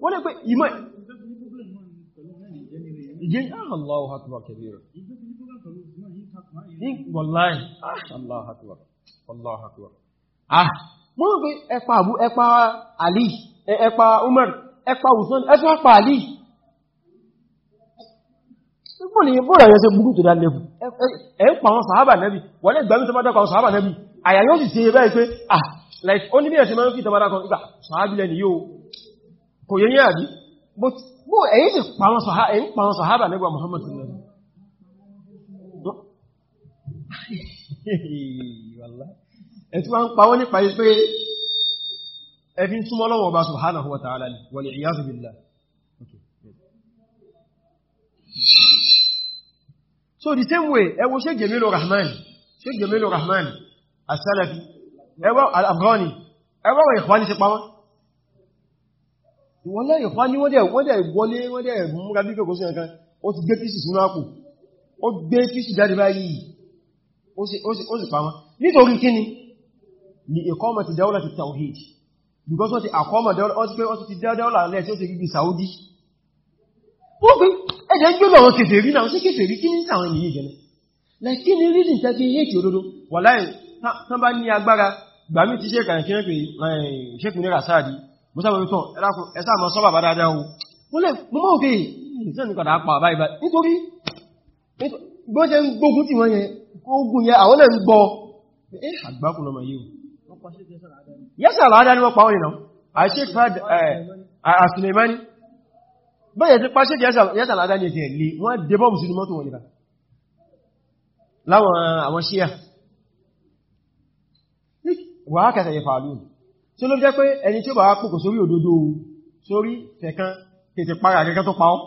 wọ́n lè pé ìmọ̀ ìjẹ́ ah, Allahu akbar kabira wallahi ah, Allahu akbar Allahu akbar ah wọ́n lè pé ẹpa àbú ẹpa Ali ẹpa Umar ẹpa Usman ẹpa ẹpa Ali Gbogbo ni bóra yẹ́ sí gbogbo tó dá lẹ́bù. Ẹ ń pa àwọn sàhábà nẹ́bì, wọ́n lè gbàmí tó kò yẹ yẹ́ àbí bó ẹ̀yìn sì pàwọn sàhábà nígbà Muhammadu náà ẹ̀tí wọ́n ń pa wọ́n nípa pé ẹfin súnmọ́ lọ́wọ́ bá subhanahu wa ta'ala ni wal iyaazu billah so the same way ẹwọ Sheikh Jamilu Rahman Sheikh Jamilu Rahman as-Salafi ẹwọ al-Afghani ẹwọ Ikhwani sí pàwọn wọ́n lẹ́yìn fún ní wọ́n dẹ̀ wọlé wọ́n dẹ̀ múra bí kòkó sí ẹ̀kan ó ti gbé písì sínú àpò ó gbé písì jáde báyìí ó sì pàmọ́ nítorí kíni ni ìkọ́mọ̀ ti dáwọ́lá ti tawhid because ti àkọ́mọ̀ dáwọ́lá ti rí bí Saudi ẹ̀jẹ̀ ń gbọ́nà mọ́sábẹ̀wẹ̀tọ̀ ẹ̀sàmọ̀ sọ́bà bá dáadáa o wọ́n lè mọ́ òkè ìsẹ́ni kọ̀dá pa àbáyé bá nítorí bó ṣe ń gbógun tí wọ́n yẹ ogun yẹ àwọn lè ń gbọ́ àgbákùnlọ́mọ̀ yíò yẹ́sà àlàádá ni wọ́n pa òyìnà àṣìlẹ̀mání bẹ́yẹ̀ ti pàṣẹ́ yẹ́sà àlàádá ni ẹ̀sẹ̀ lè wọ́n dẹ bọ́ọ̀bù sínú mọ́tò wọ́n yìí láwọn àwọn ṣíyà wà á kẹsẹ̀ yẹ fàálù so ló jẹ́ pé ẹni tí ó bá wá kòkò sórí òdodo sórí tẹ̀kan tètè para kẹ́kẹ́ tó pa ọ́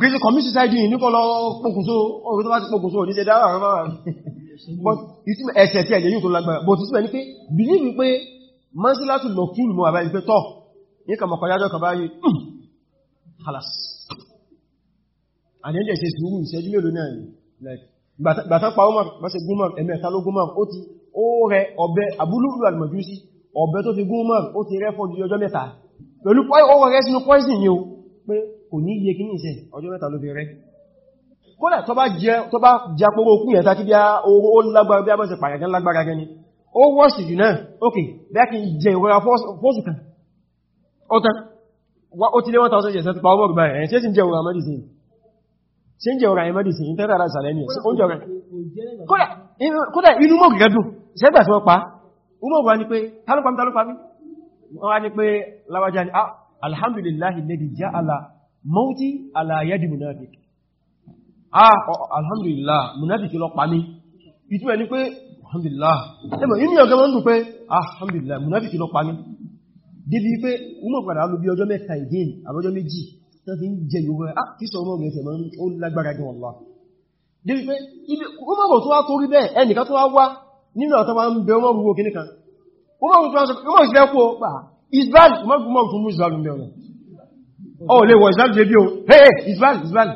gbèsè kọmí suicide ní kọ́ lọ pokùnso orí tó bá ti pokùnso ní ṣe dára rárá ẹ̀sẹ̀ tí ẹ̀jẹ̀ yóò tó lágbára bọ̀ títí mẹ́ni pé believe pé mọ́sílátù lọ fún mọ́ àbá ìfẹ́ tọ́ ní kàmọ̀kọ̀ yájọ́ kàbá yìí hmm, halas àdẹ́jẹ̀ ṣe sùúrù ìṣẹ́jú mélòó náà ni gbàtán pa ó mọ̀ mọ́sẹ̀ gúnmọ̀ ẹ̀mẹ́ta ló gúnmọ̀ ó ti ó rẹ ọ̀bẹ abúlúrú alìmọ̀júsí ọ̀bẹ tó fi gún mọ́ ó ti rẹ́ fọ́dí ọjọ́ mẹ́ta pẹ̀lú ọwọ́ rẹ sínú poison yíò pé kò ní iye kìíní ìṣẹ́ ọjọ́ mẹ́ta ló fi a bọ́sẹ̀ pàyàgán lágbára gẹni ó wọ́sì jù náà ókè bí a kì í jẹ ìrora fóòsù kan ọ̀tán ó ti lé 1000 jẹ́ sẹ́tù pàwọ́ bọ̀gbà ẹ̀yìn tí ó sì ń jẹ ìrora medicine tí ń jẹ ìrora medicine tẹ́tàrà sàlẹ́ni ó ń kódà inú mọ́ gẹ́gẹ́ dùn ṣẹ́gbà tí wọ́n pa umar wa ni pé tálùpàmí tálùpàmí wọ́n wá ní pé láwájá ni ah, alhamdulillahi lẹ́dì já ala mọ́tí alayadi munafik ah alhamdulillah munafik lọ pa ní ìtúwẹ̀ ni pé alhamdulillah ẹmọ̀ inú ọjọ́ wọ́n dùn pé ah, alhamdulillah munafik lọ pa ní débi pé umar padà lọ bí ọjọ́ mẹ́ta ìgéyìn àbọ́jọ́ méjì tó fi ń jẹ yóò rẹ̀ ah kí sọ ọmọ ọgbẹ̀ẹ́sẹ̀ mọ́ ó lágbára gan wọ́n lọ débi pé umar tó wá torí bẹ́ẹ̀ ẹnìkan tó wá wá nínú àtọ́wà ń bẹ ọmọ gbogbo kìíní kan ọmọ ìsìlẹ̀ kó pa isbal mọ́gbùmọ́ fún mú isbal mẹ́ ọ̀nà ọ̀ lè wọ isbal jẹ́ bí o hey isbal isbal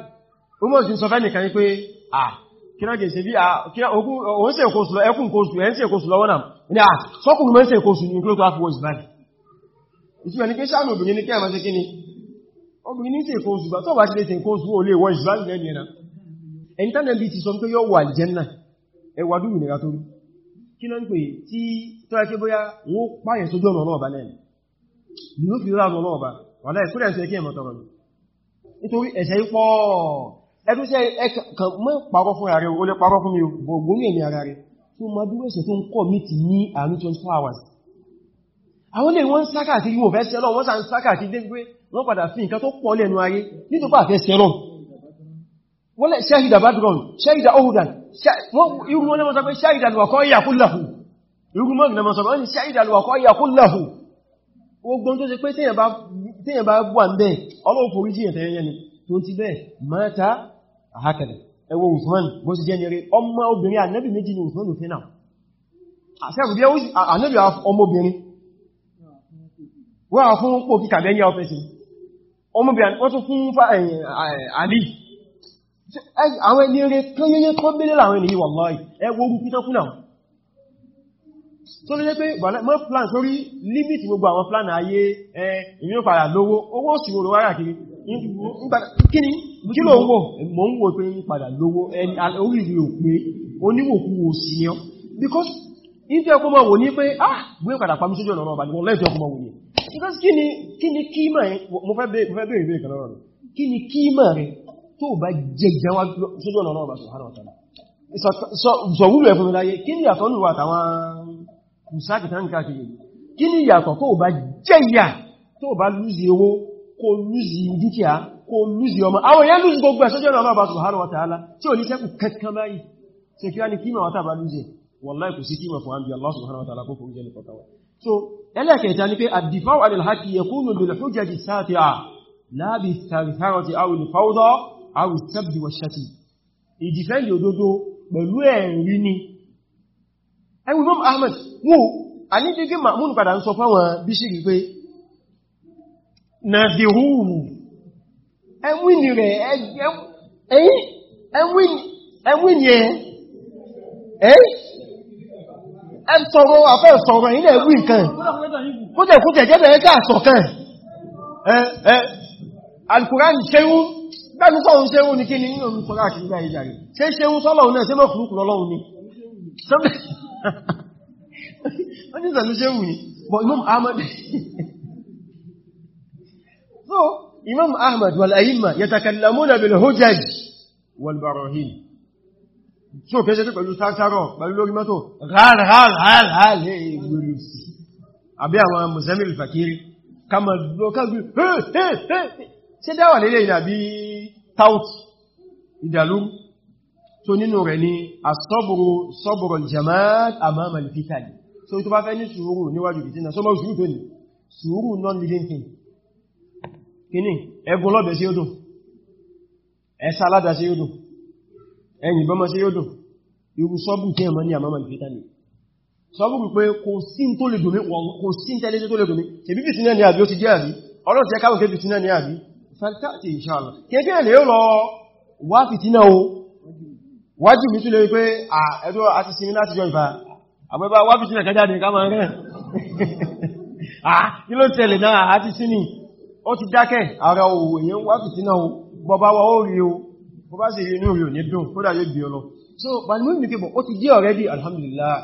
ọmọ ìsìn sọ nìkan pé ah kíná gẹ̀ ṣe bí òun ṣe kóṣù lọ ẹkùn kóṣù ẹ̀ ń ṣe kóṣù lọ́wọ́ náà ni à sọ́kùnrin mẹ́ ń ṣe kóṣù ní ìkúrò tó á fi wọ isbal ìtumẹ̀ ní pé sáàmù obìnrin ni obìnrin ní ṣe kóṣù bá tó bá ṣe lè bí ti sọ pé kí ló ń pè tí tó ẹ́ kí bóyá wó páyẹ̀ sójú ọmọ ọlọ́ọ̀bá lẹ́nu ló fi rá ọmọ ọlọ́ọ̀bá wà láì kúrẹ̀ ẹ̀sẹ̀ kí ẹmọ tọrọ ní nítorí ẹ̀sẹ̀ ipọ̀ ẹdún sí ẹkàn mọ́ parọ́ fún ààrẹ olè parọ́ fún mi gbogbo ní èmì ara rẹ̀ tó ma dúró ẹ̀sẹ̀ tó ń kọ́ mí ti ní àárín 24 hours wọ́n lẹ́ ṣáhìdà badron ṣáhìdà ohudan irú wọn lẹ́mọ́ sọ pé ṣáhìdà alwakọ́ ìyà kúllahu irú mọ́ ìrìnàmọ́ sọ pé ṣáhìdà alwakọ́ ìyà kúllahu ogun tó ṣe pé tíyàn bá wà ń bẹ́ ọlọ́pùrí tíyàn tẹ́yẹn ni tó ti bẹ́ mata àhákẹ̀lẹ̀ ẹwọ Usman bó ti jẹ́ ní eré ọmọ obìnrin ànábì ọmọbìnrin ọmọbìnrin wọ́n àwọn ẹni rẹ̀ tó yẹ́yẹ́ tó bèèrè àwọn ènìyàn wallahi ẹwọ orú pítọ́ fún àwọn tó lè jẹ́ pé mọ́ plan sórí limit gbogbo àwọn plan ayé ìmìnà padà lówó owó sì wòrò wáyà kiri kíni kí ló ń wò mọ́ ń wò pé ń padà lówó orílẹ̀ òpé oníwòkú wò sí ni ọ́ because ìfẹ́ ọkọ́ mọ̀ wò ní pé ah gbé padà pàmí sójú ọ̀nà ọ̀bà níwọ̀n lẹ́fẹ́ ọkọ́ mọ̀ wò ní because kíni kíma rẹ̀ mo fẹ́ bèèrè ìbẹ̀rẹ̀ kan lọ́rọ̀ kíni kíma rẹ̀ tó bá jẹ ìjẹwà sójú ọ̀nà ọ̀nà ọ̀bá subhanahu wa ta'ala ìsọ̀wúlò ẹ̀fún mi láyé kí ni yàtọ̀ nù àtàwọn kùsákìtà ń káàkiri kí ni yàtọ̀ tó bá jẹ ìyà tó bá lúzi owó kó lúzi dúkìá kó lúzi ọmọ àwọn èèyàn lúzi gbogbo ẹ̀sọ́jú ọ̀nà ọ̀bá subhanahu wa ta'ala tí ò ní sẹ́kù kankan báyìí sẹ́kíwá ni so ẹlẹ́kẹ̀ẹ́ta ni pé ad-difa'u 'anil haqqi yakunu bil hujjati as-sati'a la bis aw sabd wa shati ìdìfẹ́ndì òdodo pẹ̀lú ẹ̀rí ni ẹwù Imam Ahmad wò alídígí Ma'mun padà ń sọ fáwọn bíṣìrì pé na dìhúrù ẹwìn rẹ̀ ẹwìn yẹ ẹ̀tọ̀rọ afẹ́ sọ̀rọ̀ ilẹ̀ ẹwìn nǹkan kújẹ̀kújẹ̀ jẹ́ bẹ̀rẹ̀ káà sọ̀kan Al-Qur'an ṣeun bẹ́ẹ̀ni kọ́ ṣeun ní kí ní inú omi kọ̀lá àti ìgbà ìjàrí ṣe ṣeun sọ́lọ́un náà ṣe mọ́ fúrúkù lọ́lọ́un ni wọ́n ní ìsẹ̀lú ṣeun ni but Imam Ahmad so Imam Ahmad wal ayyima yatakallamuna bil hujaj wal barahin so kẹsẹ̀ ṣe dáwà lè lè ìdàbí taut ìdàlúm tó nínú rẹ̀ ni asọ́bùrù sọ́bùrù jamaat amama al-fitani so tó bá fẹ́ ní sùúrù níwájú fìtínà so mọ́ sùúrù tó ní sùúrù non-living thing kíní ẹgbùn lọ́bẹ̀ sí yóò ẹsà aládà amama al-fitani sọ́bùrù pé kò sí tó lè dùn mí kò sí tẹ́lẹ́sẹ́ tó lè dùn mí ṣe bí bìtínà ni àbí ó ti jẹ́ àbí ọlọ́tí ẹkáwọ̀ kébìtínà ni àbí fẹ́lẹ̀tàtì ìṣàlọ̀ kéèkéè lè yóò lọ wá fìtínà o wájú mi tún lè pé ẹ̀tọ́ àti sinmi láti jọ ìfà àgbẹ́bá wá fìtínà kẹjáde ká máa rẹ̀ kí ló tẹ̀lẹ̀ náà àti sinmi ó ti dákẹ́ ara òwòye wá fìtínà o bọba wa ó rí o bọba sì rí inú rí ò ní dùn kódà yóò gbé ọlọ so balmú ní already alhamdulillah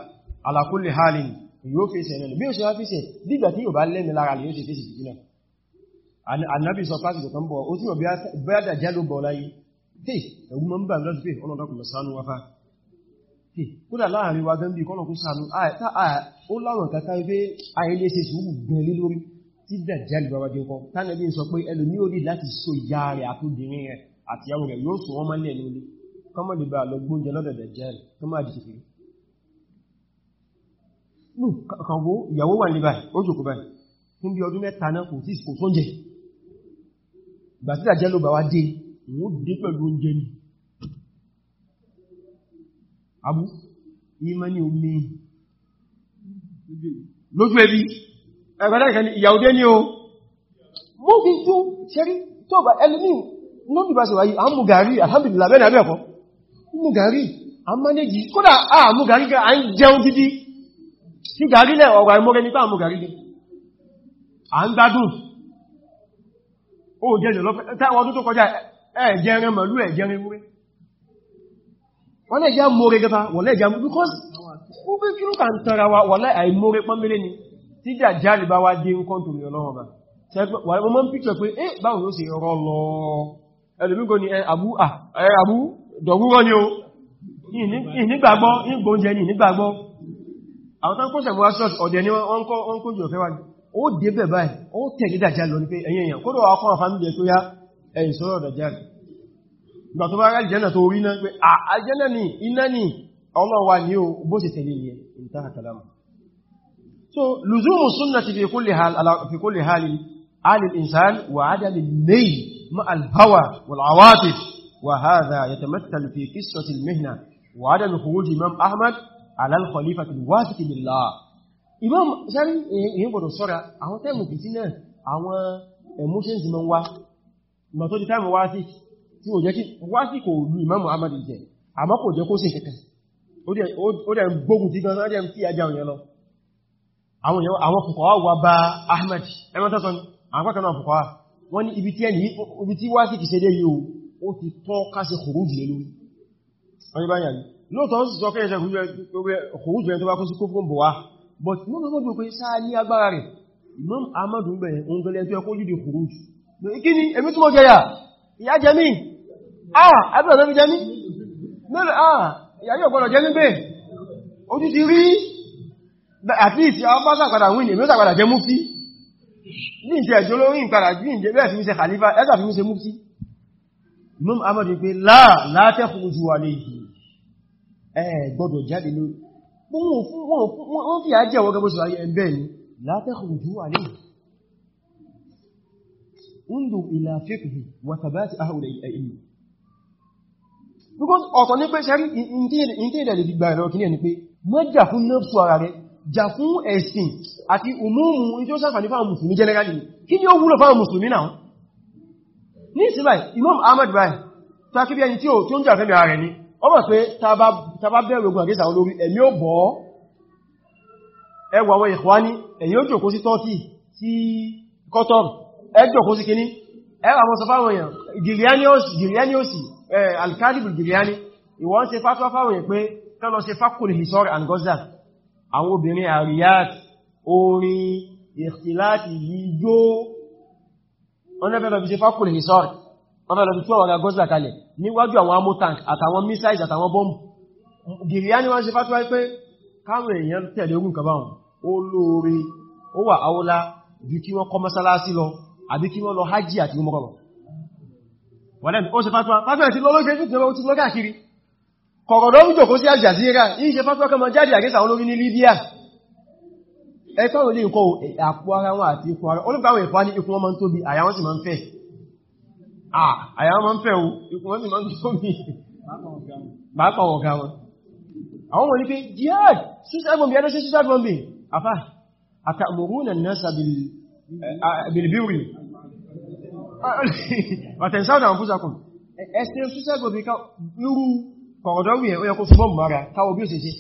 ala kulli halin yóò fèsì ẹ̀nà bí ó ṣe wá fèsì dígbà tí yóò bá lẹ́mi lára lè yóò ṣe fìtínà annabi sọ pásìkò kan bọ̀ ó túnmọ̀ bí á dàjá ló bọ̀ láyé tí ẹ̀rù mọ́ ń bà lọ́dún pé ọlọ́dọ́kùn sánú wáfá kódà láàrin wa gẹ́m̀bí kọ́lọ̀kún sánú ó láwọn kàkà ife ayẹlẹ́ ṣe sùúrù gẹ̀ẹ́lẹ́ lórí tí dàjá lè bàbá jẹ́kọ́ so ìyá rẹ̀ àtúndìrín rẹ̀ àti àwọn rẹ̀ yóò sọ wọ́n mọ́lẹ̀ lórí kọ́mọ̀ lè bá lọ gbóúnjẹ lọ́dọ̀ dàjá rẹ̀ tó máa dìkì fèrè ìyàwó wà ní ó jòkó báyìí fún bí ọdún mẹ́ta náà kò tí kò tó ń jẹ́ gbàtídà jẹ́ ló bà wá dé ìwò dé pẹ̀lú oúnjẹ ni abú ìmọ̀ ni omi lójú ẹbí ẹgbẹ̀dá ìkẹni ìyàwó dé ní o mọ́bí tó ṣẹ́rí tó bá ẹlùmí lóbi bá ṣe wáyé a mú gàrí alhamdulillah bẹ́ẹ̀ abẹ́ẹ̀kọ́ mú gàrí a mánéjì kódà a mú gàrí gá a ń jẹun gidi sí gàrí lẹ́ ọ̀rọ̀ àìmọ́gẹ́ nípa à ń gbádùn ó jẹ́jẹ̀ lọ́pẹ́ táwọn ọdún tó kọjá ẹ̀jẹ̀rin mọ̀lú ẹ̀jẹ̀rin wúrí wọ́n lè já mọ́rẹ gẹta wọ́n lè já mú because ó bí kí ló kà ń tara wa wọ́n lè àìmọ́rẹ pọ́nbílé ni tí jà jáàlì bá wá dé ń eh, kọ́ eh, ah, eh, tó lè lọ́wọ́ wọ́n mọ́ ń píkẹ̀ pé ó débẹ̀ báyìí ó tẹ̀lé Dajjal lọ ní pé ẹ̀yìn èèyàn kódò ọkọ̀ fàmílì tó yá ẹ̀yìn sọ́rọ̀ Dajjal ìgbà tó bá rá ìjẹ́nà tó rí náà pé àjẹ́nà ni iná ni ọlọ́wà ní o ó tẹ̀lé dájá lọ debe bayii o tele dajjal lo ni pe eye eeyan sì to ba re jena to ri naa pe ajena ni ina ni olowa ni bo si tele ye intaha imam sẹ́rí èyí gbọdọ̀ sọ́ra àwọn tẹ́mù pìtí náà àwọn emotions ma ń wá ma tó di táìmù wá sí tí ó jẹ́ kí wá sí kò lú imamu ahmad jẹ àmọ́ kò jẹ́ kó sí kẹta ó dẹ̀ ń gbógun ti gan-an dẹ̀ ń fi ajá òyìn lọ àwọn fùkọ̀wà wà bá ahmad ẹmọ tọ́tọ́ àpákanáà fùkọ̀wà wọ́n ní ibi tí ẹni ibi tí wá sí kì ṣe dé yìí ó ti tọ́ kásì kòrújù lé lórí ọjọ́ báyìí lóòtọ́ sí sọ kẹ́ but no tó gbogbo pé sáà ní agbára rẹ̀ Imam Ahmad ń bẹ̀yẹn oun gẹlẹ̀ ẹjọ́ ẹkọ́ jùdì kùrù jù kí ni èmi túnmọ̀ jẹ́ yà ìyá jẹ mí ah ẹbí ọ̀dọ́ mi jẹ ah ìyá yóò gbọ́dọ̀ jẹ mí bẹ́ẹ̀ ojú ti rí at least àwọn bá sàpadà win èmi ó sàpadà jẹ mufti ní ìjẹ́ ẹjọ́ lórí ìpadà ní ìjẹ́ bẹ́ẹ̀ fi mi ṣe khalifa ẹ̀sà fi mi ṣe mufti Imam Ahmad pé láà látẹ́kùn ojú wa lè yìí ẹ gbọ́dọ̀ jáde wọ́n fi àjẹ́ ọwọ́ gẹ́gbọ́sọ̀ ayẹ ẹgbẹ́ ni látẹ́kùnjú alẹ́ ǹdù ìlà fíkì wàtàbátì ahùlẹ̀ ẹ̀yìn because ọ̀tọ̀ ní pé ṣẹ́rí ìntẹ́lẹ̀ lè fi gba ẹ̀rọ kìí ẹni pé mọ́ jà fún nọ́psù ara rẹ̀ jà fún ẹ̀sìn àti òmúmù tí ó sáfàní fáwọn mùsùlùmí generally kí ni ó wúlò fáwọn mùsùlùmí náà ní ìsìnbáyì Imam Ahmad bai takibiyani tí ó ń jà fẹ́mi ara rẹ̀ ni ó mọ̀ pé tàbá bẹ̀rẹ̀ ogun àgẹ́sà olórí ẹ̀mí ò bọ́ ẹwà àwọn ìkwá ní ẹ̀yìn ó jòkó sí tọ́kì sí kọ́tọ̀ ẹ jòkó sí kíní ẹwà àwọn sọfáwọn èèyàn gìrìyàníòsì alkadibul gìrìyàní ìwọ́n ṣe fásọ́ fáwọn èèyàn pé tán lọ ṣe fákùlì hisọ́rì and gọ́zà àwọn obìnrin àríyàt orin ìtìláti yíjó wọ́n mẹ́lọ tí ó wọ́n gọ́sílà kalẹ̀ níwájú àwọn amótank àtàwọn missiles àtàwọn bọ́m̀ gìrìyà ni wọ́n ṣe fàtíwá pé káwọn èèyàn tẹ̀lé ogun kaba wọn ó lóore ó wà áwọ́lá ju kí wọ́n kọ́ mọ́sálásí lọ àbí kí wọ́n lọ hajji àti umrah ó ṣe fàtíwá fàtíwá ti lọ́lọ́gẹ́ fún ìjọba ó ti lọ́gẹ́ àkiri kọ̀rọ̀dọ́ ń jòkó sí àjàzíra yìí ṣe fàtíwá kan mọ́ jáde àgẹ́sà olórí ní Libya ẹ̀tọ́ òlé nǹkan àpò ara wọn àti ikú ara olùgbàwọ̀ ìfà ní ikú wọn máa ń tóbi àyà wọn sì máa ń fẹ́ àyà máa ń fẹ́ o ikú wọ́n sì máa ń tó mi bákan ọ̀gá wọn àwọn wọ̀n ní pé jihad suicide bombing ẹ̀dẹ́sẹ̀ suicide bombing afá àtàmùrún nasa bilbiri àtẹ̀sáàdà àwọn fúsakùn ẹ̀sẹ̀ suicide bombing ká irú kọ̀rọ̀dọ́wì ẹ̀ ó yẹ kó fún bọ́m̀ mara káwọ bí ó sì sí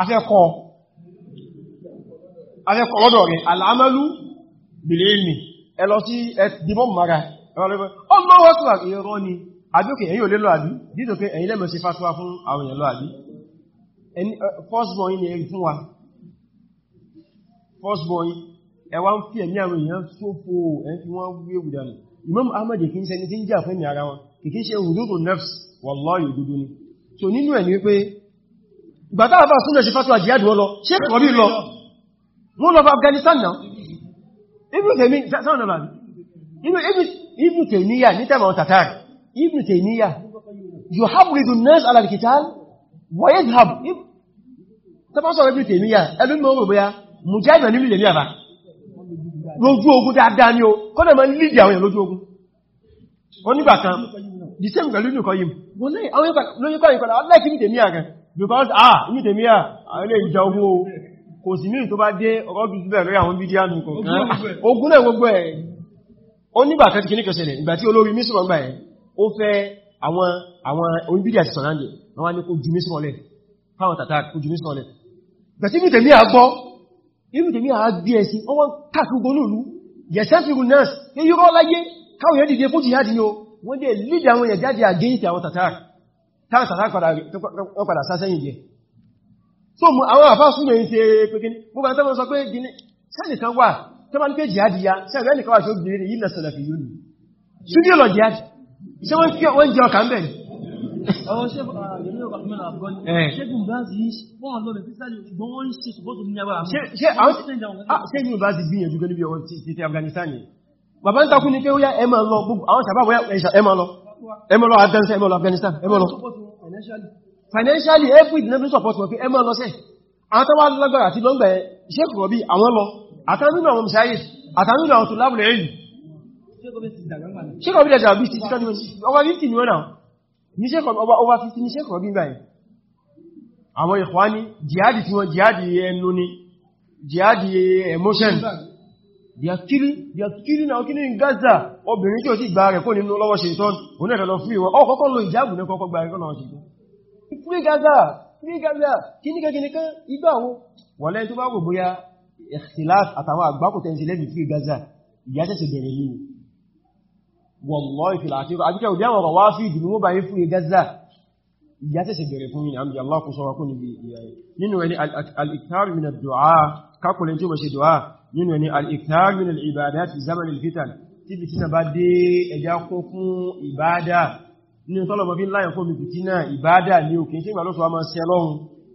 afẹ́kọ́ lọ́dọ̀ rẹ̀ al'amalu bilemi ẹ lọ sí ẹ̀dìbọ̀m̀ mara Allahu Akbar irọ́ ni àbíkẹ̀ ẹ̀yin ò lè lọ àbí dídò pé ẹ̀yin lẹ́mọ̀ sí fásitì fún àwọn èèyàn lọ àbí firstborn yìí ni ẹ̀rí fún wa firstborn yìí ẹwà ń fi ẹ̀mí àwọn èèyàn sófò ẹ̀yìn tí wọ́n gbé wùdánù Imam Ahmad kì í ṣẹni tí ń jà fún ẹ̀mí ara wọn kì í ṣe hududun nafs wallahi òdodo ni so nínú ẹ̀ ni wípé gbàtà àbá súnlẹ̀ sí fásitì àjíyàdù wọn lọ ṣe kọ̀ bí lọ wọ́n lọ Afghanistan náà ibi tẹ̀mí sáwọn náà Ibn Taymiyyah ní tẹ́mà wọn tàtàrí Ibn Taymiyyah yuhabbidu an-nas ala al-qital wa yadhhab tẹ́fàṣọ́ Ibn Taymiyyah ẹlú mọ́ rò bóyá mujahid ní ilẹ̀ ní àbá lójú ogun dáadáa ni ó kọ́nà ma ń lìdí àwọn lójú ogun wọ́n nígbà kan the same pẹ̀lú Ibn Qayyim wọ́n lẹ́yìn àwọn lójú kọ́ ìkọ́lá ọlẹ́kì ní tèmíyà rẹ̀ because ah ní tèmíyà àwọn ilé ìjà ogun kò sí ní tó bá dé ọgọ́dún síbẹ̀ lórí àwọn fídíò nù kọ̀ọ̀kan ogun náà gbogbo ẹ̀ ó nígbà kan kìíní kan ṣẹlẹ̀ ìgbà tí olórí mísìmọ̀ ń gbà ẹ̀ ó fẹ́ àwọn àwọn oníbídí àti sọ̀rọ̀ndì wọ́n wá ní kó ju mísìmọ̀ lẹ̀ fáwọn tàtà kó ju mísìmọ̀ lẹ̀ bẹ̀tí bí tèmí àgbọ́ irú tèmí àgbí ẹ̀sìn ó wọ́n káàkiri gbólóòlú yẹ̀sẹ́fìrù náà ní yúrọ́ láyé káwọn yẹ́ dìde fójì yáàdì yóò wọ́n so àwọn àfáà súnmọ̀ yìí ṣe pẹ́kín gbogbo àtẹ́mọ̀ sọ pé wà tó bá ń pè jihadi ya sí ẹgbẹ́ nìkan wà ṣe obìnrin yìí na sàlàfí yìí ni ṣúdíò lọ jihadi ṣe wọ́n kí wọ́n jẹ ọkà ń bẹ̀rẹ̀ àwọn ṣẹ́gun ah, eh. bá ah, ti gbìyànjú gẹ́lú bí ọwọ́ ti Afghanistan yìí bàbá ń takú ní pé ó yá ẹmọ lọ gbogbo àwọn sàbáwọ̀ ẹmọ lọ ẹmọ lọ Afghanistan ẹmọ lọ Afghanistan ẹmọ lọ financially every delivery support wọ́n fi ẹmọ lọ sẹ́ àwọn tó wá lágbára àti lọ́gbẹ̀ẹ́ àtàmínú àwọn mìsáyé àtàmínú àwọn tó lábùlẹ̀ èyí ṣékọ̀bí lẹ́jà bí ti tíkọ́ ọba 50 ni wọ́n náà ní ṣékọ̀bí ọba 50 ní ṣékọ̀bí báyìí àwọn ìkwáni jihadi tí wọ́n jihadi ẹnu ni jihadi emotion they are killing now killing Gaza obìnrin tí ó sì gba rẹ̀ kó nínú lọ́wọ́ ṣe ìtọ́n òun náà lọ free wọn ọ kọ́kọ́ lo ìjáàbù ní kọ́kọ́ gba rẹ̀ kọ́nà ṣe free Gaza free Gaza kíníkẹ́ kíníkẹ́ igbá wọn wọ́n lẹ́yìn tó bá gbogbo ya ìṣìláf àtàwọn àgbákòtẹ̀ ìṣìlẹ́bì fí gaza ìyáṣẹ́ṣẹ́ bẹ̀rẹ̀ ní wallahi fil akhir àbíkẹ́ òdí àwọn ọ̀rọ̀wá sí ìdìbò mọ́ báyé fún gaza ìyáṣẹ́ṣẹ́ bẹ̀rẹ̀ fún yìí àmì Allah kò sọ wakún níbi nínú ẹni al-ikthar min ad-du'a kákùnlẹ̀ tí ó mọ̀ ṣe du'a nínú ẹni al-ikthar min al-ibadat fi zaman al-fitan tí bí títà bá dé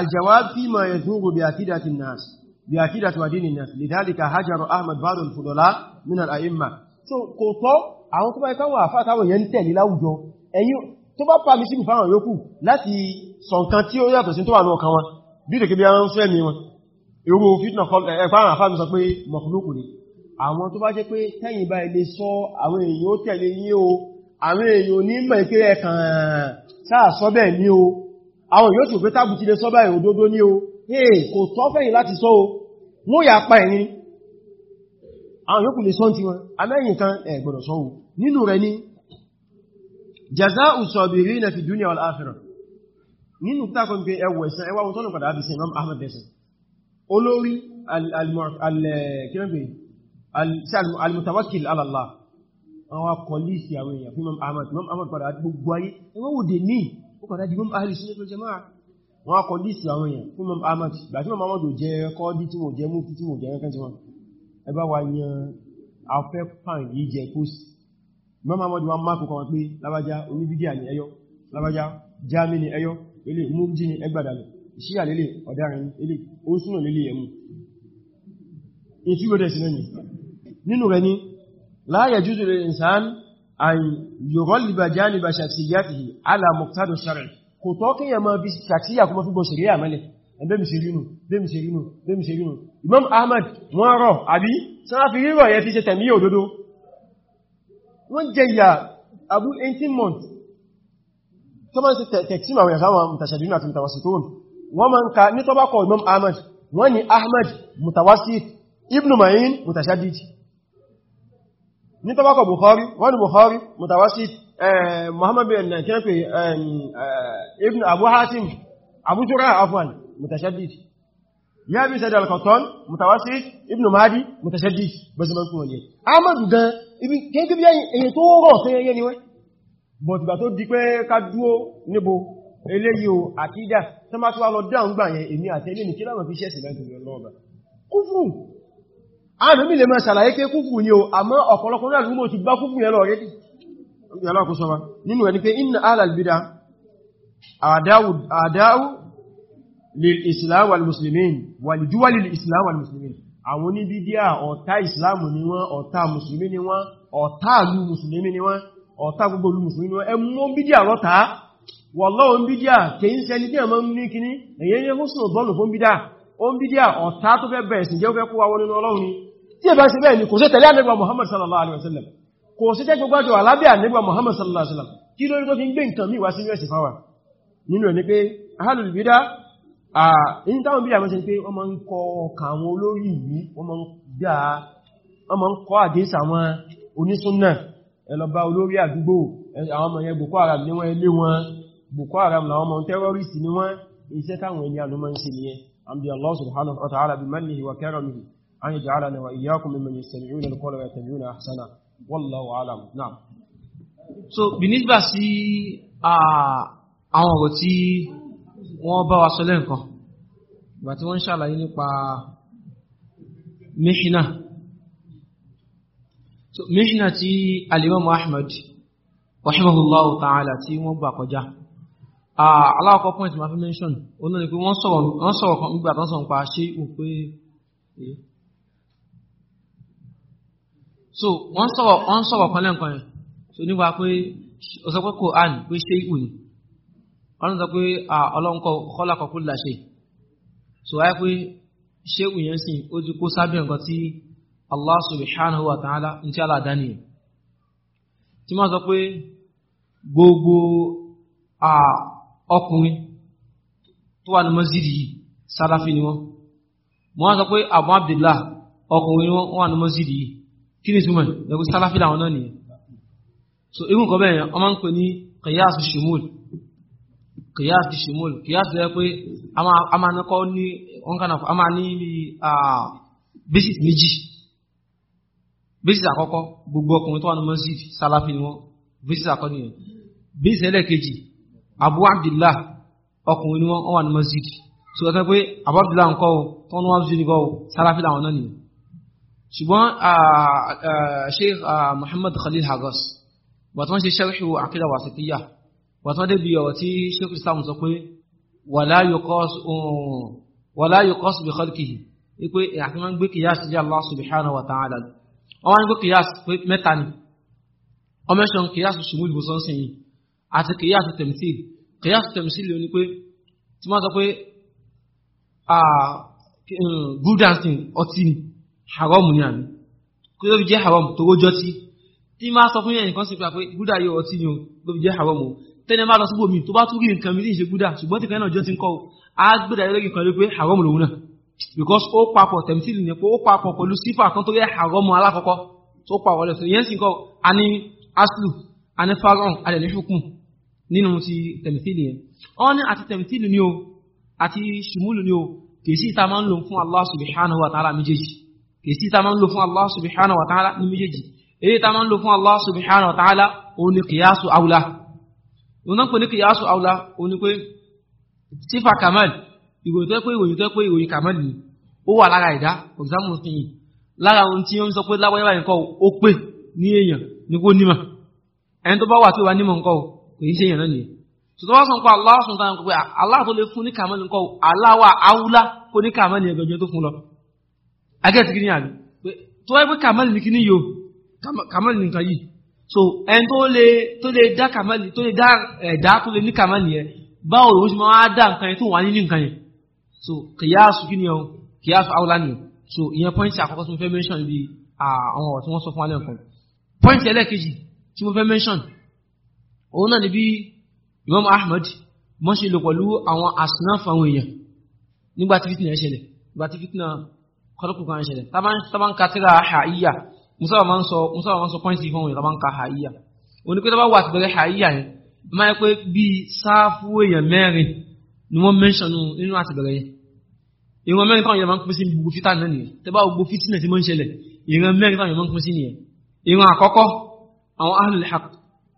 الجواب فيما يثور بعقيدة الناس بعقيدة ودين الناس لذلك هجر أحمد بعض الفضلاء من الأئمة so kò tọ́ àwọn tó bá ikọ́ wà fà táwọn èèyàn tẹ̀lé láwùjọ ẹ̀yin tó bá pàmí sí ìfàwọn yòókù láti sọ̀nkan tí ó yàtọ̀ sí tó wà ní ọkàn wọn bí ìdèkè bí a ń fẹ́ mi wọn irú fitna ẹ̀fàwọn àfáàmì sọ pé mọ̀kúlùkù ni àwọn tó bá jẹ́ pé tẹ́yìn bá ilé sọ àwọn èèyàn ó tẹ̀lé yín o àwọn èèyàn ní mọ̀ ìpínlẹ̀ kan sáà sọ bẹ́ẹ̀ ní o àwọn yóò tún pé tábù ti lè sọ báyìí òdodo ní o hey kò tọ́ fẹ́yìn láti sọ o mú yà pa ẹ̀ní àwọn yóò kù lè sọ ti wọn amẹ́yìn kan ẹ gbọ́dọ̀ sọ o nínú rẹ̀ ní jaza'u sabirina fi dunya wal akhirah nínú tákọ̀ pé ẹwọ ẹ̀sẹ̀ ẹwà wọn tọ́nà padà àbìsẹ̀ Imam Ahmad bẹ̀sẹ̀ olórí eh, al-mutawakkil ala Allah àwọn akọ̀lì sí àwọn èèyàn fún Imam Ahmad Imam Ahmad padà gbogbo ayé ẹwọ́n wò dè ní ó kọ̀dá di mọ́m ahìlì sí ẹgbẹ̀rẹ̀ jẹmáà wọ́n akọ̀ lísì àwọn èèyàn fún mọ́m ahmad gbàtí mọ́m ahmad ò jẹ ẹkọ́ dí tí mo jẹ mú tí mo jẹ ẹkẹ́ tí wọ́n ẹbá wa yan afẹ́ pan yìí jẹ post láyẹ̀ jùsù lè ìsàn àyìn yughalliba janiba shakhsiyyatihi ala muqtada shar'i kò tọ́ kí yẹ máa bí ṣàkíyà kó máa fi gbọ́ ṣẹ̀ríà mẹ́lẹ̀ ẹ̀bẹ́mi ṣe rínú bẹ́mi ṣe rínú bẹ́mi ṣe rínú Imam Ahmad wọ́n rọ̀ àbí sára fi rírọ̀ yẹ fi ṣe tẹ̀mí òdodo wọ́n jẹ ìyà abu 18 months tó máa ṣe tẹ̀kíma Ibn Ma'in mutashadid ní tọ́bákọ̀ Bukhari wọ́n ni Bukhari mutawasit eh, Muhammad bin nàkẹ́ pé eh, eh, ibn Abu Hatim Abu Zur'a afwan mutashaddid ya Sa'id al-Qattan mutawasit ibn Mahdi mutashaddid bẹ́sẹ̀mọ́ fún wọn yẹ gan ibi kẹ́kẹ́ bí ẹyẹ tó rọ̀ sí ẹyẹ but gbà tó di pé ká dúó níbo eléyìí o àkídà tó má tó wá lọ dáun gbà yẹn èmi àtẹ́lẹ́ ní kí láwọn fi ṣẹ́sì lẹ́gbẹ̀ẹ́ lọ́ọ̀bà kúfù àwọn mílẹ̀ máa ṣàlàyé ké kúkú ní o àmọ́ ọ̀pọ̀lọpọ̀ náà lúmọ̀ ti gbá kúkú yẹn lọ rẹ̀ yàlákùsọ́wà nínú ẹni pé inna alàlbídá àdáwù lil islam wal muslimin wal lil islam wal muslimin àwọn ní bídíà ọ̀tá islam ni wọ́n ọ̀tá musulmi ni wọ́n ọ̀tá lú musulmi ni wọ́n ọ̀tá gbogbo lú musulmi ni wọ́n ẹ mọ́ bídíà rọ́ta wọ́lọ́wọ́n bídíà kìí sẹni tí a mọ́ ní kíní èyẹ́ yẹ́ húsùn ọ̀dọ́nù fún bídíà ó ń bídíà tó fẹ́ bẹ̀ẹ̀sìn jẹ́ fẹ́ kó wa wọ́n nínú ọlọ́run ni tí ẹ bá ṣe bẹ́ẹ̀ ni kò sí tẹ̀lé ànígbà Muhammad sallallahu alaihi wasallam kò sí tẹ́ gbogbo àjọ alábẹ́ Muhammad sallallahu alaihi wasallam kí lórí tó fi ń gbé nǹkan ni pé ahlul bida à ní táwọn bídà mọ́ sí pé wọ́n máa ń kọ ọkà àwọn olórí ìlú wọ́n máa ń kọ àdéṣà Boko Haram ní wọ́n Boko Haram làwọn ọmọ tẹ́rọrìsì ni wọ́n iṣẹ́ táwọn ẹni alùmọ́ ń ṣe Allah subhanahu wa ta'ala bi mannihi wa karamihi أن يجعلنا وإياكم ممن يستمعون القول ويتبعون أحسنه والله أعلم نعم so بالنسبة sí àwọn ọ̀rọ̀ tí wọ́n bá wa sọ lẹ́ǹkan ìgbà tí wọ́n ń ṣàlàyé nípa mihna so mihna tí alimami ahmed rahimahullahu ta'ala tí wọ́n gbà kọjá aláwọ̀kọ́ point ma fi mention onáni pé wọ́n sọ̀rọ̀ kan nígbà sọ̀rọ̀ pa ṣé ò pé so wọ́n sọ̀rọ̀ wọ́n sọ̀rọ̀ kan lẹ́ǹkan yẹn so nípa pé o sọ pé Quran pé ṣé ìwù ni wọ́n sọ pé ọlọ́nkọ kọ́lá kọ́kú là ṣe so wáyé pé ṣé ìwù yẹn sìn ó ti kó sábẹ́ nǹkan tí Allah subhanahu wa ta'ala ń tí Allah dání tí wọ́n sọ pé gbogbo ọkùnrin tó wà ní mọ́sídì yìí sáláfì ni wọ́n wọ́n sọ pé Abu ní mọ́sídì yìí kí ni túmọ̀ ẹ̀kú sálàfí náà nìyẹn so irú nǹkan bẹ́ẹ̀ yẹn ọmọ ń pè ní kìyàsù shimul kìyàsù shimul kìyàsù yẹ pé a máa nọkọ ní wọn a máa ní basis méjì basis àkọ́kọ́ gbogbo ọkùnrin tó wà ní masjid sálàfí wọn basis àkọ́kọ́ nìyẹn abu abdillah ọkùnrin ni wọn so ẹ sọ abu abdillah nǹkan o tó wọn wá sí ṣùgbọ́n Sheikh Muhammad Khalil Hagos wàtí wọ́n ṣe ṣẹ́rìṣù àkídà wàsítíyà wàtí wọ́n débi ọ̀rọ̀ tí Sheikh Islam sọ pé wàlá yuqas bi khalqihi wípé àti wọ́n gbé kìyà sí Allah subhanahu wa ta'ala wọ́n gbé kìyà mẹ́ta ni wọ́n mẹ́sàn kìyà sí ṣùgbọ́n ìbùsọ̀ sí àti kìyà sí tẹ̀mísìlì kìyà sí tẹ̀mísìlì ni pé tí wọ́n sọ pé good hm, ọtí ni haram ni àmì kí ló fi jẹ́ haram tó rójọ́ tí tí máa sọ fún yẹn nǹkan sí pé gúdà yóò ọtí ni o ló fi jẹ́ haram o tẹ́lẹ̀ máa lọ síbò mi tó bá tún rí nǹkan mi ní ìṣe gúdà ṣùgbọ́n tí kan náà jọ ti ń kọ́ o á lórí nǹkan ló pé haram lòun náà because ó papọ̀ tẹ̀mítìlì ni pé ó papọ̀ pẹ̀lú sífà kan tó yẹ haram alákọ̀ọ́kọ́ tó pa wọlé sọ yẹn sì kọ́ a ní aslu a ní faron a lè ní ṣùkùn nínú ti tẹ̀mítìlì yẹn ó ní àti tẹ̀mítìlì ni o àti ṣùmúlù ni o kì ìta máa ń lò fún Allah subhanahu wa ta'ala méjèèjì kìsí ta máa ń lò fún Allah subhanahu wa ta'ala ní méjèèjì èyí ta máa ń lò fún Allah subhanahu wa ta'ala òun ni kìyàsù àwùlá òun náà pè ní kìyàsù àwùlá òun ni pé sífà kamal ìròyìn tó pé ìròyìn tó pé ìròyìn kamal ni ó wà lára ìdá ọ̀gbẹ́sàmù fihì lára ohun tí ó ń sọ pé láwáyé báyìí nǹkan ó pè ní èèyàn ní kó agẹ́tì kí eh, ní àbí tó wáyé pé kàmálì ní kí ní yóò kàmálì ní nǹkan so ẹni tó lè tó lè dá kàmálì tó lè dá ẹ̀dá tó lè ní kàmálì yẹn báwo ló ṣe máa dá nǹkan yẹn tó wà nínú nǹkan yẹn so kìyàsù kí ni ọ̀hún kìyàsù àwòlá ni so ìyẹn pọ́ìntì àkọ́kọ́ tí mo fẹ́ mẹ́ṣọ̀n bí àwọn ọ̀rọ̀ tí wọ́n sọ fún wa lẹ́ẹ̀kan pọ́ìntì ẹlẹ́ẹ̀kejì tí mo fẹ́ mẹ́ṣọ̀n òun náà ni bí Imam Ahmad mọ́ṣe lò pẹ̀lú àwọn àsìnáfà àwọn èèyàn nígbà tí fìtìnà ṣẹlẹ̀ nígbà tí fìtìnà kọlọkù kan ṣẹlẹ̀ tábà ń ka tíra àhàíyà musa máa ń sọ musa máa ń sọ pọ́ǹsì fún òyìnbó tábà ń ka àhàíyà òní pé tábà wà síbẹ̀rẹ̀ àhàíyà yẹn máa ń pẹ́ bíi sáfù èèyàn mẹ́rin ni wọ́n mẹ́ṣọ̀nù nínú àtìbẹ̀rẹ̀ yẹn ìran mẹ́rin táwọn èèyàn máa ń pín sí gbogbo fítà náà nìyẹn tẹ́bá gbogbo fítínà tí mọ́ ń ṣẹlẹ̀ ìran mẹ́rin táwọn èèyàn máa ń pín sí nìyẹn ìran àkọ́kọ́ àwọn ahlul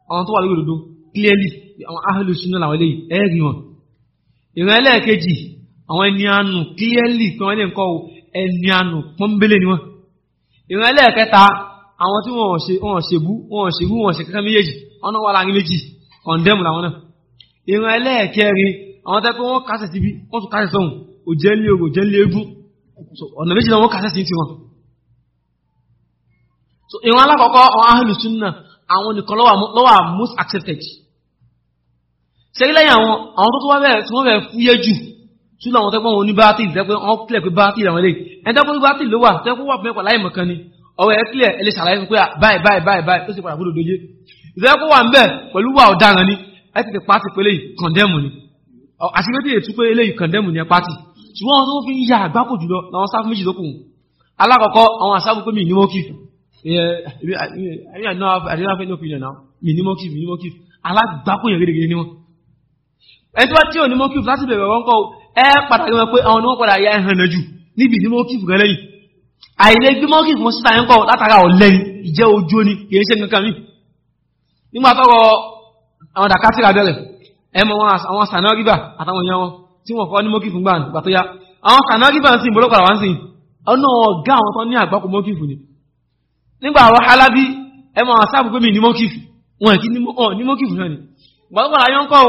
àwọn tó wà lórí òdodo clearly àwọn ahlus sunnah làwọn eléyìí ẹ̀rí wọn ìran ẹlẹ́ẹ̀kejì àwọn ẹni àánú clearly pé wọ́n lè ń kọ́ ẹni ànù pọ́nbélé ni wọ́n ìran ẹlẹ́ẹ̀kẹta àwọn tí wọ́n ṣe wọ́n ṣèbú wọ́n ṣèbú wọ́n ṣe kankan méjèèjì ọ̀nà wà láàrin méjì kọ̀ndẹ́mù làwọn náà ìran ẹlẹ́ẹ̀kẹrin àwọn tẹ́ pé wọ́n kásẹ̀ síbi wọ́n tún kásẹ̀ sọ́hùn so ìran alákọ̀ọ́kọ́ àwọn ahlu sunna àwọn nìkan most accepted ṣe ilẹ̀ yẹn àwọn àwọn tó tó wá bẹ̀rẹ̀ tí wọ́n súnà àwọn tẹ́pọ̀ wọn ní bátìlì tẹ́pẹ́ wọn kílẹ̀ pé bátìlì àwọn eléyìí ẹni tẹ́pọ̀ ní bátìlì ló wà tẹ́pọ̀ wà fún ẹ̀kọ́ láì mọ̀kan ni ọ̀rọ̀ ẹ̀ kílẹ̀ ẹ̀ lè ṣàlàyé fún pé báyìí báyìí báyìí báyìí tó sì padà gbọdọ̀ doyé ìtẹ́pọ̀ wà ń bẹ̀ pẹ̀lú wà ọ̀daràn ni ẹ ti pàtì pé eléyìí kọ̀ndẹ́mù ni àti pé ètú pé eléyìí kọ̀ndẹ́mù ni ẹ pàtì ṣùgbọ́n tó fi ń ya àgbákò jùlọ làwọn sáfù méjì lókun alákọ̀ọ́kọ́ àwọn àsáfù pé mi ní mọ́kì ẹ̀ẹ́dínláfẹ́ ní òfin ẹni tí wọ́n tí ò ní mọ́kì láti bẹ̀rẹ̀ wọn kọ́ ẹ pàtàkì wọn pé àwọn oníwọ́n padà ya ẹ̀hàn náà jù níbi ìdí mọ́kìfù gan lẹ́yìn àìlè gbé mọ́kìfù mọ́ síta yẹn kọ́ látara ọ̀lẹ́ni ìjẹ́ ojú ni kìí ṣe nǹkan mi nígbà tọrọ àwọn dàkátìrà bẹ̀rẹ̀ ẹ mọ àwọn sànà rìbà àtàwọn èèyàn wọn tí wọn kọ́ ní mọ́kìfù gbà nígbà tó yá àwọn sànà rìbà ń sìn bọ́lọ́ padà wá ń sìn ọ̀nà ọ̀gá àwọn tó ní àgbákò mọ́kìfù ni nígbà àwọn alábí ẹ mọ àwọn sáàbù pé mi ní mọ́kìfù wọn kì ní mọ́kìfù náà ni gbọ́dọ̀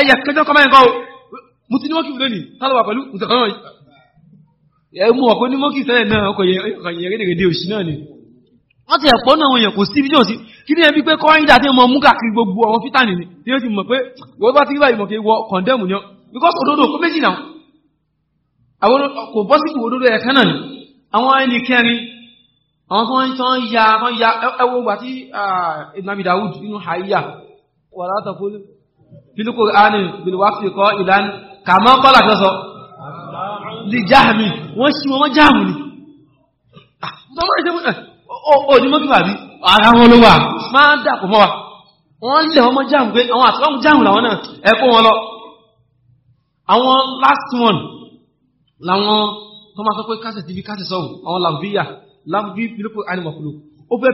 ẹyẹ kẹjọ kọ́ báyìí kọ́ o mo ti ní mọ́kì lónìí tá ló wà pẹ̀lú nǹkan wọ̀nyí. ẹ mú ọ̀pọ̀ ní mọ́kì sẹ́yìn náà ọkọ̀ yẹn rédèrèdè òsì náà ni. wọ́n ti ẹ̀pọ́ náà yẹn kò sí ibi tí ò sí kí ni ẹbí pé kọ́rin dà tí mo mú káàkiri gbogbo àwọn fítàní ni tí ó ti mọ̀ pé wọ́n bá ti rí báyìí mọ̀ kí wọ kọ̀ndẹ́mù ni ọ́ because òdodo kó méjì náà àwọn kò bọ́ sí òdodo ẹ̀kan náà ni àwọn ẹni kẹrin àwọn tó ya ẹwọ́ gbà tí ah, Ibn látàkó bilikul ani biliwafi kọ ìlànà kàmọ́ kọ́lá fi sọ lè jáàmì wọ́n sí wọn jáàmù ni ah, onímọ́gbà bí ara wọn ló wà máa dàpọ̀ mọ́ wa wọ́n lè ọmọ jáàmù pé àwọn àtìwọ́n jáàmù làwọn náà ẹ̀kọ́ wọn lọ àwọn last one làwọn tó máa sọ pé kásẹ̀ tv kásẹ̀ sọ́hùn àwọn làbíyà làbí bilikul ani mọ̀kúlù ó fẹ́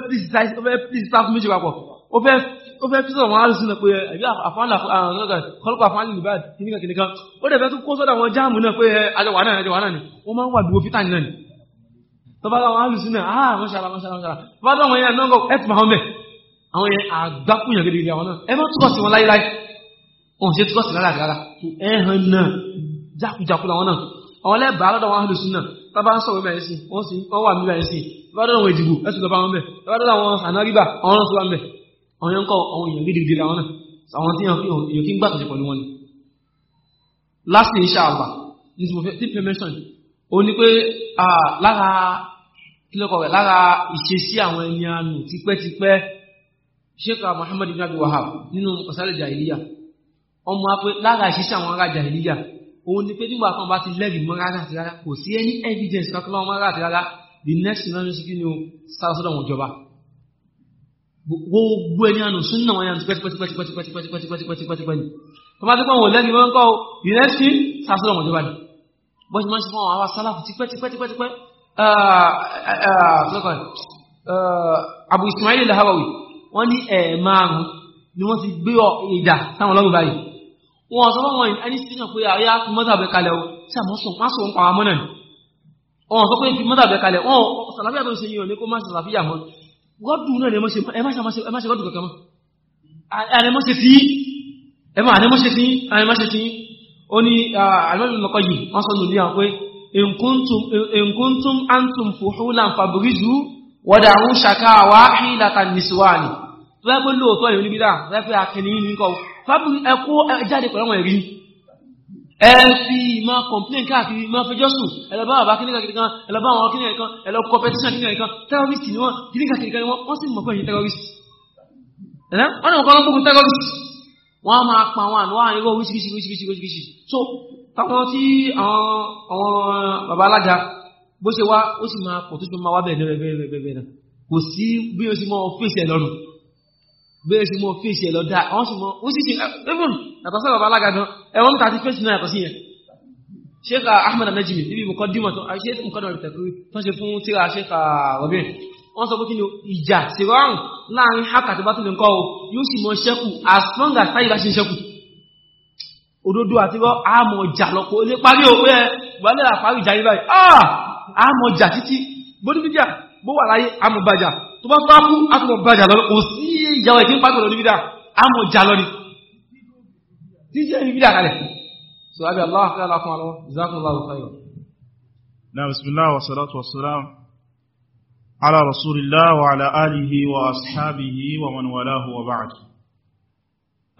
please sáfù méjì papọ̀ ó fẹ́ ó fẹ́ kí sọ̀rọ̀ àrùsùn náà pé ẹ̀bí àfáàlà kọlùkọ̀ àfáàlì nìbá kìníkà kìníkà ó dẹ̀ fẹ́ tún kó sọ́dọ̀ àwọn jáàmù náà pé àjọwà náà àjọwà náà ni wọ́n máa ń wà dúró fítà ah wọ́n ṣàlà wọ́n ṣàlà wọ́n ṣàlà tọ́ba àwọn yẹn náà ẹ̀ tún àwọn bẹ̀ àwọn yẹn àgbákùnyàn gidi àwọn náà ẹ má túkọ̀ sí wọn láíláí wọn ṣe túkọ̀ sí lára àgàrà ẹ àwọn yẹn ń kọ́ àwọn èèyàn ní dìgbìdì àwọn náà àwọn tí èèyàn kí ń gbàtọ̀jẹ̀ pẹ̀lú wọn ni last inshallah ní tí mo fẹ́ tí permission ó ní pé lára kílẹ̀kọ̀ rẹ̀ lára ìṣesí àwọn ẹni àánú tipẹ́tipẹ́ sheikh Muhammad ibn Abdul Wahab nínú ọ̀sálẹ̀ jahiliya ọmọ apẹ lára ìṣesí àwọn ará jahiliya òun ni pé nígbà kan bá ti lẹ́bi mọ́ rárá àti rárá kò sí any evidence kankan lọ́wọ́ mọ́ rárá àti rárá the next man ló sì ni o sára sọ́dọ̀ wọn gbogbo ẹni ànù súnà wọn yàtọ̀ pẹ́tipẹ́tipẹ́tipẹ́tipẹ́tipẹ́tipẹ́tipẹ́tipẹ́ ni bàbá tó pàwọn lẹ́nu wọn kọ́ ìrẹsì sàṣọ̀rọ̀ wọn jọba ni bọ́sí máa ń ṣe fún àwọn sálàfù tipẹ́tipẹ́tipẹ́tipẹ́ Abu Ismail al-Hawawi wọ́n ní ẹ̀ márùn ni wọ́n ti gbé ìjà táwọn ọlọ́run báyìí wọn sọ fún wọn ẹni sí náà pé àríyá fi mọ́tà bẹ kalẹ̀ o tí a mọ́ sùn má sùn pa àwọn mọ́nà ni gọ́dùn náà lẹ́mọ́ṣe ẹmáṣe gọ́dùn kankan mọ́ àrẹmọ́ṣe fi ẹmọ́ àrẹmọ́ṣe fi àrẹmọ́ṣe fi ó ní àlọ́lọ́lọ́kọ́ yìí wọ́n sọ́nà ní àwọn pé in kuntum antum fuhulan fabrizu wada'u shakawa hilatan niswani rẹ́gbẹ́ lóòtọ́ ìrìnbídà rẹ́gbẹ́ akẹni nìkan fábí ẹkú jáde pẹ̀lú àwọn ẹ̀rí ẹ fi ìmọ̀ complain káàkiri ìmọ̀ fẹjọ́ sùn ẹlọ́bá àbá kíní kàkiri kan ẹlọ́bá àwọn kíní kan ẹlọ́ competition kíní kan terrorist ni wọ́n kíní kàkiri kan ni wọ́n wọ́n sì mọ̀ fún ẹ̀yìn terrorist ẹ̀nà wọ́n náà kọ́ lọ́gbọ̀n terrorist wọ́n á máa pa àwọn àlọ́ àyẹ̀wò oríṣiríṣi oríṣiríṣi oríṣiríṣi so táwọn tí àwọn àwọn bàbá alága bó ṣe wá ó sì máa pọ̀ tó ṣe máa wá bẹ̀rẹ̀ bẹ̀rẹ̀ náà kò sí bí ó sì mọ́ fèsì ẹ̀ lọ́rùn bí ó sì mọ́ fèsì ẹ̀ lọ́dà àwọn sì mọ́ ó sì ti ẹ̀fọ́n yàtọ̀ sí bàbá alága gan ẹ̀wọ̀n tàbí fèsì náà yàtọ̀ sí yẹn ahmed amejimi níbi mukaddima tó sheikh mukaddima tẹ̀kú tó ṣe fún tíra sheikh robin wọ́n sọ pé kí ni ìjà sí rọrùn láàrin haka tó bá tún lè kọ́ o yóò sì mọ ṣẹ́kù as long as táyì bá ṣe ṣẹ́kù òdodo àti rọ àmọ̀ ọjà lọ́pọ̀ ó lè parí o pé wàlẹ́ àparí ìjà yìí báyìí àmọ̀ ah! ọjà títí gbódúbíjà bó wà tíṣẹ́ ibi bídà kalẹ̀ so abi allah akala fún alọ jazakallahu khairan na bismillah wa salatu wa salam ala rasulillah wa ala alihi wa ashabihi wa man walahu wa ba'd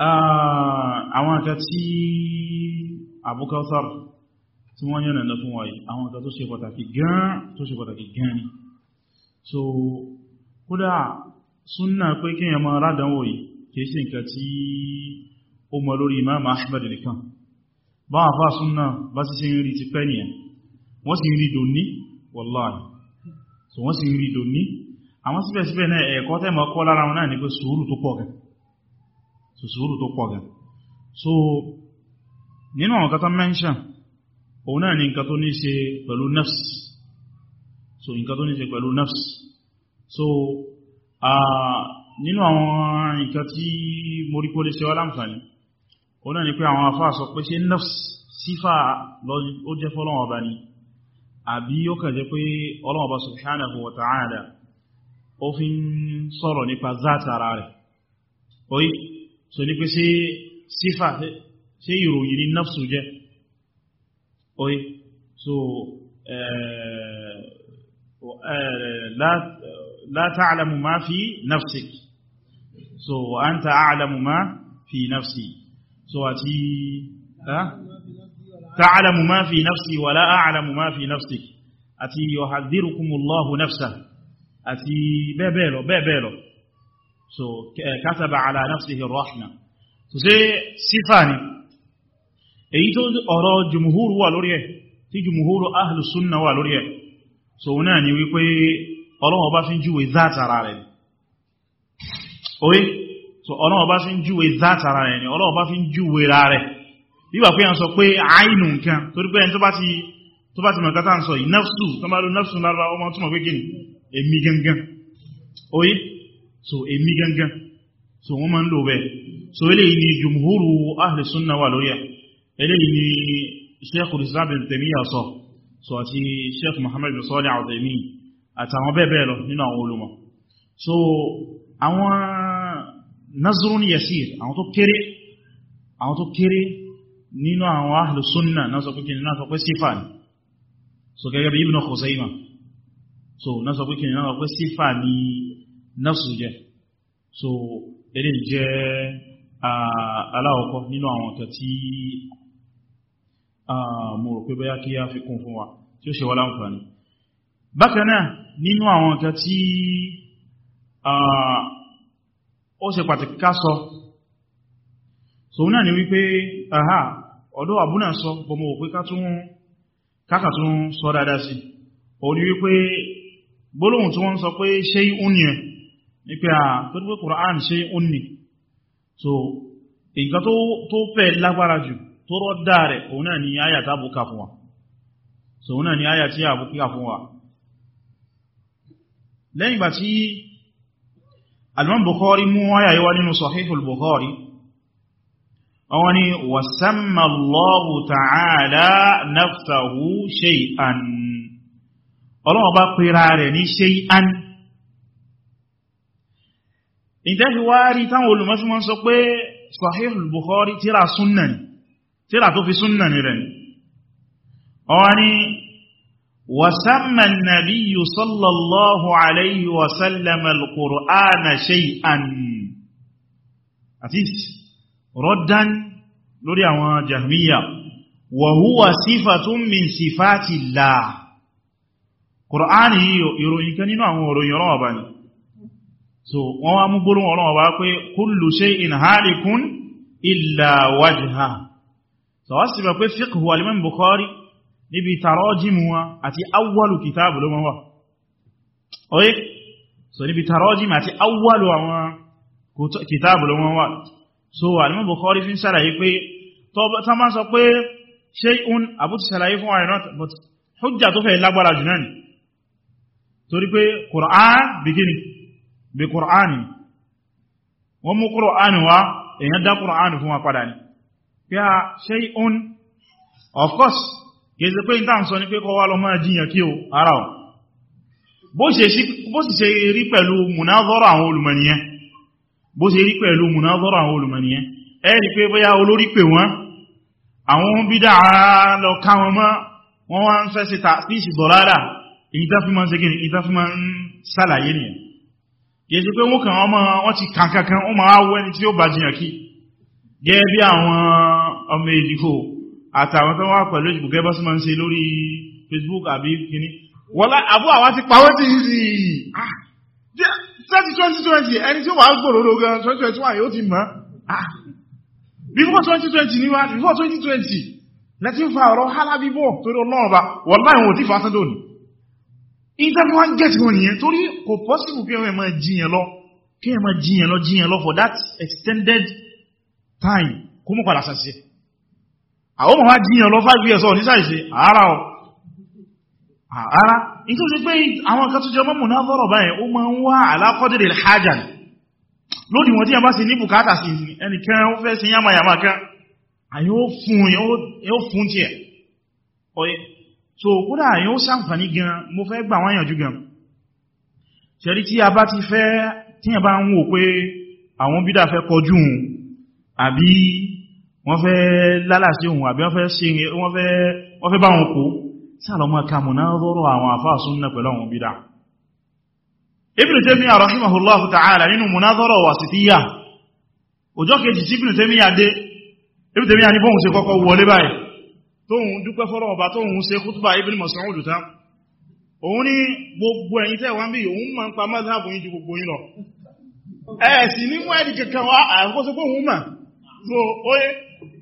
ah, àwọn kan tí abúkautar tí wọ́n yẹnà lọ fún wáyé àwọn kan tó ṣe pàtàkì gan tó ṣe pàtàkì gan ni so kódà súnnà pé kíyàn máa rádánwò yìí kìí ṣe nǹkan tí ó mọ lórí imam ahmed nìkan bá àfá súnnà bá sí sí ń rí ti pẹ́ nìyàn wọ́n sì ń rí dòní wallahi so wọ́n sì ń rí dòní àwọn síbẹ̀síbẹ̀ náà ẹ̀kọ́ tẹ́mọ̀ kọ́ lára wọn náà ní pé sùúrù so sùúrù tó so nínú àwọn kata mention òun náà ni nǹkan tó ṣe nafs so nǹkan tó ní nafs so nínú àwọn nǹkan tí mo rí wá láǹfààní òun náà ni pé àwọn afá sọ pé ṣe nafs sífà ó jẹ́ fọ́lọ́wọ́ bá ní àbí ó kàn jẹ́ pé Ọlọ́hun Ọba subhanahu wa ta'ala ó fi ń sọ̀rọ̀ nípa zátara rẹ̀ oí so ní pé ṣe sífà ṣe ìròyìn ní nafsu jẹ́ oí so la ta'lamu ma fi nafsik so wa anta a'lamu ma fi nafsi so àti ta'alamu ma fi nafsi wa la a'alamu ma fi nafsi àti yuhadhirukumullahu nafsa àti bẹ́ẹ̀bẹ́ẹ̀ lọ bẹ́ẹ̀bẹ́ẹ̀ lọ so kataba ala nafsihi rahma so se sifa ni èyí tó ọ̀rọ̀ jùmùhúrù wà lórí ẹ̀ tí jùmùhúrù sunna wà lórí ẹ̀ so náà ni wípé Ọlọ́hun bá fi ń júwe záàtara rẹ̀ oye so ọlọ́wọ́ bá sí ń júwe zátara rẹ̀ ni ọlọ́wọ́ bá fi ń júwe ra rẹ̀ bíbà pé yàn sọ pé àìnù nǹkan torí pé ẹni tó bá ti tó bá ti mọ̀ká tá ń sọ yìí nafsu tó bá ló nafsu lára ọmọ túnmọ̀ pé gini èmi gangan oye so èmi gangan so wọ́n máa ń lò bẹ́ẹ̀ so eléyìí ni jùmhúrù ahli wà lórí ẹ̀ ni sheikh islam bin temiya sọ so àti sheikh muhammad bin sọ́lẹ̀ àwọ̀dẹ̀mí àtàwọn bẹ́ẹ̀ bẹ́ẹ̀ lọ nínú àwọn olùmọ̀ so àwọn nazrun yasir àwọn tó kéré àwọn tó kéré nínú àwọn ahlu sunna náà sọ pé kí ni náà sọ pé sífà ni so gẹ́gẹ́ bí ibn Khuzaymah so náà sọ pé kí ni náà sọ sífà ni nafsu jẹ so eré jẹ́ aláwọ̀kọ́ nínú àwọn ọ̀tọ̀ tí mo rò pé bóyá kí a fi kún fún wa tí ó ṣe wá láǹfààní bákan ó ṣe pàtàkì ká sọ so náà ni wípé àhá ọ̀dọ́ àbúnà sọ gbọmọ òpé kákàtún sọ dáadáa sí o ní wípé gbólóhùn tí wọ́n sọ pé ṣe ìhúnnìyàn ní pé à pẹ́lú ṣe ìhúnnì so ìgbà tó fẹ́ lágbára jù tó rọ́dá rẹ̀ òun náà ni àyà tí àbúkà fún wa so òun náà ni àyà tí àbúkà fún wa lẹ́yìn Al-Imam Bukhari mú wáyà yíwá nínú Sahihul Bukhari wọ́n ni wasamma Allahu ta'ala nafsahu shay'an Ọlọ́run bá pèrà rẹ̀ ní shay'an ìdẹ́fìwárí táwọn olùmọ́símọ́ sọ pé Sahihul Bukhari tíra súnnà ni tíra fi súnnà ni rẹ̀ ni ni وسمى النبي صلى الله عليه وسلم القرآن شيئا أفيت ردا لوري àwọn jahmiya وهو صفة من صفات الله Qur'an yìí ìròyìn kan nínú àwọn ìròyìn Ọlọ́run Ọba ni so wọ́n wá mú gbórùn Ọlọ́run Ọba pé kullu shay'in halikun illa wajha so wá sí pé fiqh wal Imam Bukhari níbi tàrọ́jìmù wọn àti awwalu kìtàbù ló wọ́n wà oye so níbi tàrọ́jìmù àti awwalu àwọn kìtàbù ló wọ́n wà so alimọ́ Bukhari fi ń sàlàyé pé tó má sọ pé shay'un àbútù sàlàyé fún àìrán but hujja tó fẹ́ lágbára jù náà ni torí pé Qur'an bikini bí Qur'an ni wọ́n mú Qur'an wá èyàn dá Qur'an fún wa padà ni pé a shay'un of course kìí ṣe pé ìta ń sọ ní pé kọ́ wá lọ máa jiyàn kí o ara ọ̀ bó sì ṣe rí pẹ̀lú munazọ́rọ̀ àwọn olùmọ̀nìyàn bó ṣe rí pẹ̀lú munazọ́rọ̀ àwọn olùmọ̀nìyàn ẹ̀rì pé bóyá olórí pè wọ́n àwọn bídá lọ ká wọn mọ́ wọ́n wá ń fẹ́ sí tàbíṣì dọ̀lára èyí tá fi máa ń àtàwọn tó wá pẹ̀lú ìjìbù gẹ́bọ́ sí ma ń ṣe lórí facebook àbí kìíní wọ́lá àbú àwá ti pàwọ́ ti rí sẹ́tì 2020 ẹni tí wà á gbòròrò gan 2021 yóò ti mọ́ ah, before 2020 ni wá before 2020 lẹ́tí ń fa ọ̀rọ̀ hálà bíbọ̀ torí ọlọ́run bá wọ́lá ìwọ̀n tí fásán dòní ìtàbí wọ́n gẹ̀ẹ́sì wọn nìyẹn torí kò pọ́sìbù kí wọ́n máa jiyàn lọ kí wọ́n máa jiyàn lọ for that extended time kó mọ́ àwọn ọmọ wá jíyàn lọ five years ọ̀ nísàìsí ààrá ọ̀ ààrá in tó ṣe pé àwọn kan tó jẹ mọ́mù náà fọ́rọ̀ báyẹn ó máa ń wá alákọ́dẹ̀rẹ̀ hajjan lódì wọ́n tí a bá ní bùkátà sí ẹnìkan ó fẹ́ sí so kódà yóò sàǹfàní gan mo fẹ́ gbà wọ́n yànjú gan ṣẹ̀rí tí a bá ti fẹ́ tí wọ́n fẹ́ lálàsí òun àbí wọ́n fẹ́ sí wọ́n fẹ́ bá wọn kó sáàlọ́mọ́ kàmùná rọrọ àwọn àfáàsún náà pẹ̀lú àwọn bídá Ibn Taymiyyah rahimahullahu ta'ala nínú munadhara wasitiyya ọjọ́ kejì tí Ibn Taymiyyah dé Ibn Taymiyyah ní bóhun ṣe kọ́kọ́ wọlé báyìí tóhun dúpẹ́ fọ́lọ́wọ́ bá tóhun ṣe kútùbà Ibn Mas'ud ta òun ní gbogbo ẹ̀yin tẹ́ wá ń bí òun máa ń pa mazhab yín ju gbogbo yín lọ so oye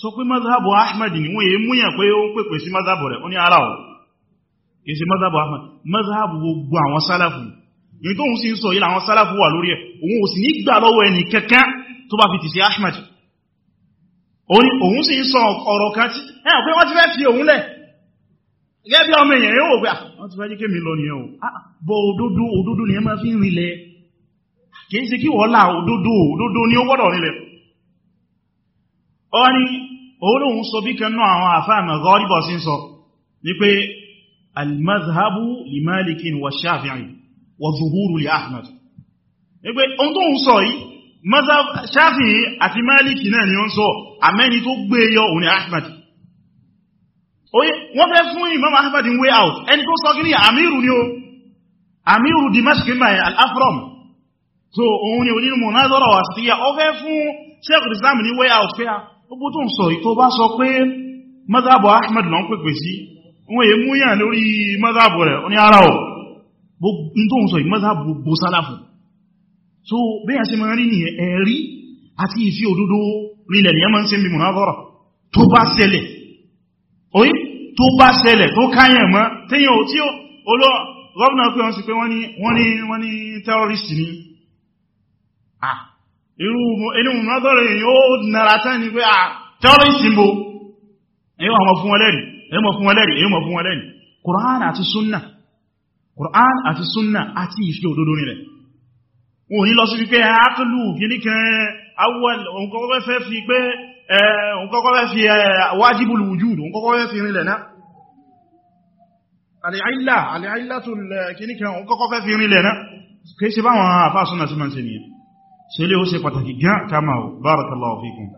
sọ pé mazhabu ahmad ni wọ́n yẹ múyàn pé ó pèpè sí mazhabu rẹ̀ ó ní ara ọ̀ kìí ṣe mazhabu ahmad mazhabu gbogbo àwọn sálàfù ní tóhun sí ń sọ yìí àwọn sálàfù wà lórí ẹ̀ òun ò sì ní gbà lọ́wọ́ ẹni kankan tó bá fi tì sí ahmad òun sì ń sọ ọ̀rọ̀ kan tí ẹ̀ pé ah, ah, ni ẹ máa fi ń rinlẹ̀ la òdodo òdodo ni ó gbọ́dọ̀ rinlẹ̀ ni olóhun sọ bí kan náà àwọn àfáà magharibọ̀ sí sọ ní pé al-madhhabu li malikin wa shafi'i wa zuhuru li ahmad ní pé ohun tó ń sọ yìí madhhab shafi'i àti maliki náà ni ó ń sọ àmẹ́ni tó gbé e yọ òun ni ahmad oye wọ́n fẹ́ fún imam ahmad in way out ẹni tó sọ kíní amiru ni ó amiru dimashq mẹ́ al so òun ni onínú munazara wasiya ó fẹ́ fún sheikh islam ni way out fẹ́ gbogbo tó ń sọ ìtò bá sọ pé madhabu ahmed lọ ń pèpè sí wọ́n èé mú yàn lórí madhabu rẹ̀ oní ara ọ̀ gbogbo tó ń sọ madhabu gbogbo sálàfù so bẹ́yà sí máa rí ní ẹ̀rí àti ìfi òdodo rílẹ̀ ní ẹmọ́ ń ṣe bí munadhara tó bá ṣẹlẹ̀ oí tó bá ṣẹlẹ̀ tó káyẹ̀ mọ́ tíyàn tí olóò gọ́ọ̀nà pé ah irú inú mọ́tọ̀rọ̀ èyàn ó nara tán ni pé terrorist ń bo èyàn ọmọ fún wọn lẹ́rìí èyàn mọ̀ fún wọn lẹ́rìí èyàn mọ̀ fún wọn lẹ́rìí Qur'an àti sunna Qur'an àti sunna àti ìfẹ́ òdodo rẹ̀ wọ́n ní lọ sí wípé àtúlù gíní kan awọ́l òǹkọ́kọ́ fẹ́ fi pé òǹkọ́kọ́ fẹ́ fi wájibul wujud òǹkọ́kọ́ fẹ́ fi rinlẹ̀ náà àlẹ́àílà àlẹ́àílà tó kìní kan òǹkọ́kọ́ fẹ́ fi rinlẹ̀ náà kìí ṣe báwọn àfáà súnà sí mọ́ sí nìyàn ṣe lè ó ṣe pàtàkì gá kama barakallahu fikum